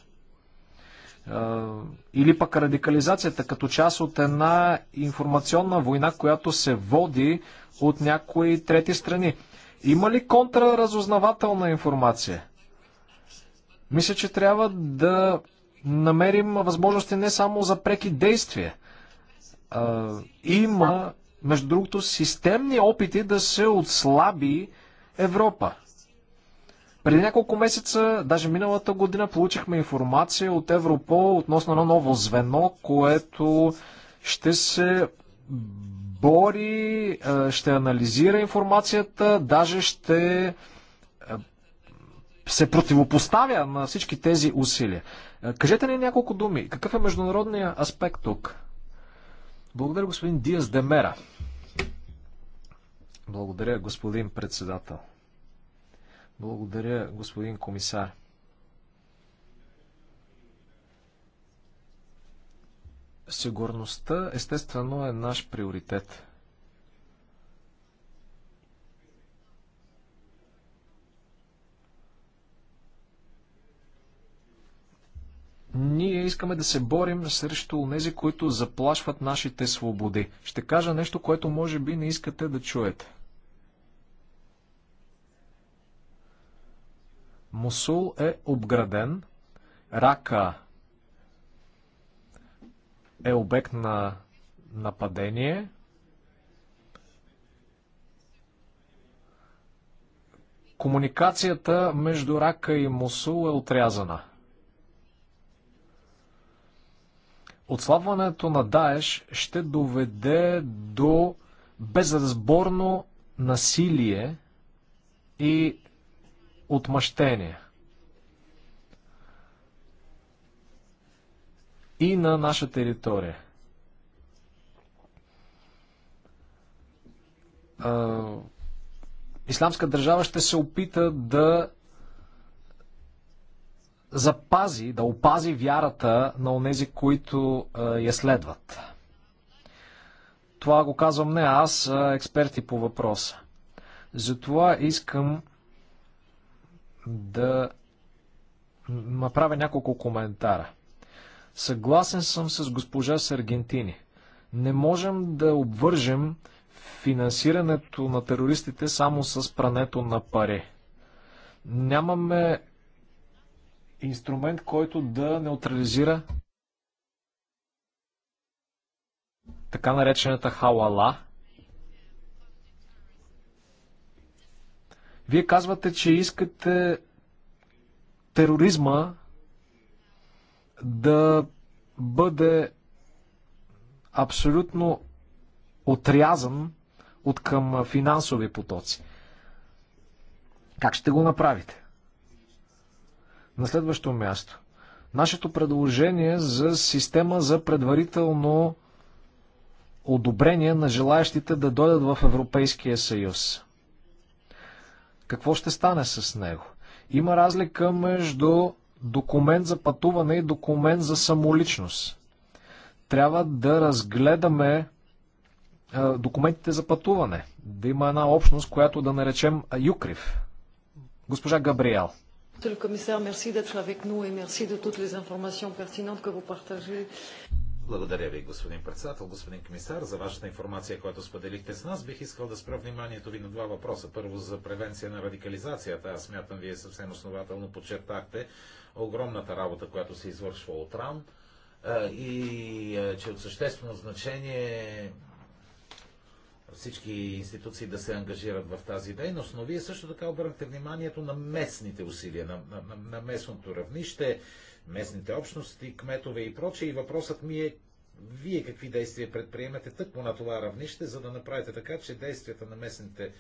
Или пък радикализацията като част от една информационна война, която се води от някои трети страни. Има ли контраразузнавателна информация? Мисля, че трябва да намерим възможности не само за преки действия. Има, между другото, системни опити да се отслаби Европа. Преди няколко месеца, даже миналата година, получихме информация от Европол относно едно ново звено, което ще се бори, ще анализира информацията, даже ще се противопоставя на всички тези усилия. Е, кажете ни няколко думи. Какъв е международния аспект тук? Благодаря, господин Диас Демера. Благодаря, господин председател. Благодаря, господин комисар. Сигурността, естествено, е наш приоритет. Ние искаме да се борим срещу тези, които заплашват нашите свободи. Ще кажа нещо, което може би не искате да чуете. Мусул е обграден, Рака е обект на нападение. Комуникацията между Рака и Мусул е отрязана. Отслабването на Даеш ще доведе до безразборно насилие и отмъщение. И на наша територия. Исламска държава ще се опита да запази, да опази вярата на онези, които я следват. Това го казвам не аз, а експерти по въпроса. Затова искам да направя няколко коментара. Съгласен съм с госпожа Саргентини. Не можем да обвържем финансирането на терористите само с прането на пари. Нямаме инструмент, който да неутрализира така наречената хауала. Вие казвате, че искате тероризма да бъде абсолютно отрязан от към финансови потоци. Как ще го направите? На следващо място. Нашето предложение за система за предварително одобрение на желаящите да дойдат в Европейския съюз. Какво ще стане с него? Има разлика между документ за пътуване и документ за самоличност. Трябва да разгледаме документите за пътуване. Да има една общност, която да наречем Юкрив. Госпожа Габриел. Monsieur le commissaire, merci d'être avec nous et merci de toutes les informations pertinentes que vous partagez. Благодаря ви, господин председател, господин комисар, за вашата информация, която споделихте с нас. Бих искал да спра вниманието ви на два въпроса. Първо за превенция на радикализацията. Аз смятам, вие съвсем основателно подчертахте огромната работа, която се извършва от РАН и че от съществено значение всички институции да се ангажират в тази дейност, но вие също така обърнахте вниманието на местните усилия, на, на, на местното равнище, местните общности, кметове и прочее. И въпросът ми е, вие какви действия предприемате тъкмо на това равнище, за да направите така, че действията на местните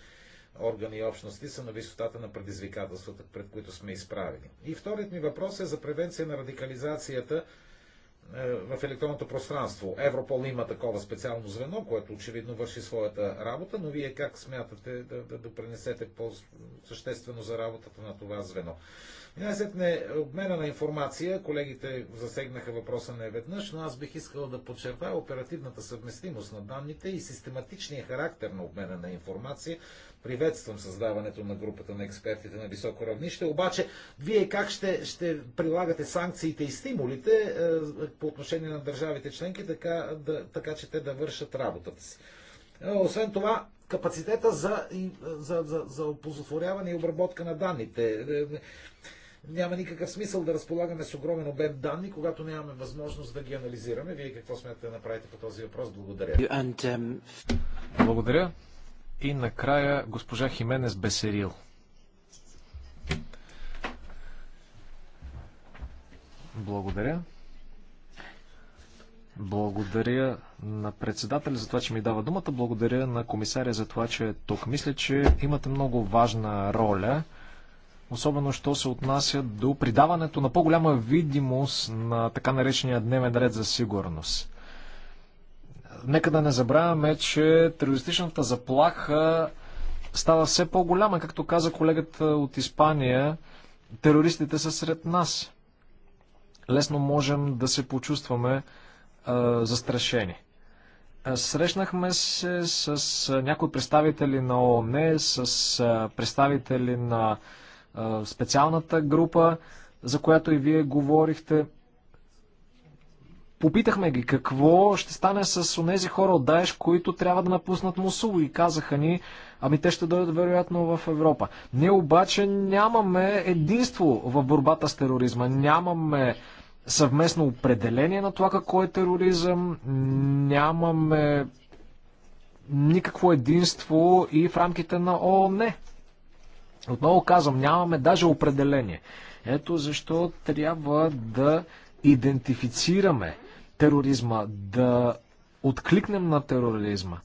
органи и общности са на висотата на предизвикателствата, пред които сме изправени. И вторият ми въпрос е за превенция на радикализацията е, в електронното пространство. Европол има такова специално звено, което очевидно върши своята работа, но вие как смятате да, да пренесете по-съществено за работата на това звено? Най-сетне обмена на информация, колегите засегнаха въпроса не веднъж, но аз бих искал да подчертая оперативната съвместимост на данните и систематичния характер на обмена на информация, Приветствам създаването на групата на експертите на високо равнище, обаче вие как ще, ще прилагате санкциите и стимулите е, по отношение на държавите членки, така, да, така че те да вършат работата си? Е, освен това, капацитета за, за, за, за опозотворяване и обработка на данните. Е, няма никакъв смисъл да разполагаме с огромен обем данни, когато нямаме възможност да ги анализираме. Вие какво смятате да направите по този въпрос? Благодаря. Благодаря. И накрая госпожа Хименес Бесерил. Благодаря. Благодаря на председателя за това, че ми дава думата. Благодаря на комисаря за това, че е тук. Мисля, че имате много важна роля, особено що се отнася до придаването на по-голяма видимост на така наречения дневен ред за сигурност нека да не забравяме, че терористичната заплаха става все по-голяма. Както каза колегата от Испания, терористите са сред нас. Лесно можем да се почувстваме а, застрашени. Срещнахме се с някои представители на ООН, с представители на специалната група, за която и вие говорихте. Попитахме ги какво ще стане с онези хора от Даеш, които трябва да напуснат Мусул и казаха ни, ами те ще дойдат вероятно в Европа. Ние обаче нямаме единство в борбата с тероризма, нямаме съвместно определение на това какво е тероризъм, нямаме никакво единство и в рамките на ООН. Отново казвам, нямаме даже определение. Ето защо трябва да идентифицираме тероризма, да откликнем на тероризма.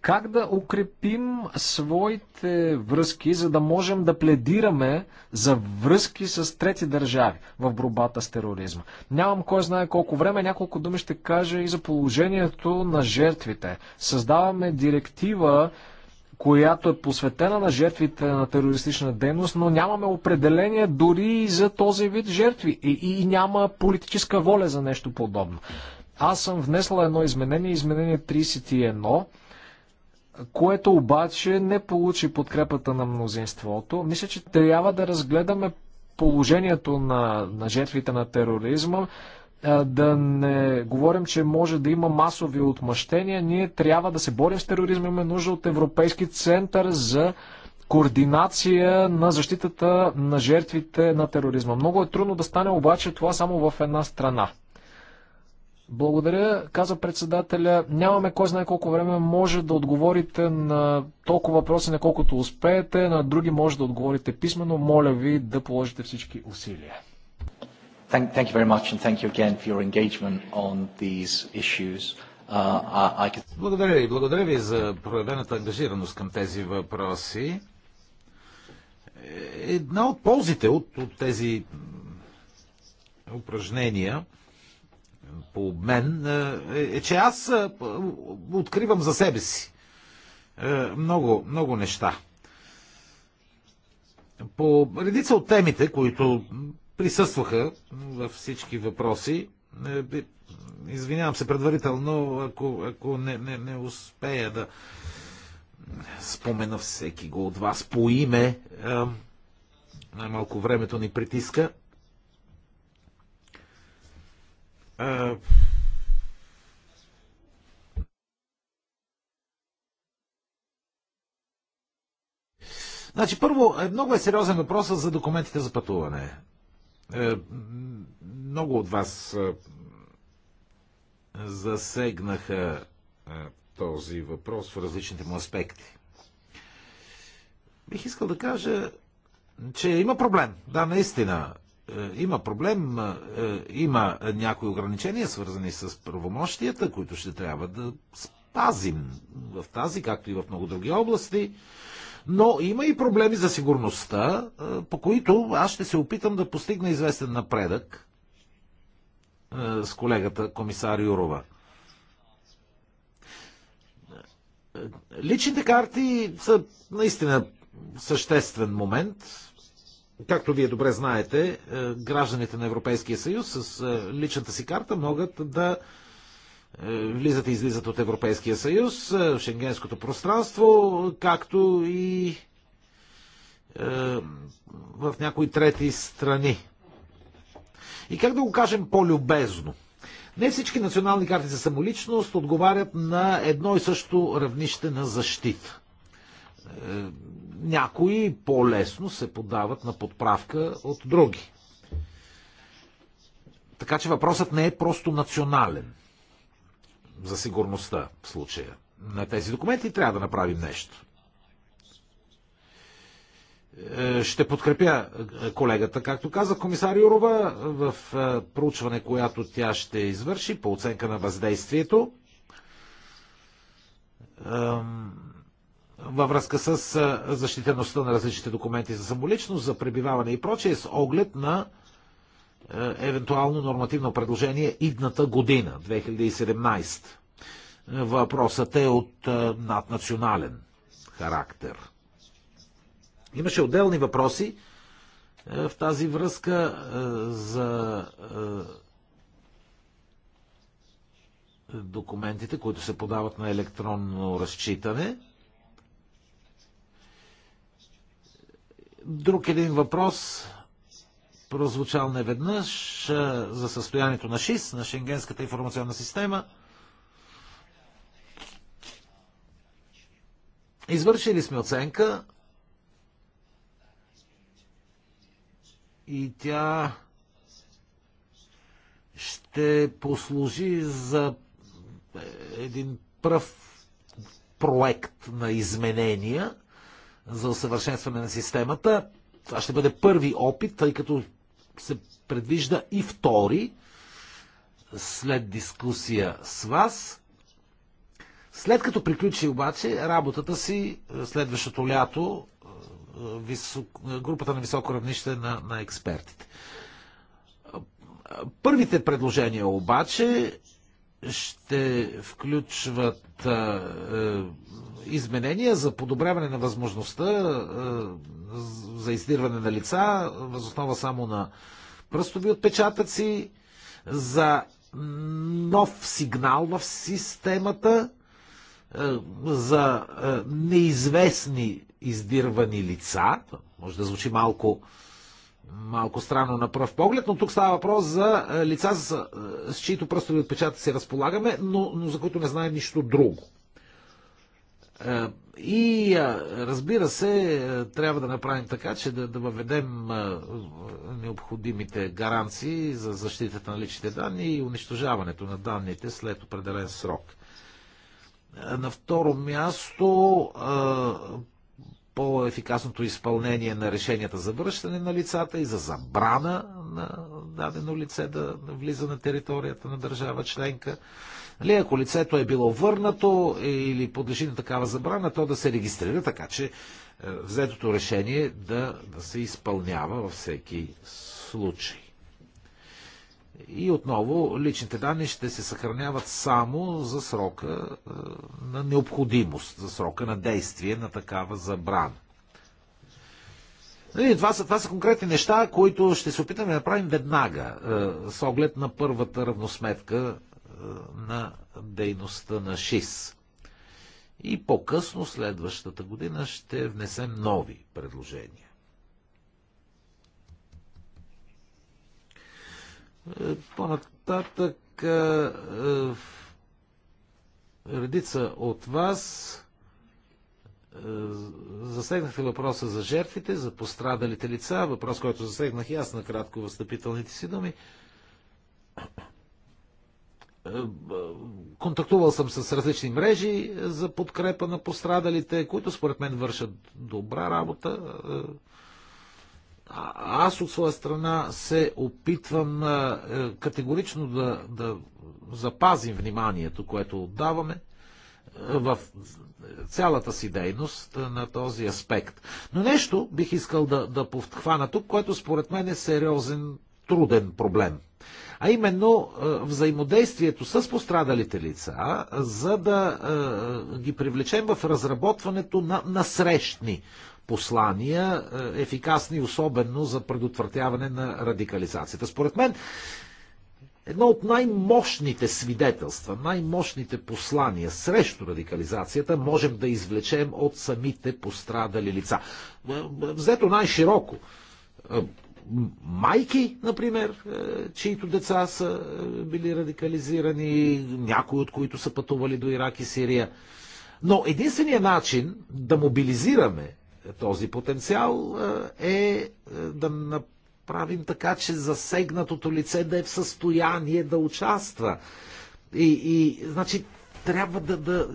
Как да укрепим своите връзки, за да можем да пледираме за връзки с трети държави в борбата с тероризма? Нямам кой знае колко време, няколко думи ще кажа и за положението на жертвите. Създаваме директива която е посветена на жертвите на терористична дейност, но нямаме определение дори и за този вид жертви и, и няма политическа воля за нещо подобно. Аз съм внесла едно изменение, изменение 31, което обаче не получи подкрепата на мнозинството. Мисля, че трябва да разгледаме положението на, на жертвите на тероризма да не говорим, че може да има масови отмъщения. Ние трябва да се борим с тероризма. Имаме нужда от Европейски център за координация на защитата на жертвите на тероризма. Много е трудно да стане обаче това само в една страна. Благодаря, каза председателя. Нямаме кой знае колко време може да отговорите на толкова въпроси, на колкото успеете. На други може да отговорите писменно. Моля ви да положите всички усилия. Thank, thank you very much, and thank you again for your engagement on these issues. Uh, I could... Благодаря ви. Благодаря ви за проявената ангажираност към тези въпроси. Една от ползите от, от тези упражнения по мен е, е, е, че аз е, откривам за себе си е, много, много неща. По редица от темите, които присъстваха във всички въпроси. Е, извинявам се предварително, ако, ако не, не, не успея да спомена всеки го от вас по име. Е, най-малко времето ни притиска. Е, значи, първо, много е сериозен въпрос за документите за пътуване. Е, много от вас е, засегнаха е, този въпрос в различните му аспекти. Бих искал да кажа, че има проблем. Да, наистина. Има проблем, има някои ограничения, свързани с правомощията, които ще трябва да спазим в тази, както и в много други области. Но има и проблеми за сигурността, е, по които аз ще се опитам да постигна известен напредък е, с колегата комисар Юрова. Личните карти са наистина съществен момент. Както вие добре знаете, е, гражданите на Европейския съюз с личната си карта могат да е, влизат и излизат от Европейския съюз, е, Шенгенското пространство, както и е, в някои трети страни. И как да го кажем по-любезно? Не всички национални карти за самоличност отговарят на едно и също равнище на защита. Някои по-лесно се подават на подправка от други. Така че въпросът не е просто национален за сигурността в случая на тези документи, трябва да направим нещо. Е, ще подкрепя е, колегата, както каза комисар Юрова, в е, проучване, която тя ще извърши по оценка на въздействието във връзка с защитеността на различните документи за самоличност, за пребиваване и прочее, с оглед на е, евентуално нормативно предложение идната година, 2017. Въпросът е от е, наднационален характер. Имаше отделни въпроси е, в тази връзка за документите, които се подават на електронно разчитане. Друг един въпрос прозвучал неведнъж за състоянието на ШИС, на Шенгенската информационна система. Извършили сме оценка и тя ще послужи за е, един пръв проект на изменения за усъвършенстване на системата. Това ще бъде първи опит, тъй като се предвижда и втори, след дискусия с вас. След като приключи обаче работата си е, следващото лято е, висок, е, групата на високо равнище на, на експертите. Първите предложения обаче ще включват е, изменения за подобряване на възможността е, за издирване на лица, възоснова само на пръстови отпечатъци, за нов сигнал в системата, е, за неизвестни издирвани лица. Може да звучи малко малко странно на пръв поглед, но тук става въпрос за е, лица, с, е, с чието пръстови отпечатъци разполагаме, но, но за които не знаем нищо друго. Е, и разбира се, трябва да направим така, че да, да въведем необходимите гаранции за защитата на личните данни и унищожаването на данните след определен срок. На второ място, по-ефикасното изпълнение на решенията за връщане на лицата и за забрана на дадено лице да влиза на територията на държава членка. Ли, нали, ако лицето е било върнато или подлежи на такава забрана, то да се регистрира така, че е, взетото решение да, да се изпълнява във всеки случай. И отново личните данни ще се съхраняват само за срока е, на необходимост, за срока на действие на такава забрана. Нали, това са, това са конкретни неща, които ще се опитаме да направим веднага, е, с оглед на първата равносметка е, на дейността на ШИС. И по-късно, следващата година, ще внесем нови предложения. По-нататък е, е, редица от вас е, засегнахте въпроса за жертвите, за пострадалите лица, въпрос, който засегнах и аз накратко възстъпителните си думи. Контактувал съм с различни мрежи за подкрепа на пострадалите, които според мен вършат добра работа. Аз от своя страна се опитвам е, е, категорично да, да запазим вниманието, което отдаваме е, в цялата си дейност на този аспект. Но нещо бих искал да, да повхвана тук, което според мен е сериозен, труден проблем. А именно взаимодействието с пострадалите лица, за да ги привлечем в разработването на насрещни послания, е, ефикасни особено за предотвратяване на радикализацията. Според мен, едно от най-мощните свидетелства, най-мощните послания срещу радикализацията можем да извлечем от самите пострадали лица. Е, взето най-широко, е, майки, например, чието деца са били радикализирани, някои от които са пътували до Ирак и Сирия. Но единственият начин да мобилизираме този потенциал е, е да направим така, че засегнатото лице да е в състояние да участва. И, и значи, трябва да, да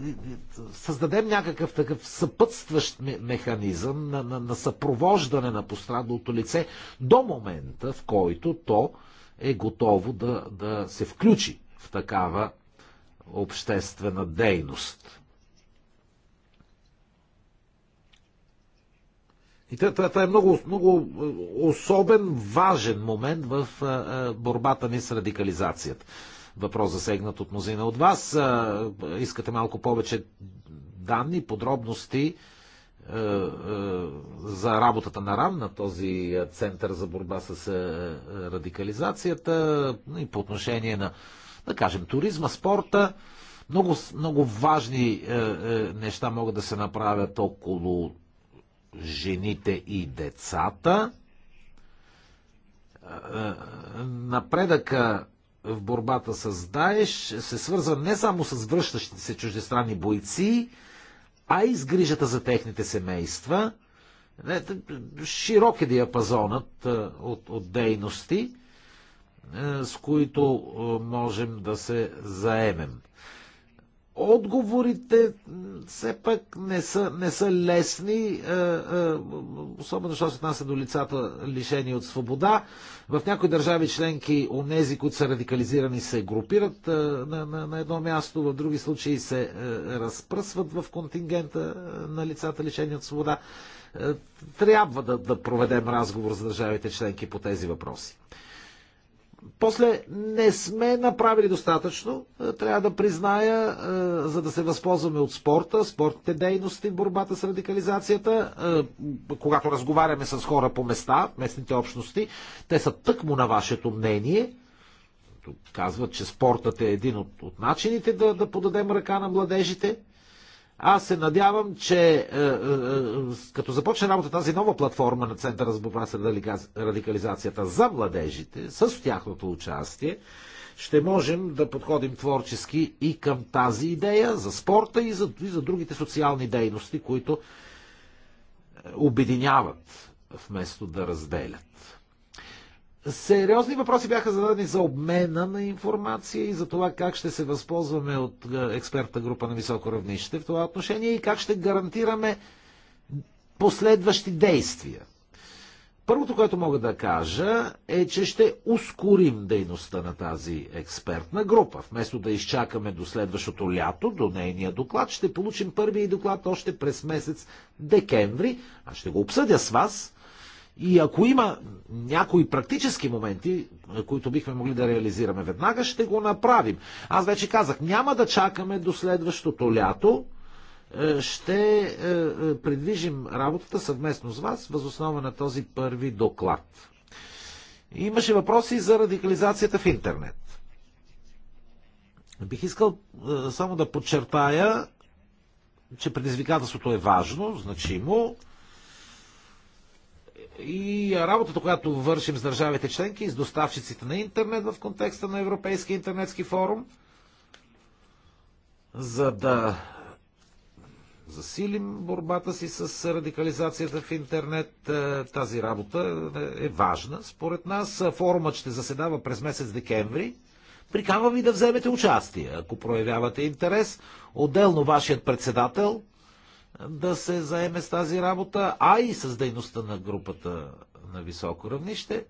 създадем някакъв такъв съпътстващ механизъм на, на, на съпровождане на пострадалото лице до момента, в който то е готово да, да се включи в такава обществена дейност. И това, това, това е много, много е, особен, важен момент в е, е, борбата ни с радикализацията. Въпрос засегнат от мнозина от вас. Искате малко повече данни, подробности за работата на РАН, на този център за борба с радикализацията и по отношение на, да кажем, туризма, спорта. Много, много важни неща могат да се направят около жените и децата. Е, напредъка в борбата с Даеш се свързва не само с връщащите се чуждестранни бойци, а и с грижата за техните семейства. Е, широк е диапазонът е, от, от дейности, с които можем да се заемем. Отговорите все пък не са, не са лесни, е, е, особено що се отнася до лицата лишени от свобода. В някои държави членки онези, които са радикализирани, се групират е, на, на, на едно място, в други случаи се разпръсват в контингента на лицата лишени от свобода. Трябва да, да проведем разговор с държавите членки по тези въпроси. После не сме направили достатъчно, е, трябва да призная, е, за да се възползваме от спорта, спортните дейности в борбата с радикализацията. Е, когато разговаряме с хора по места, местните общности, те са тъкмо на вашето мнение. казват, че спортът е един от, от начините да, да подадем ръка на младежите. Аз се надявам, че е, е, е, като започне работа тази нова платформа на Центъра за борба с радикализацията за младежите, с тяхното участие, ще можем да подходим творчески и към тази идея за спорта и за, и за другите социални дейности, които обединяват вместо да разделят. Сериозни въпроси бяха зададени за обмена на информация и за това как ще се възползваме от е, експертна група на високо равнище в това отношение и как ще гарантираме последващи действия. Първото, което мога да кажа е, че ще ускорим дейността на тази експертна група. Вместо да изчакаме до следващото лято, до нейния доклад, ще получим първия доклад още през месец декември. Аз ще го обсъдя с вас и ако има някои практически моменти, които бихме могли да реализираме веднага, ще го направим. Аз вече казах, няма да чакаме до следващото лято. Е, ще е, е, предвижим работата съвместно с вас, възоснова на този първи доклад. Имаше въпроси за радикализацията в интернет. Бих искал само да подчертая, че предизвикателството е важно, значимо и работата, която вършим с държавите членки и с доставчиците на интернет в контекста на Европейския интернетски форум, за да засилим борбата си с радикализацията в интернет. Е, тази работа е важна. Според нас е, форумът ще заседава през месец декември. Приканвам ви да вземете участие, ако проявявате интерес. Отделно вашият председател – да се заеме с тази работа, а и с дейността на групата на високо равнище.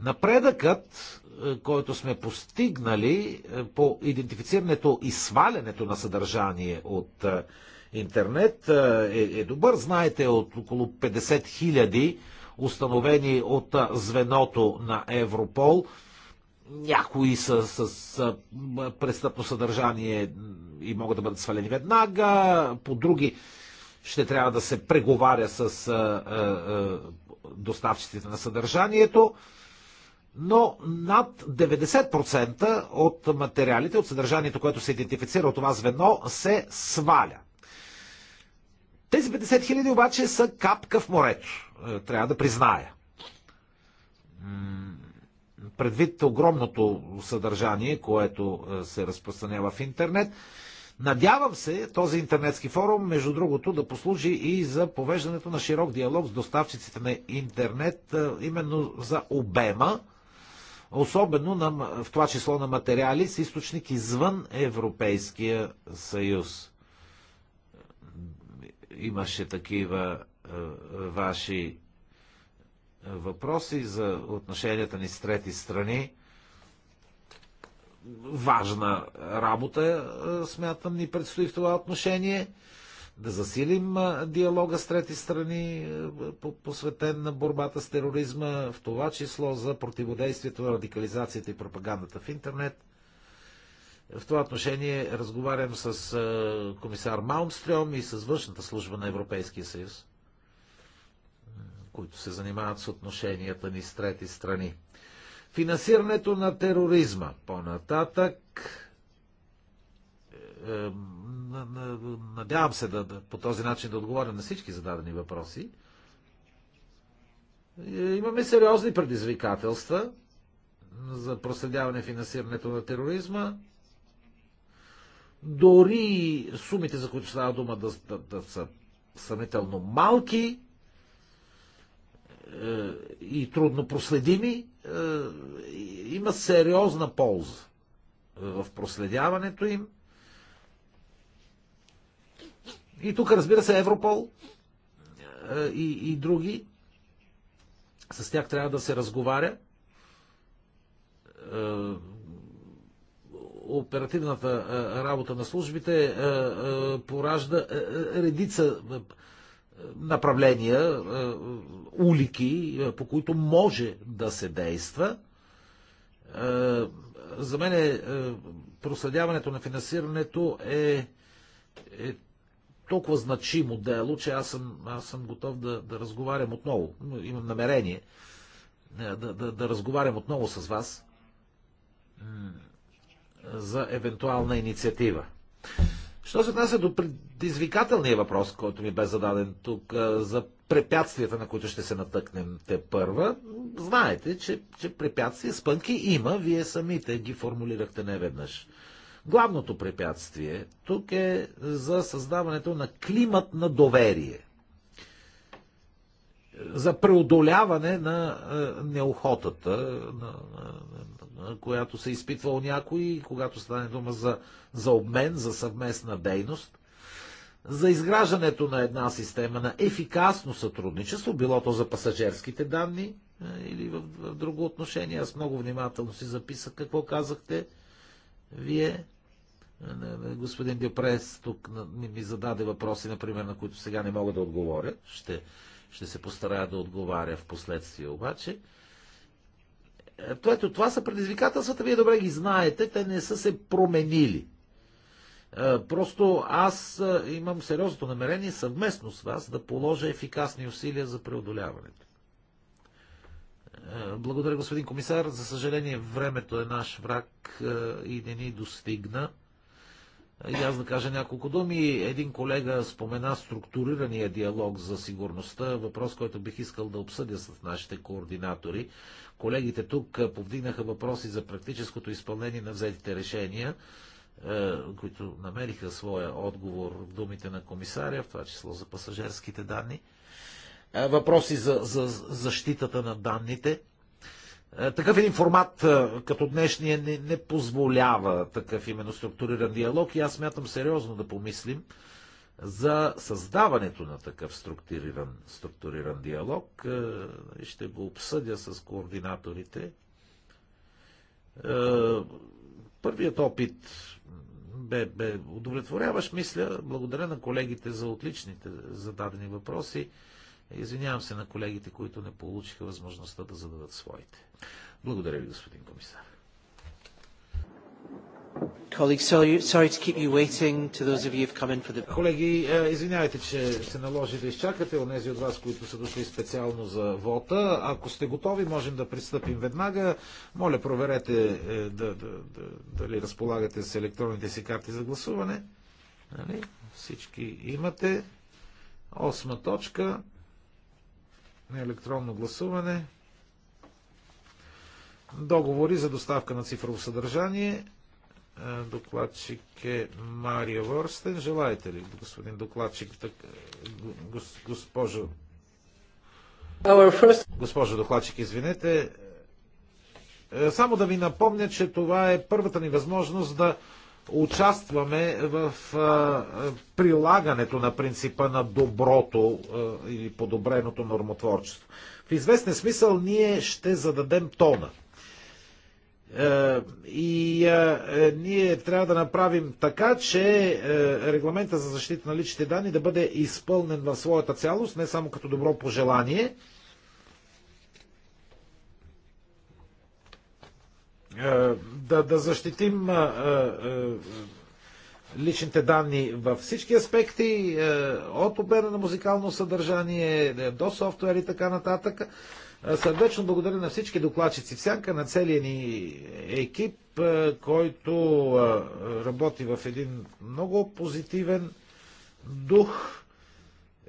Напредъкът, е, който сме постигнали е, по идентифицирането и свалянето на съдържание от е, интернет е, е добър. Знаете, от около 50 хиляди установени от звеното на Европол, някои са с престъпно съдържание и могат да бъдат свалени веднага, по други ще трябва да се преговаря с доставчиците на съдържанието но над 90% от материалите, от съдържанието, което се идентифицира от това звено, се сваля. Тези 50 хиляди обаче са капка в морето, е, трябва да призная. Предвид огромното съдържание, което е, се разпространява в интернет, Надявам се този интернетски форум, между другото, да послужи и за повеждането на широк диалог с доставчиците на интернет, именно за обема, особено на, в това число на материали с източник извън Европейския съюз. Имаше такива е, ваши въпроси за отношенията ни с трети страни важна работа, е, смятам, ни предстои в това отношение. Да засилим е, диалога с трети страни, е, посветен на борбата с тероризма, в това число за противодействието на радикализацията и пропагандата в интернет. В това отношение разговарям с комисар Маунстрём и с външната служба на Европейския съюз, които се занимават с отношенията ни с трети страни. Финансирането на тероризма. По-нататък. Е, е, надявам се да, да, по този начин да отговоря на всички зададени въпроси. Е, имаме сериозни предизвикателства за проследяване финансирането на тероризма. Дори сумите, за които става дума, да, да, да са съмнително малки, и трудно проследими, е, има сериозна полза е, в проследяването им. И тук, разбира се, Европол е, и, и други. С тях трябва да се разговаря. Оперативната работа на службите поражда редица направления, е, улики, е, по които може да се действа. Е, за мен проследяването на финансирането е, е толкова значимо дело, че аз съм, аз съм готов да, да разговарям отново. Имам намерение да, да, да разговарям отново с вас за евентуална инициатива. Що се отнася до предизвикателния въпрос, който ми бе зададен тук, за препятствията, на които ще се натъкнем те първа, знаете, че, че препятствия, спънки има, вие самите ги формулирахте неведнъж. Главното препятствие тук е за създаването на климат на доверие. За преодоляване на неохотата, на, на, която се изпитва у някои, когато стане дума за, за обмен, за съвместна дейност, за изграждането на една система на ефикасно сътрудничество, било то за пасажерските данни е, или в, в друго отношение. Аз много внимателно си записах какво казахте вие. Е, е, господин Дюпрес тук ми зададе въпроси, например, на които сега не мога да отговоря. Ще, ще се постарая да отговаря в последствие обаче. Ето, това са предизвикателствата, вие добре ги знаете, те не са се променили. Е, просто аз е, имам сериозното намерение съвместно с вас да положа ефикасни усилия за преодоляването. Е, благодаря, господин комисар. За съжаление, времето е наш враг и не ни достигна. И е, аз да кажа няколко думи. Един колега спомена структурирания диалог за сигурността, въпрос, който бих искал да обсъдя с нашите координатори. Колегите тук повдигнаха въпроси за практическото изпълнение на взетите решения, е, които намериха своя отговор в думите на комисаря, в това число за пасажирските данни. Е, въпроси за, за защитата на данните – е, такъв един формат е, като днешния не, не позволява такъв именно структуриран диалог и аз смятам сериозно да помислим за създаването на такъв структуриран, структуриран диалог. Е, ще го обсъдя с координаторите. Първият опит бе, бе удовлетворяваш, мисля. Благодаря на колегите за отличните зададени въпроси. Извинявам се на колегите, които не получиха възможността да зададат своите. Благодаря ви, господин комисар. Колеги, е, извинявайте, че се наложи да изчакате онези от вас, които са дошли специално за вота. Ако сте готови, можем да пристъпим веднага. Моля, проверете е, да, да, да, дали разполагате с електронните си карти за гласуване. Нали? Всички имате. Осма точка на електронно гласуване. Договори за доставка на цифрово съдържание. Докладчик е Мария Ворстен. Желаете ли, господин докладчик, так, е, госпожо Госпожо докладчик, извинете. Е, само да ви напомня, че това е първата ни възможност да участваме в прилагането на принципа на доброто или подобреното нормотворчество. В известен смисъл ние ще зададем тона. Е, и е, ние трябва да направим така, че е, регламента за защита на личните данни да бъде изпълнен в своята цялост, не само като добро пожелание, Е, да, да защитим е, е, личните данни във всички аспекти, от обема на музикално съдържание до софтуер и така нататък. Сърдечно благодаря на всички докладчици в сянка, на целия ни екип, който работи в един много позитивен дух,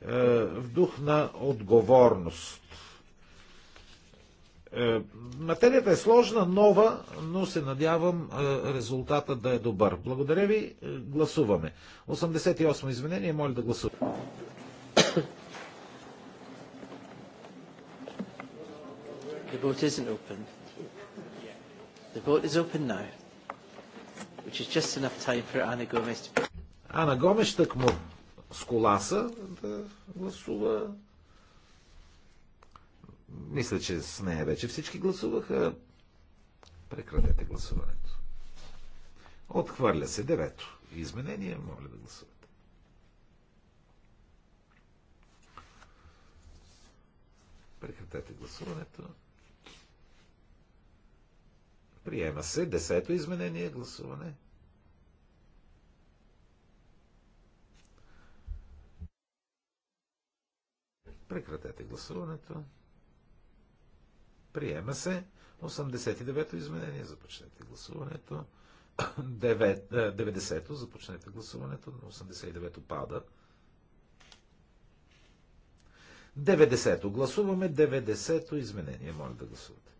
в дух на отговорност. Е, материята е сложна, нова, но се надявам е, резултата да е добър. Благодаря ви. Е, гласуваме. 88 извинение, Моля да гласуваме. The vote isn't open. The vote is open now, which is just enough time for Anna Gomez to... Ана Гомеш так му с коласа да гласува мисля, че с нея вече всички гласуваха. Прекратете гласуването. Отхвърля се девето. Изменение, моля да гласувате. Прекратете гласуването. Приема се десето изменение гласуване. Прекратете гласуването. Приема се 89-то изменение. Започнете гласуването. 90-то. Е, Започнете гласуването. 89-то пада. 90-то. Гласуваме 90-то изменение. Моля да гласувате.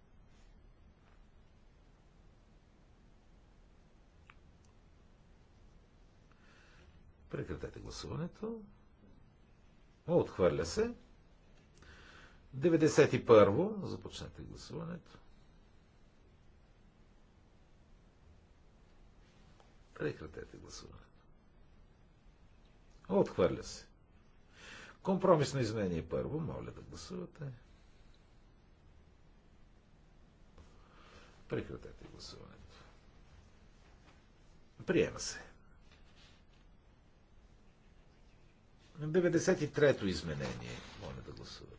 Прекратете гласуването. Отхвърля се. 91. во Започнете гласуването. Прекратете гласуването. Отхвърля се. Компромисно изменение първо. Моля да гласувате. Прекратете гласуването. Приема се. 93-то изменение. Моля да гласувате.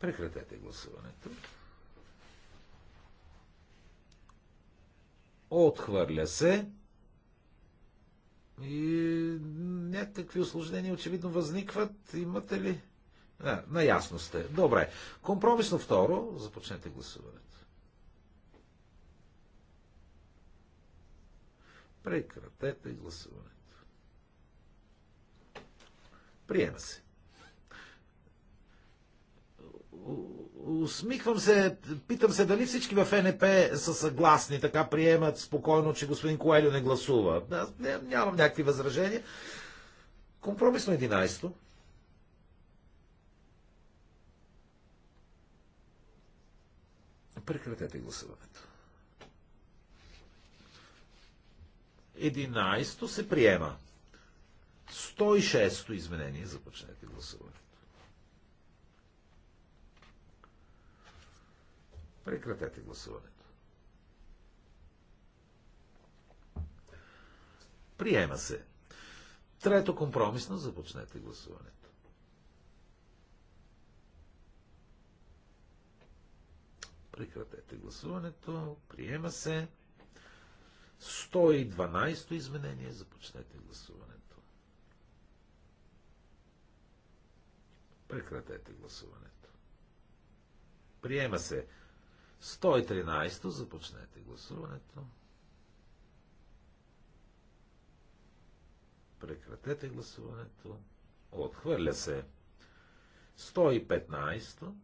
Прекратете гласуването. Отхвърля се. И някакви осложнения очевидно възникват. Имате ли? А, наясно сте. Добре. Компромисно второ. Започнете гласуването. Прекратете гласуването. Приема се. усмихвам се, питам се дали всички в НП са съгласни, така приемат спокойно, че господин Коелю не гласува. Аз нямам някакви възражения. Компромисно 11-то. Прекратете гласуването. 11-то се приема. 106-то изменение. Започнете гласуване. Прекратете гласуването. Приема се. Трето компромисно започнете гласуването. Прекратете гласуването. Приема се. 112 изменение. Започнете гласуването. Прекратете гласуването. Приема се. 113 започнете гласуването. Прекратете гласуването. Отхвърля се. 115 то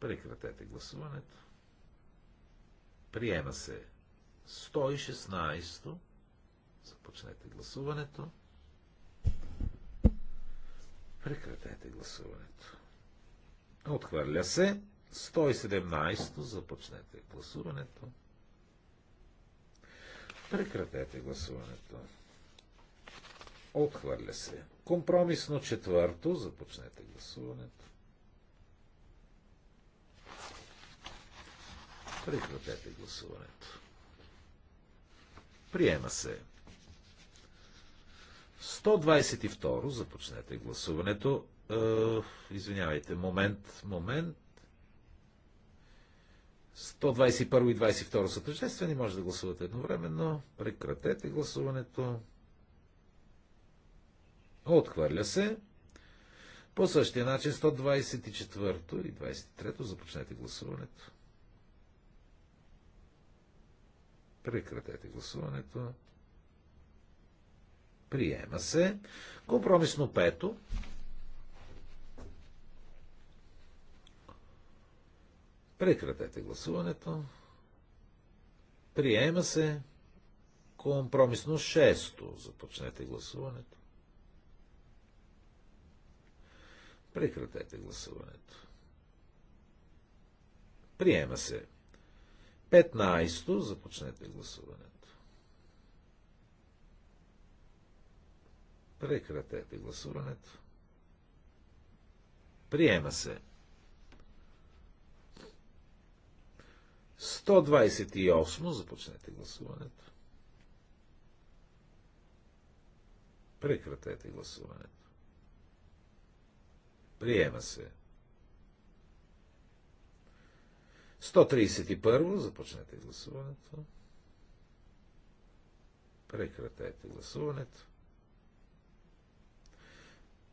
Прекратете гласуването. Приема се 116. то Започнете гласуването. Прекратете гласуването. Отхвърля се. 117 започнете гласуването. Прекратете гласуването. Отхвърля се. Компромисно четвърто. Започнете гласуването. Прекратете гласуването. Приема се. 122. Започнете гласуването. Е, извинявайте, момент, момент. 121 и 22 са тъждествени, може да гласувате едновременно. Прекратете гласуването. Отхвърля се. По същия начин 124 и 23 започнете гласуването. Прекратете гласуването. Приема се. Компромисно пето. Прекратете гласуването. Приема се компромисно 6. Започнете гласуването. Прекратете гласуването. Приема се 15. Започнете гласуването. Прекратете гласуването. Приема се 128. Започнете гласуването. Прекратете гласуването. Приема се. 131. Започнете гласуването. Прекратете гласуването.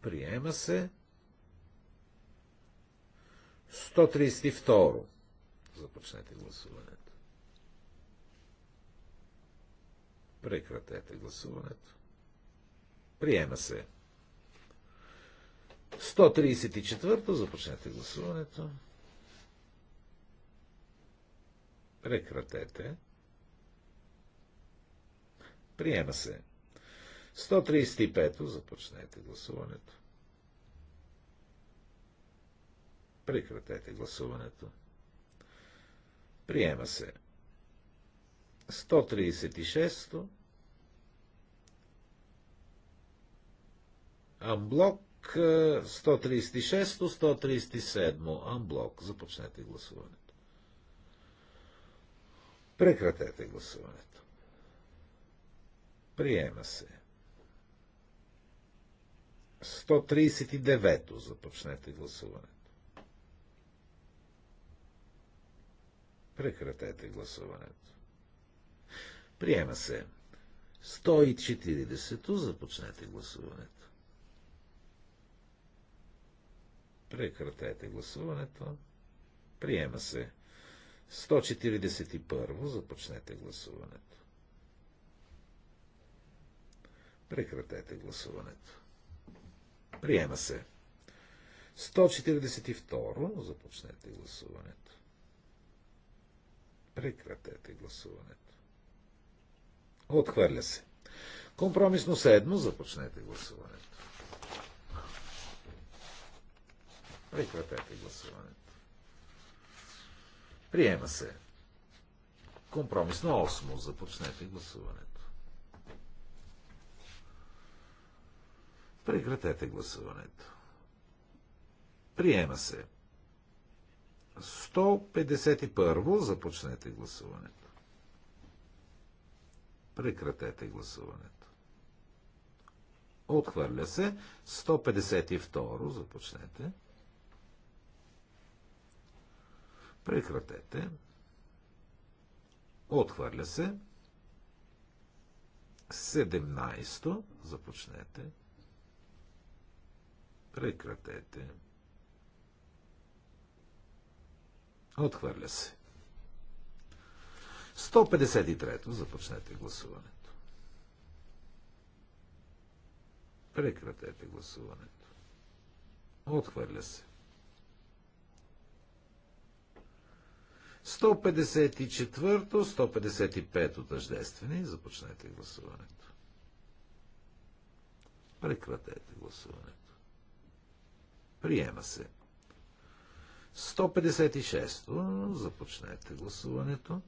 Приема се. 132. Започнете гласуването. Прекратете гласуването. Приема се. 134-то. Започнете гласуването. Прекратете. Приема се. 135-то. Започнете гласуването. Прекратете гласуването. Приема се. 136-то. Амблок 136 е, 137 Амблок. Започнете гласуването. Прекратете гласуването. Приема се. 139-то. Започнете гласуването. Прекратете гласуването. Приема се. 140-то започнете гласуването. Прекратете гласуването. Приема се. 141 во започнете гласуването. Прекратете гласуването. Приема се. 142 започнете гласуването. Прекратете гласуването. Отхвърля се. Компромисно седмо започнете гласуването. Прекратете гласуването. Приема се. Компромисно 8. Започнете гласуването. Прекратете гласуването. Приема се. 151 започнете гласуването. Прекратете гласуването. Отхвърля се. 152 започнете. Прекратете. Отхвърля се. 17 започнете. Прекратете. Отхвърля се. 153-то. Започнете гласуването. Прекратете гласуването. Отхвърля се. 154-то, 155-то тъждествени. Започнете гласуването. Прекратете гласуването. Приема се. 156. Започнете гласуването.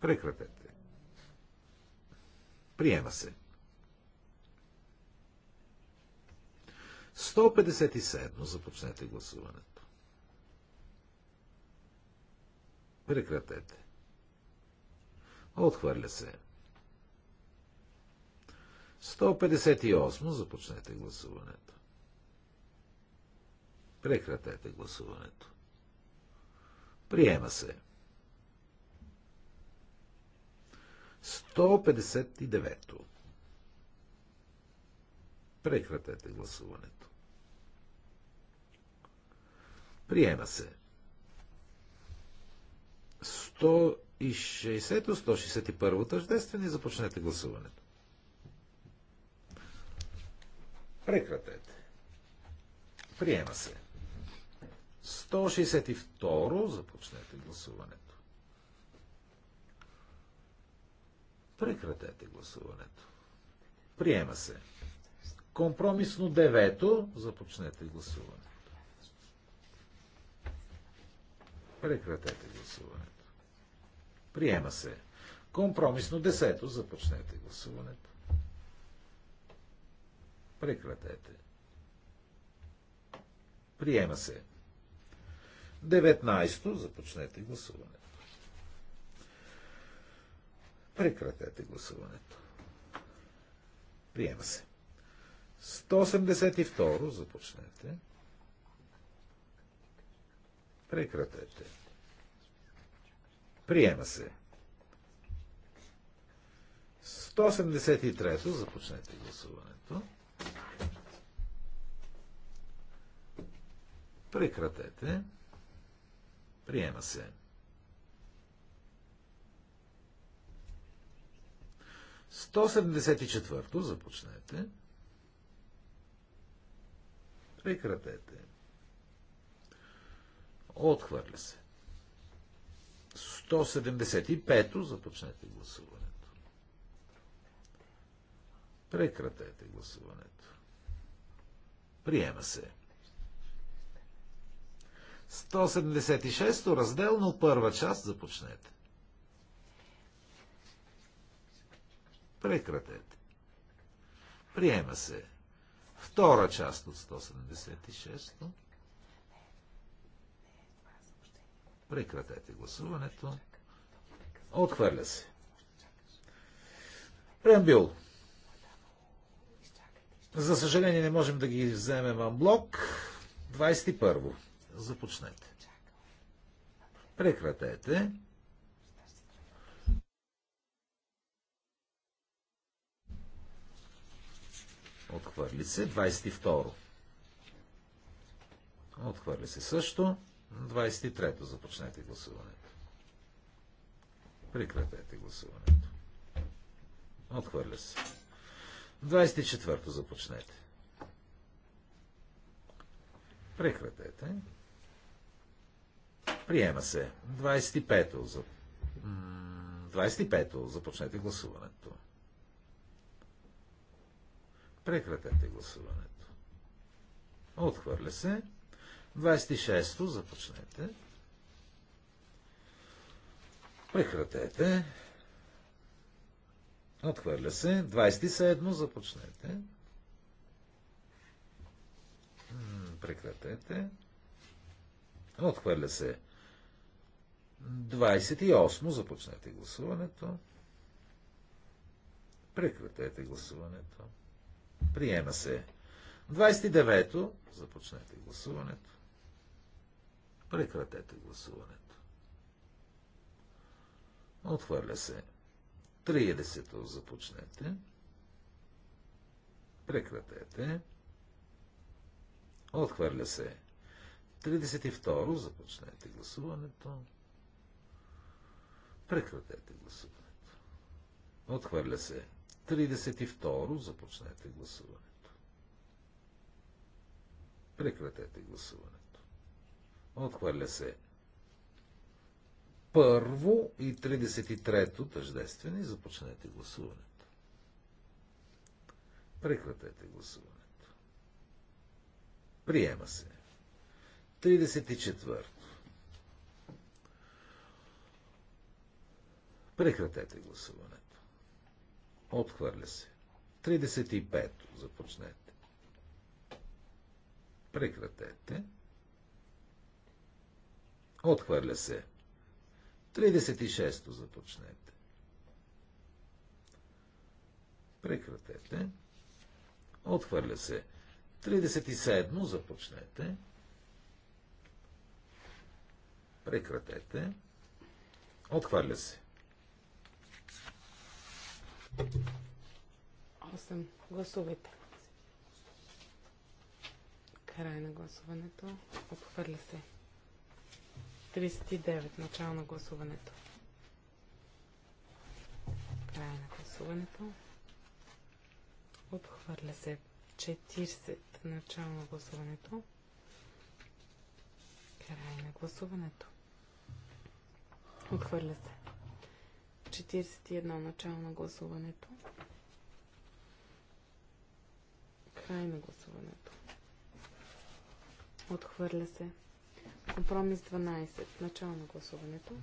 Прекратете. Приема се. 157. Започнете гласуването. Прекратете. Отхвърля се. 158. Започнете гласуването. Прекратете гласуването. Приема се. 159. то Прекратете гласуването. Приема се. 160-161 тъждествени. Започнете гласуването. Прекратете. Приема се. 162. Започнете гласуването. Прекратете гласуването. Приема се. Компромисно 9. Започнете гласуването. Прекратете гласуването. Приема се. Компромисно 10. Започнете гласуването. Прекратете. Приема се. 19. Започнете гласуването. Прекратете гласуването. Приема се. 182. Започнете. Прекратете. Приема се. 183. Започнете гласуването. Прекратете. Приема се. Сто седемдесет и четвърто, започнете. Прекратете. Отхвърля се. 175-то започнете гласуването. Прекратете гласуването. Приема се. 176 разделно първа част започнете. Прекратете. Приема се. Втора част от 176-то. Прекратете гласуването. Отхвърля се. Преамбил. За съжаление не можем да ги вземем блок. 21. Започнете. Прекратете. Отхвърли се. 22. Отхвърли се също. 23-то започнете гласуването. Прекратете гласуването. Отхвърля се. 24-то започнете. Прекратете. Приема се. 25-то. За... 25-то. Започнете гласуването. Прекратете гласуването. Отхвърля се. 26-то. Започнете. Прекратете. Отхвърля се. 27 започнете. Прекратете. Отхвърля се. 28. Започнете гласуването. Прекратете гласуването. Приема се. 29-то. Започнете гласуването. Прекратете гласуването. Отхвърля се. 30-то. Започнете. Прекратете. Отхвърля се. 32-ро. Започнете гласуването. Прекратете гласуването. Отхвърля се. 32. Започнете гласуването. Прекратете гласуването. Отхвърля се. Първо и 33-то тъждествени. Започнете гласуването. Прекратете гласуването. Приема се. 34. Прекратете гласуването. Отхвърля се. 35. Започнете. Прекратете. Отхвърля се. 36. Започнете. Прекратете. Отхвърля се. 37. Започнете. Прекратете. Отхвърля се. 8. Гласувайте. Край на гласуването. Отхвърля се. 39. Начало на гласуването. Край на гласуването. Отхвърля се. 40. Начало на гласуването. Край на гласуването. Отхвърля се. 41 начало на гласуването. Край на гласуването. Отхвърля се. Компромис 12. Начало на гласуването.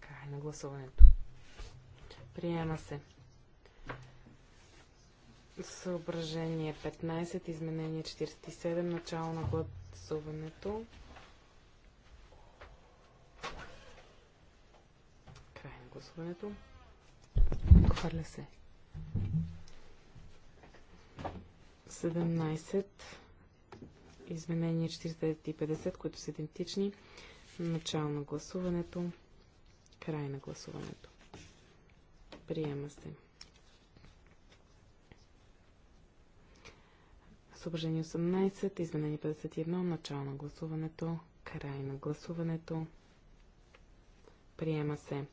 Край на гласуването. Приема се. Съображение 15. Изменение 47. Начало на гласуването. гласуването. Хвърля се. 17. Изменения 40 и 50, които са идентични. Начало на гласуването. Край на гласуването. Приема се. Съображение 18, изменение 51, начало на гласуването, край на гласуването. Приема се.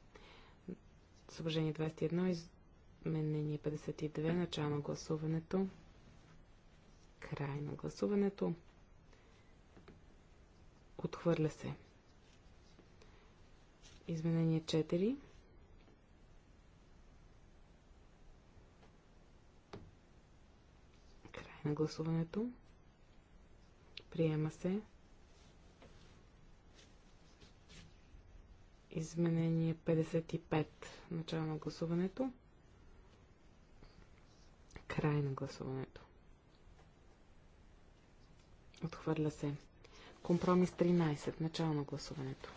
Съображение 21, изменение 52, начало на гласуването, край на гласуването, отхвърля се. Изменение 4. Край на гласуването. Приема се. Изменение 55. Начало на гласуването. Край на гласуването. Отхвърля се. Компромис 13. Начало на гласуването.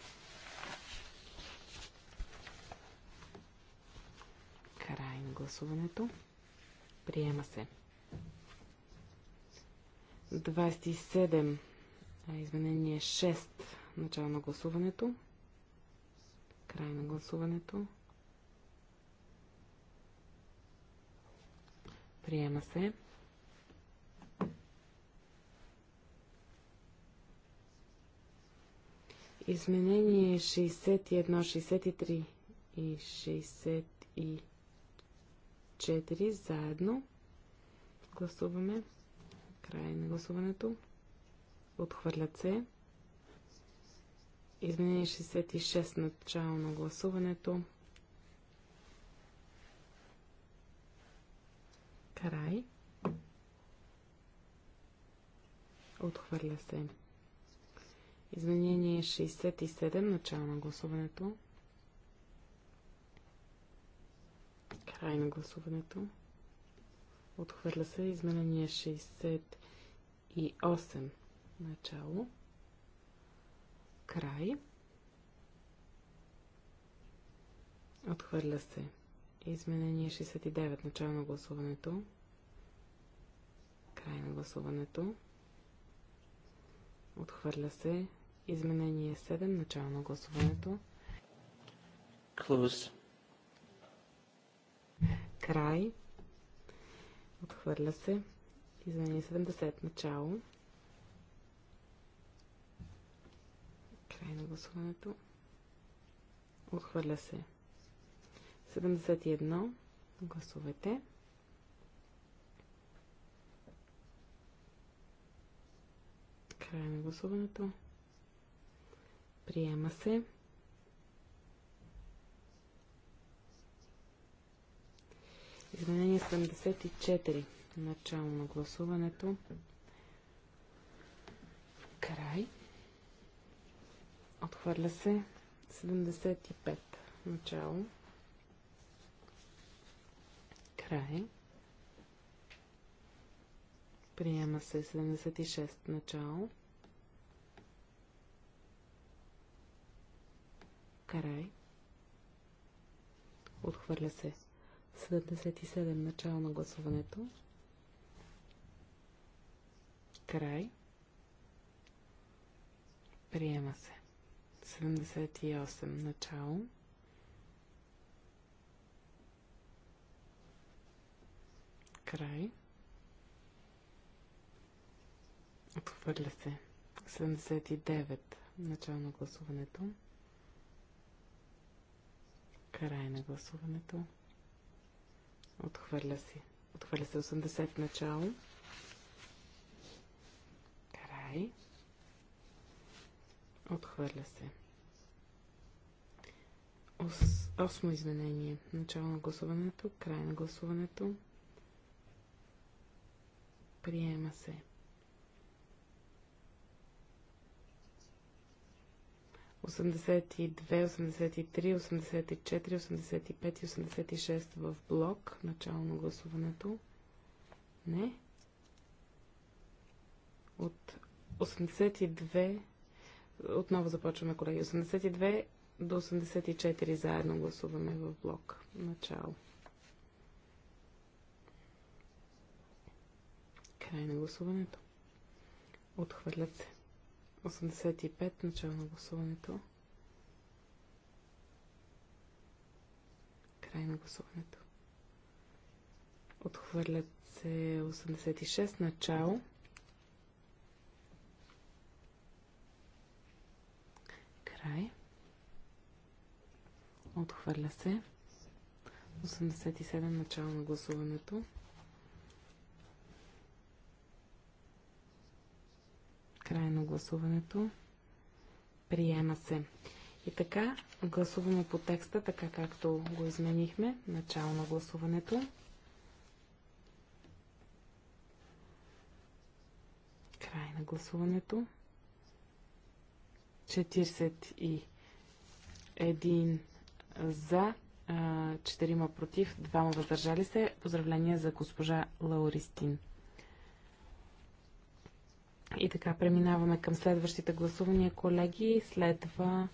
Край на гласуването. Приема се. 27. Изменение 6. Начало на гласуването. Край на гласуването. Приема се. Изменение 61, 63 и 64 заедно. Гласуваме. Край на гласуването. Отхвърлят се. Изменение 66 начало на гласуването. Край. Отхвърля се. Изменение 67 начало на гласуването. Край на гласуването. Отхвърля се изменение 68 начало. Край. Отхвърля се. Изменение 69. Начало на гласуването. Край на гласуването. Отхвърля се. Изменение 7. Начало на гласуването. Close. Край. Отхвърля се. Изменение 70. Начало. Край на гласуването. Отхвърля се. 71. Гласувайте. Край на гласуването. Приема се. Изменение 74. Начало на гласуването. Край. Отхвърля се. 75. Начало. Край. Приема се 76. Начало. Край. Отхвърля се. 77. Начало на гласуването. Край. Приема се. 78 начало. Край. Отхвърля се. 79 начало на гласуването. Край на гласуването. Отхвърля се. Отхвърля се 80 начало. Край. Отхвърля се. осмо изменение. Начало на гласуването, край на гласуването. Приема се. Осемдесет и две, осемдесет и три, осемдесет и четири, осемдесет и пет и осемдесет и шест в блок. Начало на гласуването. Не. От осемдесет и две отново започваме, колеги. 82 до 84 заедно гласуваме в блок. Начало. Край на гласуването. Отхвърлят се. 85. Начало на гласуването. Край на гласуването. Отхвърлят се 86. Начало. Край. Отхвърля се. 87 начало на гласуването. Край на гласуването. Приема се. И така, гласуваме по текста, така както го изменихме. Начало на гласуването. Край на гласуването. 41 за, 4 против, 2 въздържали се. Поздравления за госпожа Лауристин. И така, преминаваме към следващите гласувания, колеги. Следва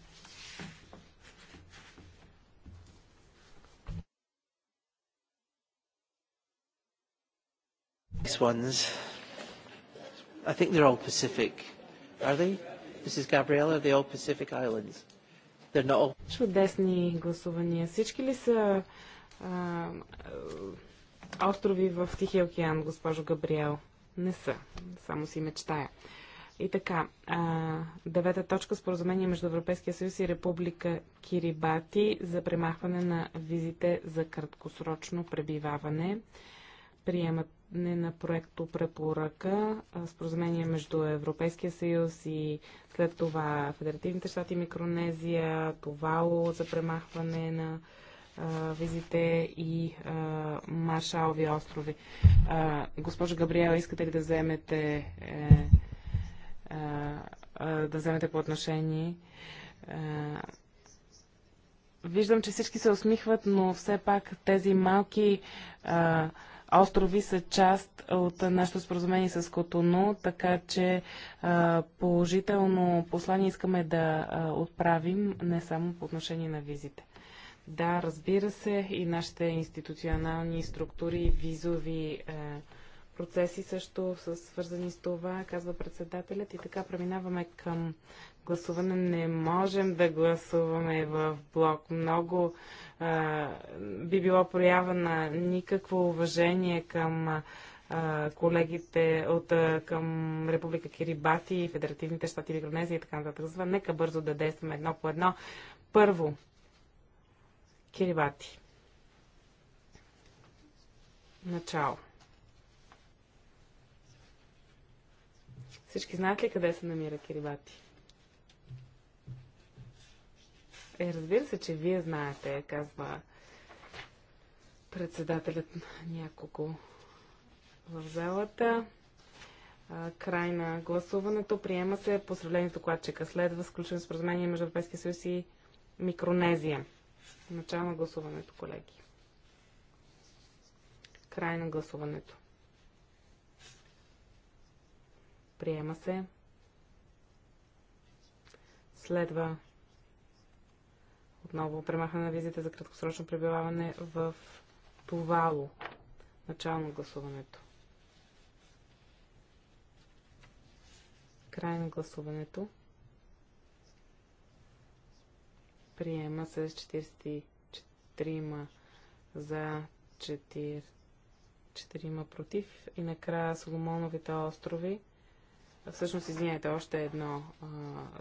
ones. I think they're all Pacific. Are they? Mrs. the old Pacific Islands. They're not all... Чудесни гласувания. Всички ли са а, острови в Тихия океан, госпожо Габриел? Не са. Само си мечтая. И така, а, девета точка споразумение между Европейския съюз и Република Кирибати за премахване на визите за краткосрочно пребиваване. Приемат приемане на проекто препоръка, споразумение между Европейския съюз и след това Федеративните щати Микронезия, Товало за премахване на а, визите и а, Маршалови острови. А, госпожо Габриела, искате ли да вземете е, да вземете по отношение? Виждам, че всички се усмихват, но все пак тези малки а, острови са част от нашето споразумение с Котону, така че а, положително послание искаме да а, отправим не само по отношение на визите. Да, разбира се, и нашите институционални структури, визови. А, процеси също са свързани с това, казва председателят. И така преминаваме към гласуване. Не можем да гласуваме в блок. Много а, би било проява на никакво уважение към а, колегите от а, към Република Кирибати, Федеративните щати, Микронезия и така нататък. Затова нека бързо да действаме едно по едно. Първо, Кирибати. Начало. Всички знаят ли къде се намира Кирибати? Е, разбира се, че вие знаете, казва председателят на няколко в залата. Край на гласуването. Приема се поздравление с докладчика. Следва сключено споразумение между Европейския съюз и Микронезия. Начало на гласуването, колеги. Край на гласуването. Приема се. Следва отново премахване на визите за краткосрочно пребиваване в повало. Начално гласуването. Край на гласуването. Приема се с 43 за 4 4 против и накрая Соломоновите острови. Всъщност, извинете, още едно а,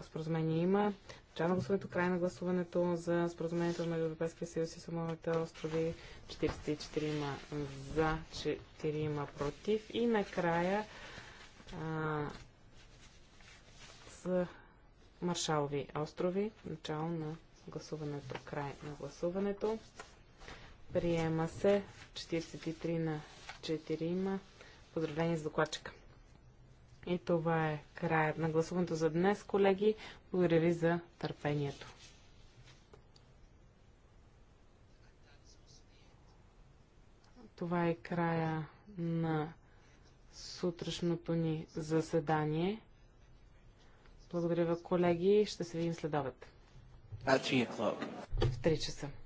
споразумение има. Начало на гласуването, край на гласуването за споразумението между Европейския съюз и самоните острови. 44 има за, 4 има против. И накрая а, с Маршалови острови. Начало на гласуването, край на гласуването. Приема се 43 на 4 има. Поздравление с докладчика. И това е краят на гласуването за днес, колеги. Благодаря ви за търпението. Това е края на сутрешното ни заседание. Благодаря ви, колеги. Ще се видим след обед. В 3 часа.